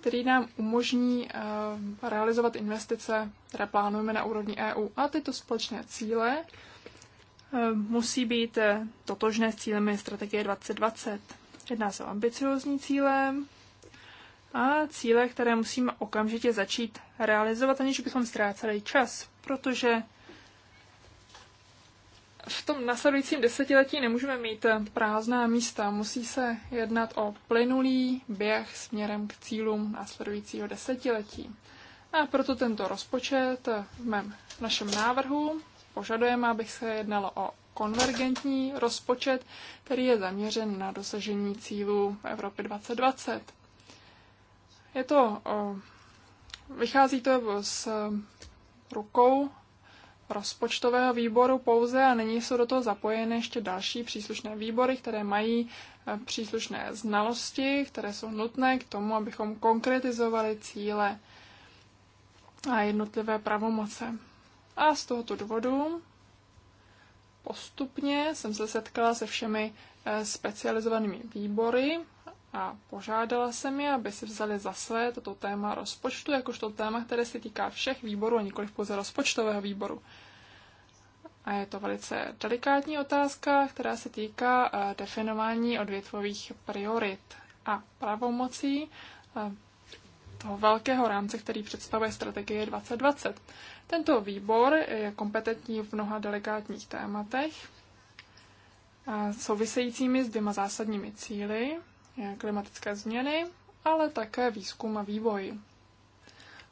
který nám umožní eh, realizovat investice, které plánujeme na úrovni EU. A tyto společné cíle eh, musí být eh, totožné s cílemi strategie 2020. Jedná se o ambiciozní cíle a cíle, které musíme okamžitě začít realizovat, aniž bychom ztráceli čas, protože v tom nasledujícím desetiletí nemůžeme mít prázdná místa. Musí se jednat o plynulý běh směrem k cílům následujícího desetiletí. A proto tento rozpočet v mém v našem návrhu požadujeme, aby se jednalo o konvergentní rozpočet, který je zaměřen na dosažení cílů Evropy 2020. Je to, vychází to s rukou rozpočtového výboru pouze a nyní jsou do toho zapojeny ještě další příslušné výbory, které mají eh, příslušné znalosti, které jsou nutné k tomu, abychom konkretizovali cíle a jednotlivé pravomoce. A z tohoto důvodu postupně jsem se setkala se všemi eh, specializovanými výbory, a požádala jsem je, aby si vzali za své toto téma rozpočtu, jakožto téma, které se týká všech výborů a nikoliv pouze rozpočtového výboru. A je to velice delikátní otázka, která se týká eh, definování odvětvových priorit a pravomocí eh, toho velkého rámce, který představuje strategie 2020. Tento výbor je kompetentní v mnoha delikátních tématech souvisejícími s dvěma zásadními cíly, Mm, klimatické změny, ale také výzkum a vývoj.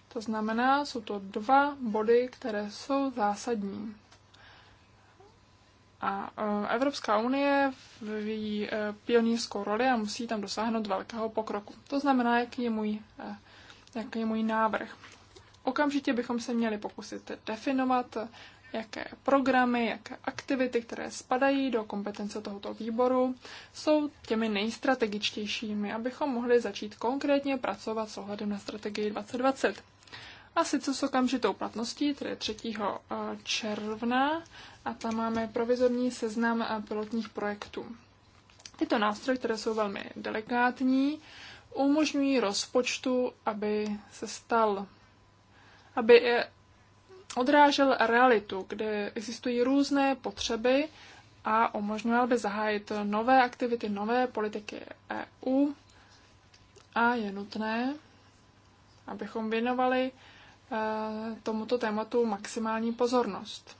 To znamená, jsou to dva body, které jsou zásadní. A eh, Evropská unie vyvíjí eh, pionýrskou roli a musí tam dosáhnout velkého pokroku. To znamená, jaký je můj, eh, jaký je můj návrh. Okamžitě bychom se měli pokusit definovat jaké programy, jaké aktivity, které spadají do kompetence tohoto výboru, jsou těmi nejstrategičtějšími, abychom mohli začít konkrétně pracovat s ohledem na strategii 2020. A sice s okamžitou platností, tedy 3. Eh, června, a tam máme provizorní seznam eh, pilotních projektů. Tyto nástroje, které jsou velmi delikátní, umožňují rozpočtu, aby se stal aby eh, odrážel realitu, kde existují různé potřeby a umožňoval by zahájit nové aktivity, nové politiky EU. A je nutné, abychom věnovali eh, tomuto tématu maximální pozornost.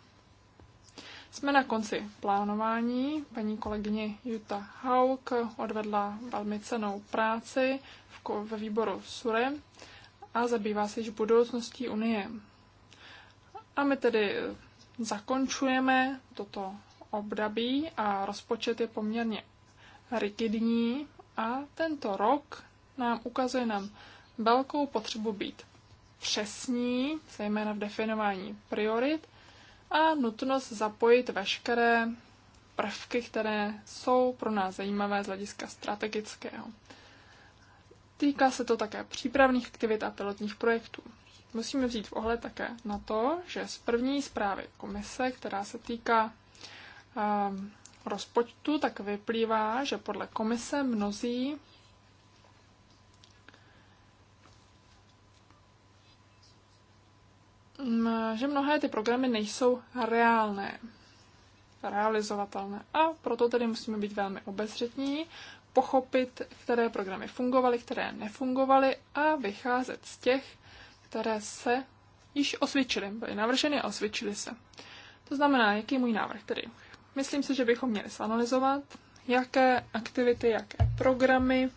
Jsme na konci plánování. Paní kolegyně Jutta Hauk odvedla velmi cenou práci ve výboru SURE a zabývá se již budoucností Unie. A my tedy eh, zakončujeme toto období a rozpočet je poměrně rigidní a tento rok nám ukazuje nám velkou potřebu být přesní, zejména v definování priorit a nutnost zapojit veškeré prvky, které jsou pro nás zajímavé z hlediska strategického. Týká se to také přípravných aktivit a pilotních projektů musíme vzít v ohled také na to, že z první zprávy komise, která se týká um, rozpočtu, tak vyplývá, že podle komise mnozí mm, že mnohé ty programy nejsou reálné, realizovatelné. A proto tedy musíme být velmi obezřetní, pochopit, které programy fungovaly, které nefungovaly a vycházet z těch, které se již osvědčily, byly navrženy a osvědčily se. To znamená, jaký je můj návrh tedy? Myslím si, že bychom měli zanalizovat, jaké aktivity, jaké programy,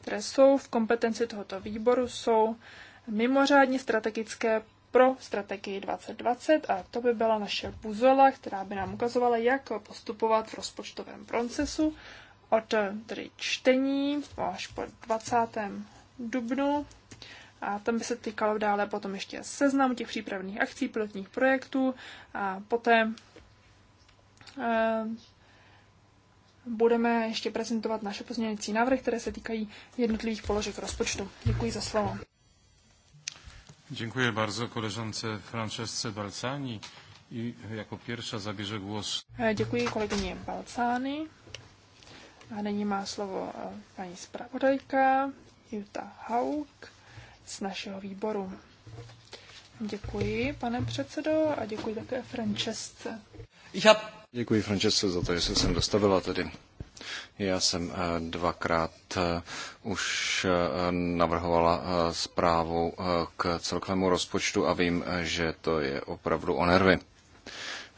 které jsou v kompetenci tohoto výboru, jsou mimořádně strategické pro strategii 2020 a to by byla naše buzola, která by nám ukazovala, jak postupovat v rozpočtovém procesu od tedy čtení až po 20. dubnu a tam by se týkalo dále potom ještě seznam těch přípravných akcí, pilotních projektů a poté eh, budeme ještě prezentovat naše pozměňující návrhy, které se týkají jednotlivých položek rozpočtu. Děkuji za slovo. Dziękuję bardzo koleżance Francesce Balcani i jako pierwsza zabierze głos. Eh, děkuji kolegyně Balcani. A nyní má slovo eh, paní zpravodajka Jutta Hauk z našeho výboru. Děkuji, pane předsedo, a děkuji také Francesce. Já... Děkuji Francesce za to, že jsem sem dostavila tedy. Já jsem eh, dvakrát eh, už eh, navrhovala zprávu k celkovému rozpočtu a vím, že to je opravdu o nervy.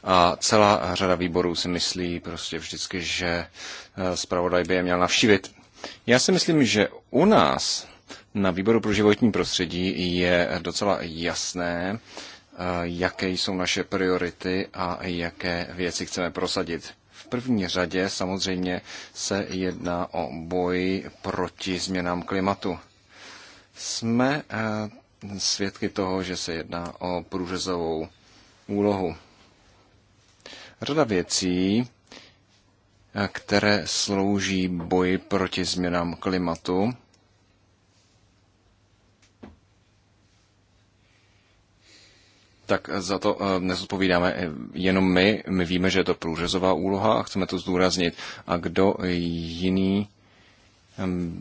A celá řada výborů si myslí prostě vždycky, že zpravodaj by je měl navštívit. Já si myslím, že u nás na výboru pro životní prostředí je docela jasné, eh, jaké jsou naše priority a jaké věci chceme prosadit. V první řadě samozřejmě se jedná o boj proti změnám klimatu. Jsme eh, svědky toho, že se jedná o průřezovou úlohu. Řada věcí, eh, které slouží boji proti změnám klimatu, tak za to eh, nezodpovídáme jenom my. My víme, že je to průřezová úloha a chceme to zdůraznit. A kdo jiný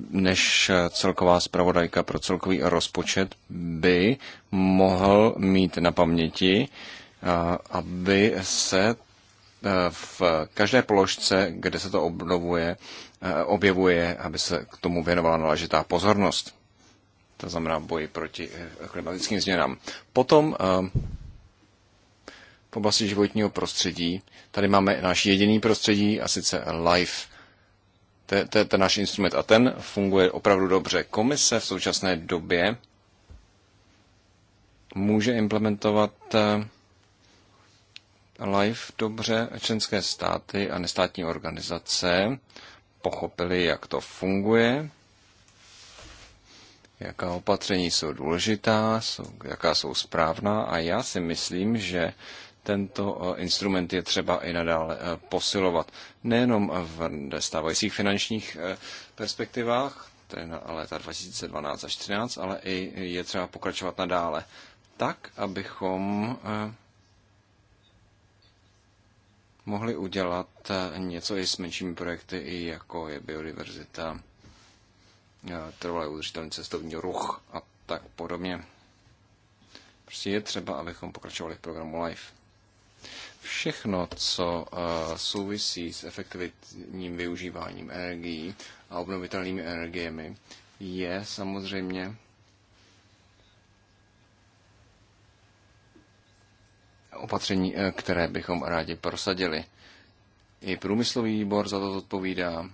než celková zpravodajka pro celkový rozpočet by mohl mít na paměti, eh, aby se eh, v každé položce, kde se to obnovuje, objevuje, aby se k tomu věnovala náležitá pozornost to znamená boji proti eh, klimatickým změnám. Potom eh, v oblasti životního prostředí, tady máme náš jediný prostředí a sice LIFE. To je, to je ten náš instrument a ten funguje opravdu dobře. Komise v současné době může implementovat eh, LIFE dobře. Členské státy a nestátní organizace pochopili, jak to funguje jaká opatření jsou důležitá, jsou, jaká jsou správná a já si myslím, že tento eh, instrument je třeba i nadále eh, posilovat. Nejenom v stávajících finančních eh, perspektivách, je na léta 2012 až 2013, ale i je třeba pokračovat nadále. Tak, abychom mohli udělat něco i s menšími projekty, i jako je biodiverzita Eh, trvalý udržitelný cestovní ruch a tak podobně. Prostě je třeba, abychom pokračovali v programu LIFE. Všechno, co eh, souvisí s efektivním využíváním energií a obnovitelnými energiemi, je samozřejmě opatření, eh, které bychom rádi prosadili. I průmyslový výbor za to odpovídá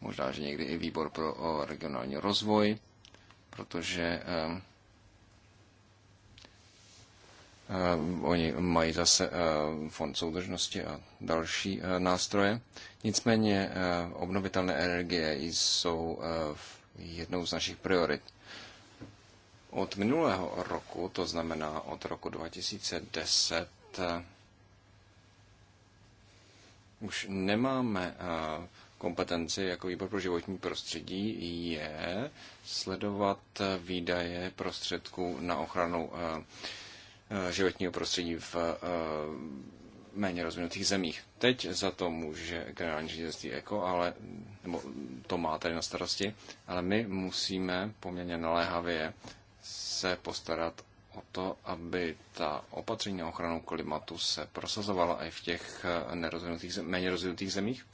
možná, že někdy i výbor pro regionální rozvoj, protože Oni mají zase fond soudržnosti a další e, nástroje. Nicméně e, obnovitelné energie jsou e, jednou z našich priorit. Od minulého roku, to znamená od roku 2010, už nemáme kompetenci jako výbor pro životní prostředí je sledovat výdaje prostředků na ochranu eh, eh, životního prostředí v eh, méně rozvinutých zemích. Teď za to může generální ředitelství ECO, ale nebo to má tady na starosti, ale my musíme poměrně naléhavě se postarat o to, aby ta opatření na ochranu klimatu se prosazovala i v těch nerozvinutých, méně rozvinutých zemích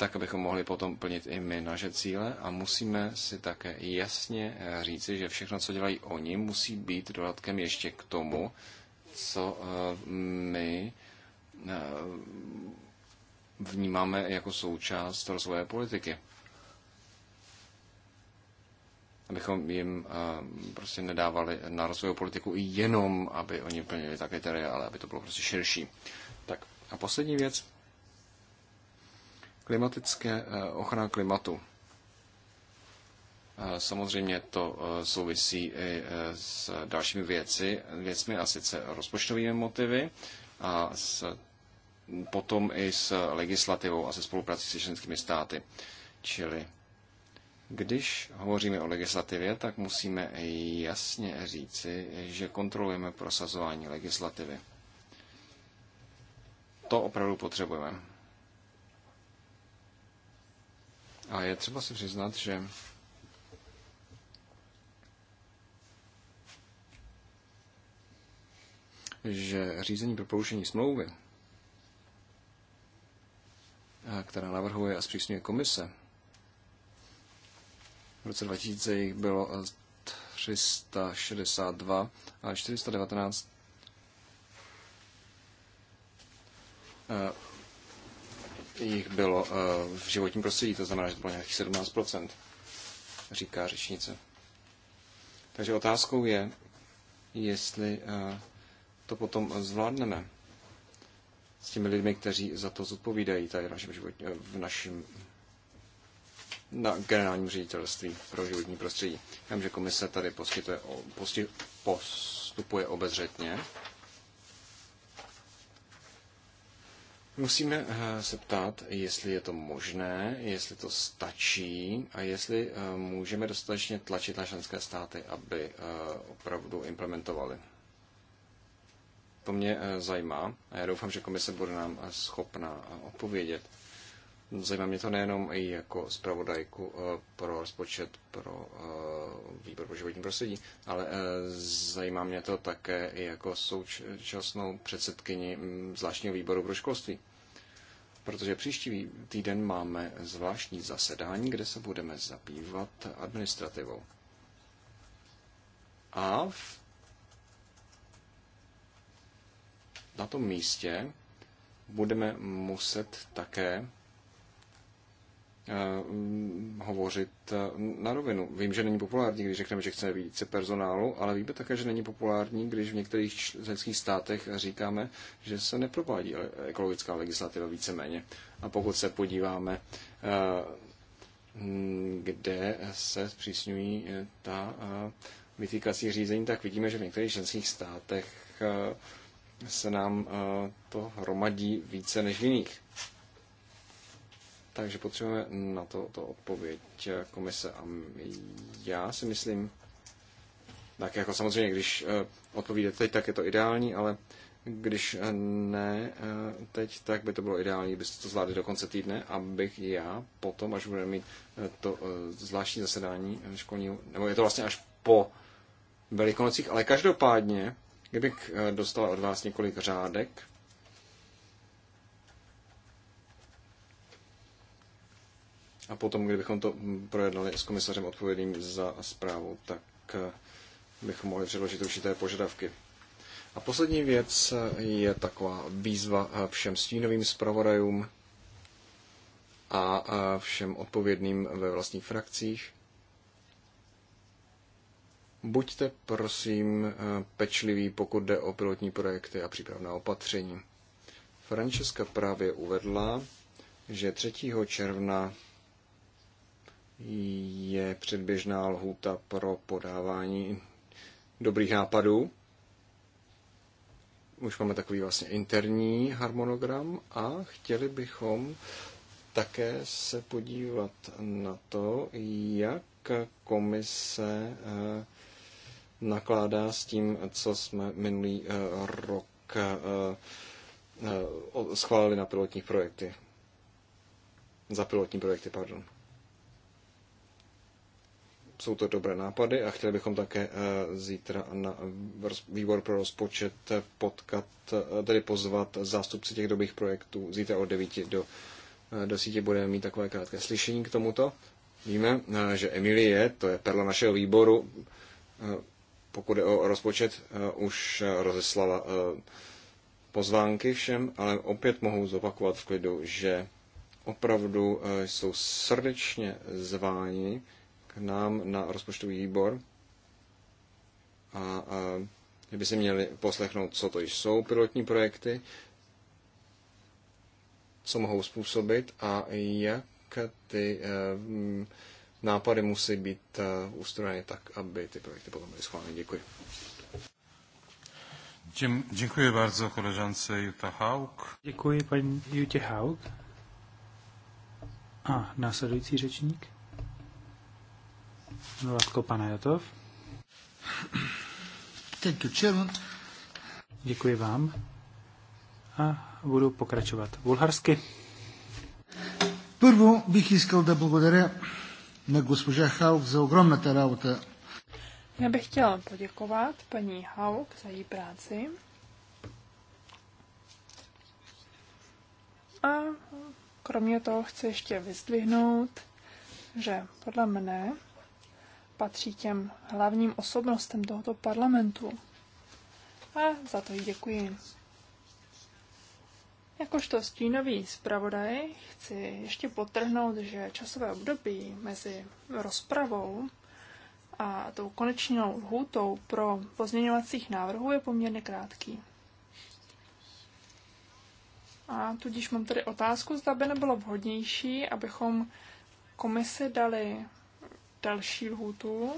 tak abychom mohli potom plnit i my naše cíle a musíme si také jasně eh, říci, že všechno, co dělají oni, musí být dodatkem ještě k tomu, co eh, my eh, vnímáme jako součást rozvoje politiky. Abychom jim prostě nedávali na rozvoj politiku jenom, aby oni plnili také tery, ale aby to bylo prostě širší. Tak a poslední věc, Klimatické eh, ochrana klimatu. Eh, samozřejmě to eh, souvisí i s dalšími věci, věcmi, a sice rozpočtovými motivy a s, potom i s legislativou a se spoluprací s členskými státy. Čili když hovoříme o legislativě, tak musíme jasně říci, že kontrolujeme prosazování legislativy. To opravdu potřebujeme. A je třeba si přiznat, že že řízení pro porušení smlouvy, která navrhuje a zpřísňuje komise, v roce 2000 jich bylo 362 a 419 jich bylo eh, v životním prostředí, to znamená, že to bylo nějakých 17%, říká řečnice. Takže otázkou je, jestli eh, to potom zvládneme s těmi lidmi, kteří za to zodpovídají tady v našem, životě, eh, v našem na generálním ředitelství pro životní prostředí. Vím, že komise tady poskytuje, postupuje obezřetně Musíme eh, se ptát, jestli je to možné, jestli to stačí a jestli eh, můžeme dostatečně tlačit na členské státy, aby eh, opravdu implementovali. To mě zajímá a já doufám, že komise bude nám schopna odpovědět. Zajímá mě to nejenom i jako zpravodajku pro rozpočet pro výbor pro životní prostředí, ale zajímá mě to také i jako současnou předsedkyni mm, zvláštního výboru pro školství protože příští týden máme zvláštní zasedání, kde se budeme zabývat administrativou. A v na tom místě budeme muset také Eh, mm, hovořit eh, na rovinu. Vím, že není populární, když řekneme, že chceme více personálu, ale víme také, že není populární, když v některých členských státech říkáme, že se neprovádí e- ekologická legislativa víceméně. A pokud se podíváme, eh, mm, kde se zpřísňují ta vytýkací řízení, tak vidíme, že v některých členských státech se nám to hromadí více než v jiných. Takže potřebujeme na to, to odpověď komise. A já si myslím, tak jako samozřejmě, když eh, odpovíde teď, tak je to ideální, ale když eh, ne eh, teď, tak by to bylo ideální, byste to zvládli do konce týdne, abych já potom, až budeme mít to zvláštní zasedání školního, nebo je to vlastně až po Velikonocích, ale každopádně, kdybych dostal od vás několik řádek, A potom, kdybychom to hm, projednali s komisařem odpovědným za zprávu, tak eh, bychom mohli předložit určité požadavky. A poslední věc eh, je taková výzva eh, všem stínovým zpravodajům a všem odpovědným ve vlastních frakcích. Buďte prosím pečliví, pokud jde o pilotní projekty a přípravná opatření. Francesca právě uvedla, že 3. června je předběžná lhůta pro podávání dobrých nápadů. Už máme takový vlastně interní harmonogram a chtěli bychom také se podívat na to, jak komise eh, nakládá s tím, co jsme minulý eh, rok eh, schválili na pilotní projekty. Za pilotní projekty, pardon jsou to dobré nápady a chtěli bychom také eh, zítra na výbor pro rozpočet potkat, eh, tedy pozvat zástupci těch dobých projektů. Zítra od 9 do, eh, do sítě budeme mít takové krátké slyšení k tomuto. Víme, že Emilie, to je perla našeho výboru, pokud je o rozpočet, už rozeslala pozvánky všem, ale opět mohu zopakovat v klidu, že opravdu jsou srdečně zváni k nám na rozpočtový výbor a, a kdyby si měli poslechnout, co to jsou pilotní projekty, co mohou způsobit a jak ty eh, nápady musí být eh, ustrojeny tak, aby ty projekty potom byly schváleny. Děkuji. Děkuji bardzo koleżance Jutta Hauk. Děkuji paní Jutě Hauk? A následující řečník. Vlatko Panajotov. Thank you, Chairman. Děkuji vám. A budu pokračovat bulharsky. Prvo bych chtěl да благодаря на госпожа Халк за огромната работа. Já bych chtěla poděkovat paní Hauk za její práci. A kromě toho chci ještě vyzdvihnout, že podle mne patří těm hlavním osobnostem tohoto parlamentu. A za to jí děkuji. Jakožto stínový zpravodaj chci ještě potrhnout, že časové období mezi rozpravou a tou konečnou lhůtou pro pozměňovacích návrhů je poměrně krátký. A tudíž mám tady otázku, zda by nebylo vhodnější, abychom komisi dali další lhůtu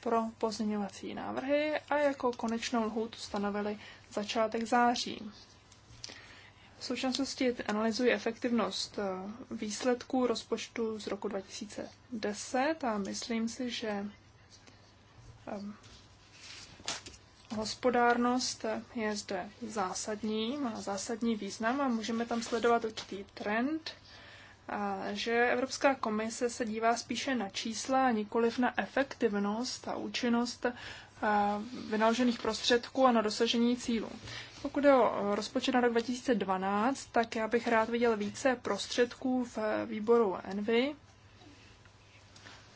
pro pozměňovací návrhy a jako konečnou lhůtu stanovili začátek září. V současnosti analyzuji efektivnost eh, výsledků rozpočtu z roku 2010 a myslím si, že ehm, hospodárnost je zde zásadní, má zásadní význam a můžeme tam sledovat určitý trend, že Evropská komise se dívá spíše na čísla, nikoliv na efektivnost a účinnost vynaložených prostředků a na dosažení cílů. Pokud je o rozpočet na rok 2012, tak já bych rád viděl více prostředků v výboru Envy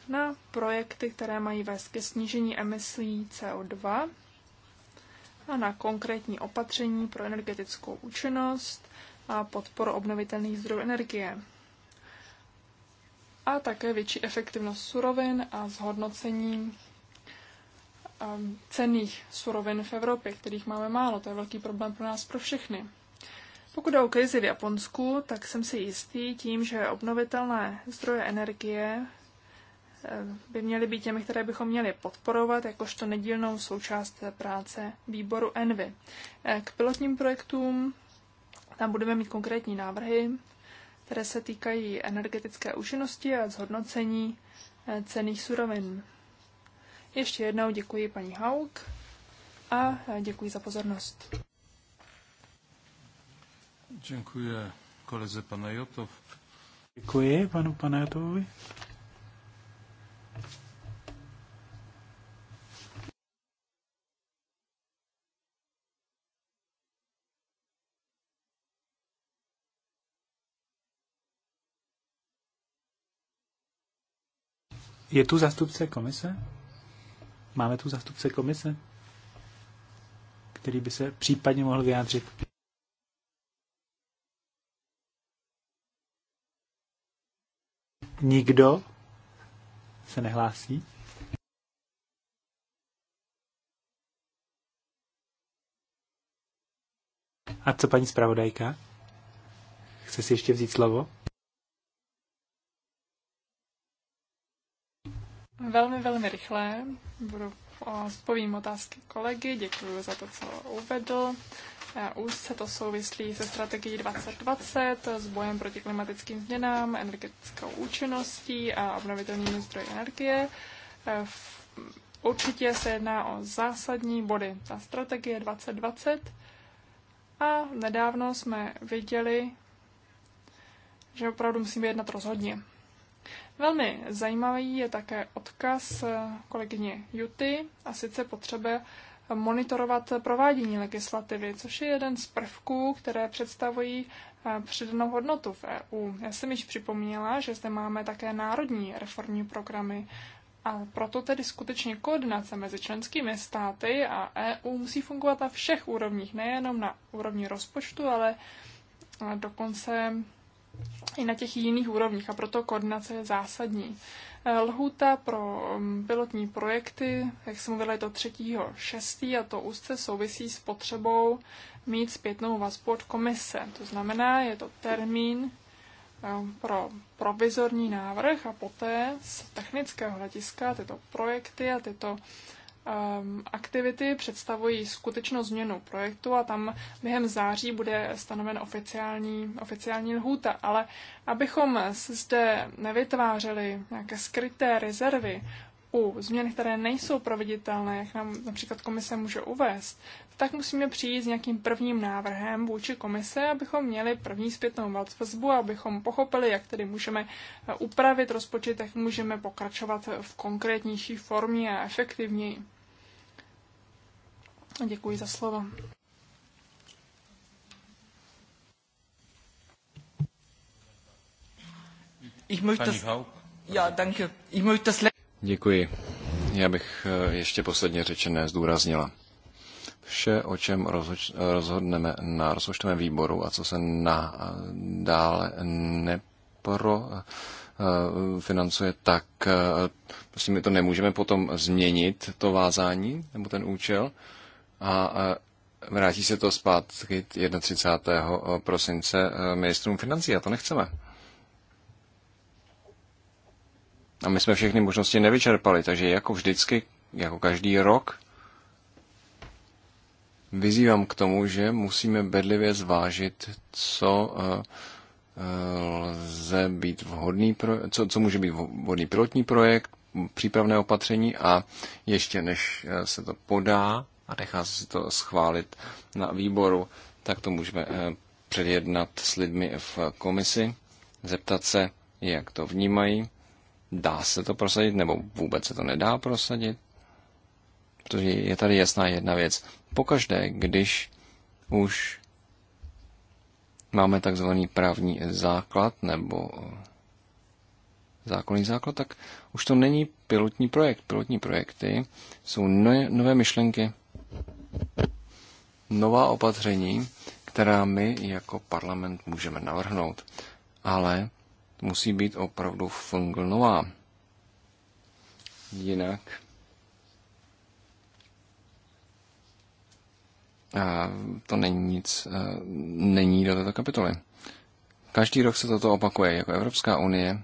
na projekty, které mají vést ke snížení emisí CO2 a na konkrétní opatření pro energetickou účinnost a podporu obnovitelných zdrojů energie a také větší efektivnost surovin a zhodnocení um, cených surovin v Evropě, kterých máme málo. To je velký problém pro nás, pro všechny. Pokud jde o krizi v Japonsku, tak jsem si jistý tím, že obnovitelné zdroje energie eh, by měly být těmi, které bychom měli podporovat jakožto nedílnou součást práce výboru Envy. Eh, k pilotním projektům tam budeme mít konkrétní návrhy které se týkají energetické účinnosti a zhodnocení eh, cených surovin. Ještě jednou děkuji paní Hauk a eh, děkuji za pozornost. Děkuji koleze pana Jotov. Děkuji panu Panajotovi. Je tu zastupce komise? Máme tu zastupce komise, který by se případně mohl vyjádřit. Nikdo se nehlásí. A co paní zpravodajka? Chce si ještě vzít slovo? Velmi, velmi rychle budu odpovím otázky kolegy. Děkuji za to, co uvedl. E, se to souvislí se strategií 2020, s bojem proti klimatickým změnám, energetickou účinností a obnovitelnými zdroji energie. E, určitě se jedná o zásadní body. Ta strategie 2020 a nedávno jsme viděli, že opravdu musíme jednat rozhodně. Velmi zajímavý je také odkaz eh, kolegyně Juty a sice potřeba eh, monitorovat eh, provádění legislativy, což je jeden z prvků, které představují přidanou hodnotu v EU. Já jsem již připomněla, že zde máme také národní reformní programy a proto tedy skutečně koordinace mezi členskými státy a EU musí fungovat na všech úrovních, nejenom na úrovni rozpočtu, ale dokonce i na těch jiných úrovních a proto koordinace je zásadní. Eh, lhůta pro mm, pilotní projekty, jak jsem mluvila, je to 3.6. a to úzce souvisí s potřebou mít zpětnou vazbu od komise. To znamená, je to termín eh, pro provizorní návrh a poté z technického hlediska tyto projekty a tyto Ehm, aktivity představují skutečnou změnu projektu a tam během září bude stanoven oficiální, oficiální lhůta. Ale abychom se zde nevytvářeli nějaké skryté rezervy u změn, které nejsou proveditelné, jak nám například komise může uvést, tak musíme přijít s nějakým prvním návrhem vůči komise, abychom měli první zpětnou vazbu, abychom pochopili, jak tedy můžeme upravit rozpočet, jak můžeme pokračovat v konkrétnější formě a efektivněji. Děkuji za slovo. Děkuji. Já bych eh, ještě posledně řečené zdůraznila. Vše, o čem rozhodneme na rozpočtovém výboru a co se na, dále nepro eh, financuje, tak eh, prostě my to nemůžeme potom změnit, to vázání nebo ten účel a vrátí se to zpátky 31. prosince eh, ministrům financí a to nechceme. A my jsme všechny možnosti nevyčerpali, takže jako vždycky, jako každý rok, vyzývám k tomu, že musíme bedlivě zvážit, co eh, lze být vhodný, pro, co, co může být vhodný pilotní projekt, přípravné opatření a ještě než eh, se to podá a nechá se to schválit na výboru, tak to můžeme eh, předjednat s lidmi v komisi, zeptat se, jak to vnímají, dá se to prosadit nebo vůbec se to nedá prosadit. Protože je tady jasná jedna věc. Pokaždé, když už máme takzvaný právní základ nebo zákonný základ, tak už to není pilotní projekt. Pilotní projekty jsou nové myšlenky, nová opatření, která my jako parlament můžeme navrhnout, ale musí být opravdu funglnová. Jinak a to není nic, není do této kapitoly. Každý rok se toto opakuje. Jako Evropská unie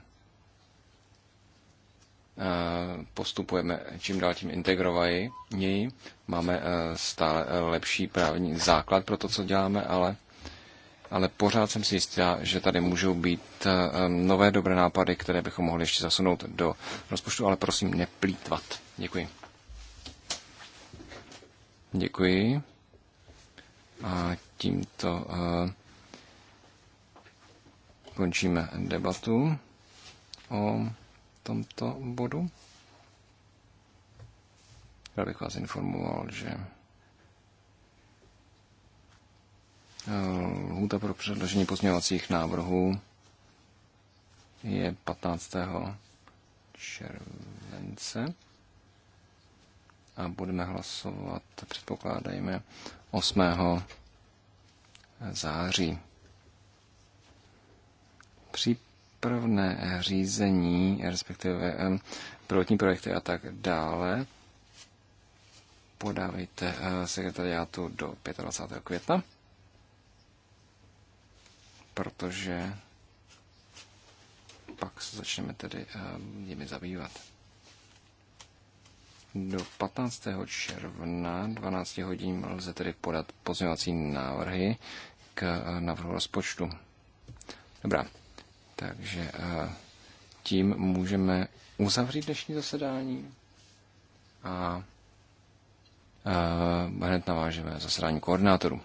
Eh, postupujeme čím dál tím integrovaněji, máme eh, stále eh, lepší právní základ pro to, co děláme, ale, ale pořád jsem si jistá, že tady můžou být nové dobré nápady, které bychom mohli ještě zasunout do rozpočtu, ale prosím neplýtvat. Děkuji. Děkuji. A tímto končíme debatu o tomto bodu. Já bych vás informoval, že eh, lhůta pro předložení pozměňovacích návrhů je 15. července a budeme hlasovat, předpokládejme, 8. září. Příp opravné řízení, respektive prvotní projekty a tak dále, podávejte eh, sekretariátu do 25. května, protože pak se začneme tedy eh, jimi zabývat. Do 15. června 12 hodin lze tedy podat pozměňovací návrhy k eh, návrhu rozpočtu. Dobrá, takže eh, tím můžeme uzavřít dnešní zasedání a eh, hned navážeme zasedání koordinátorů.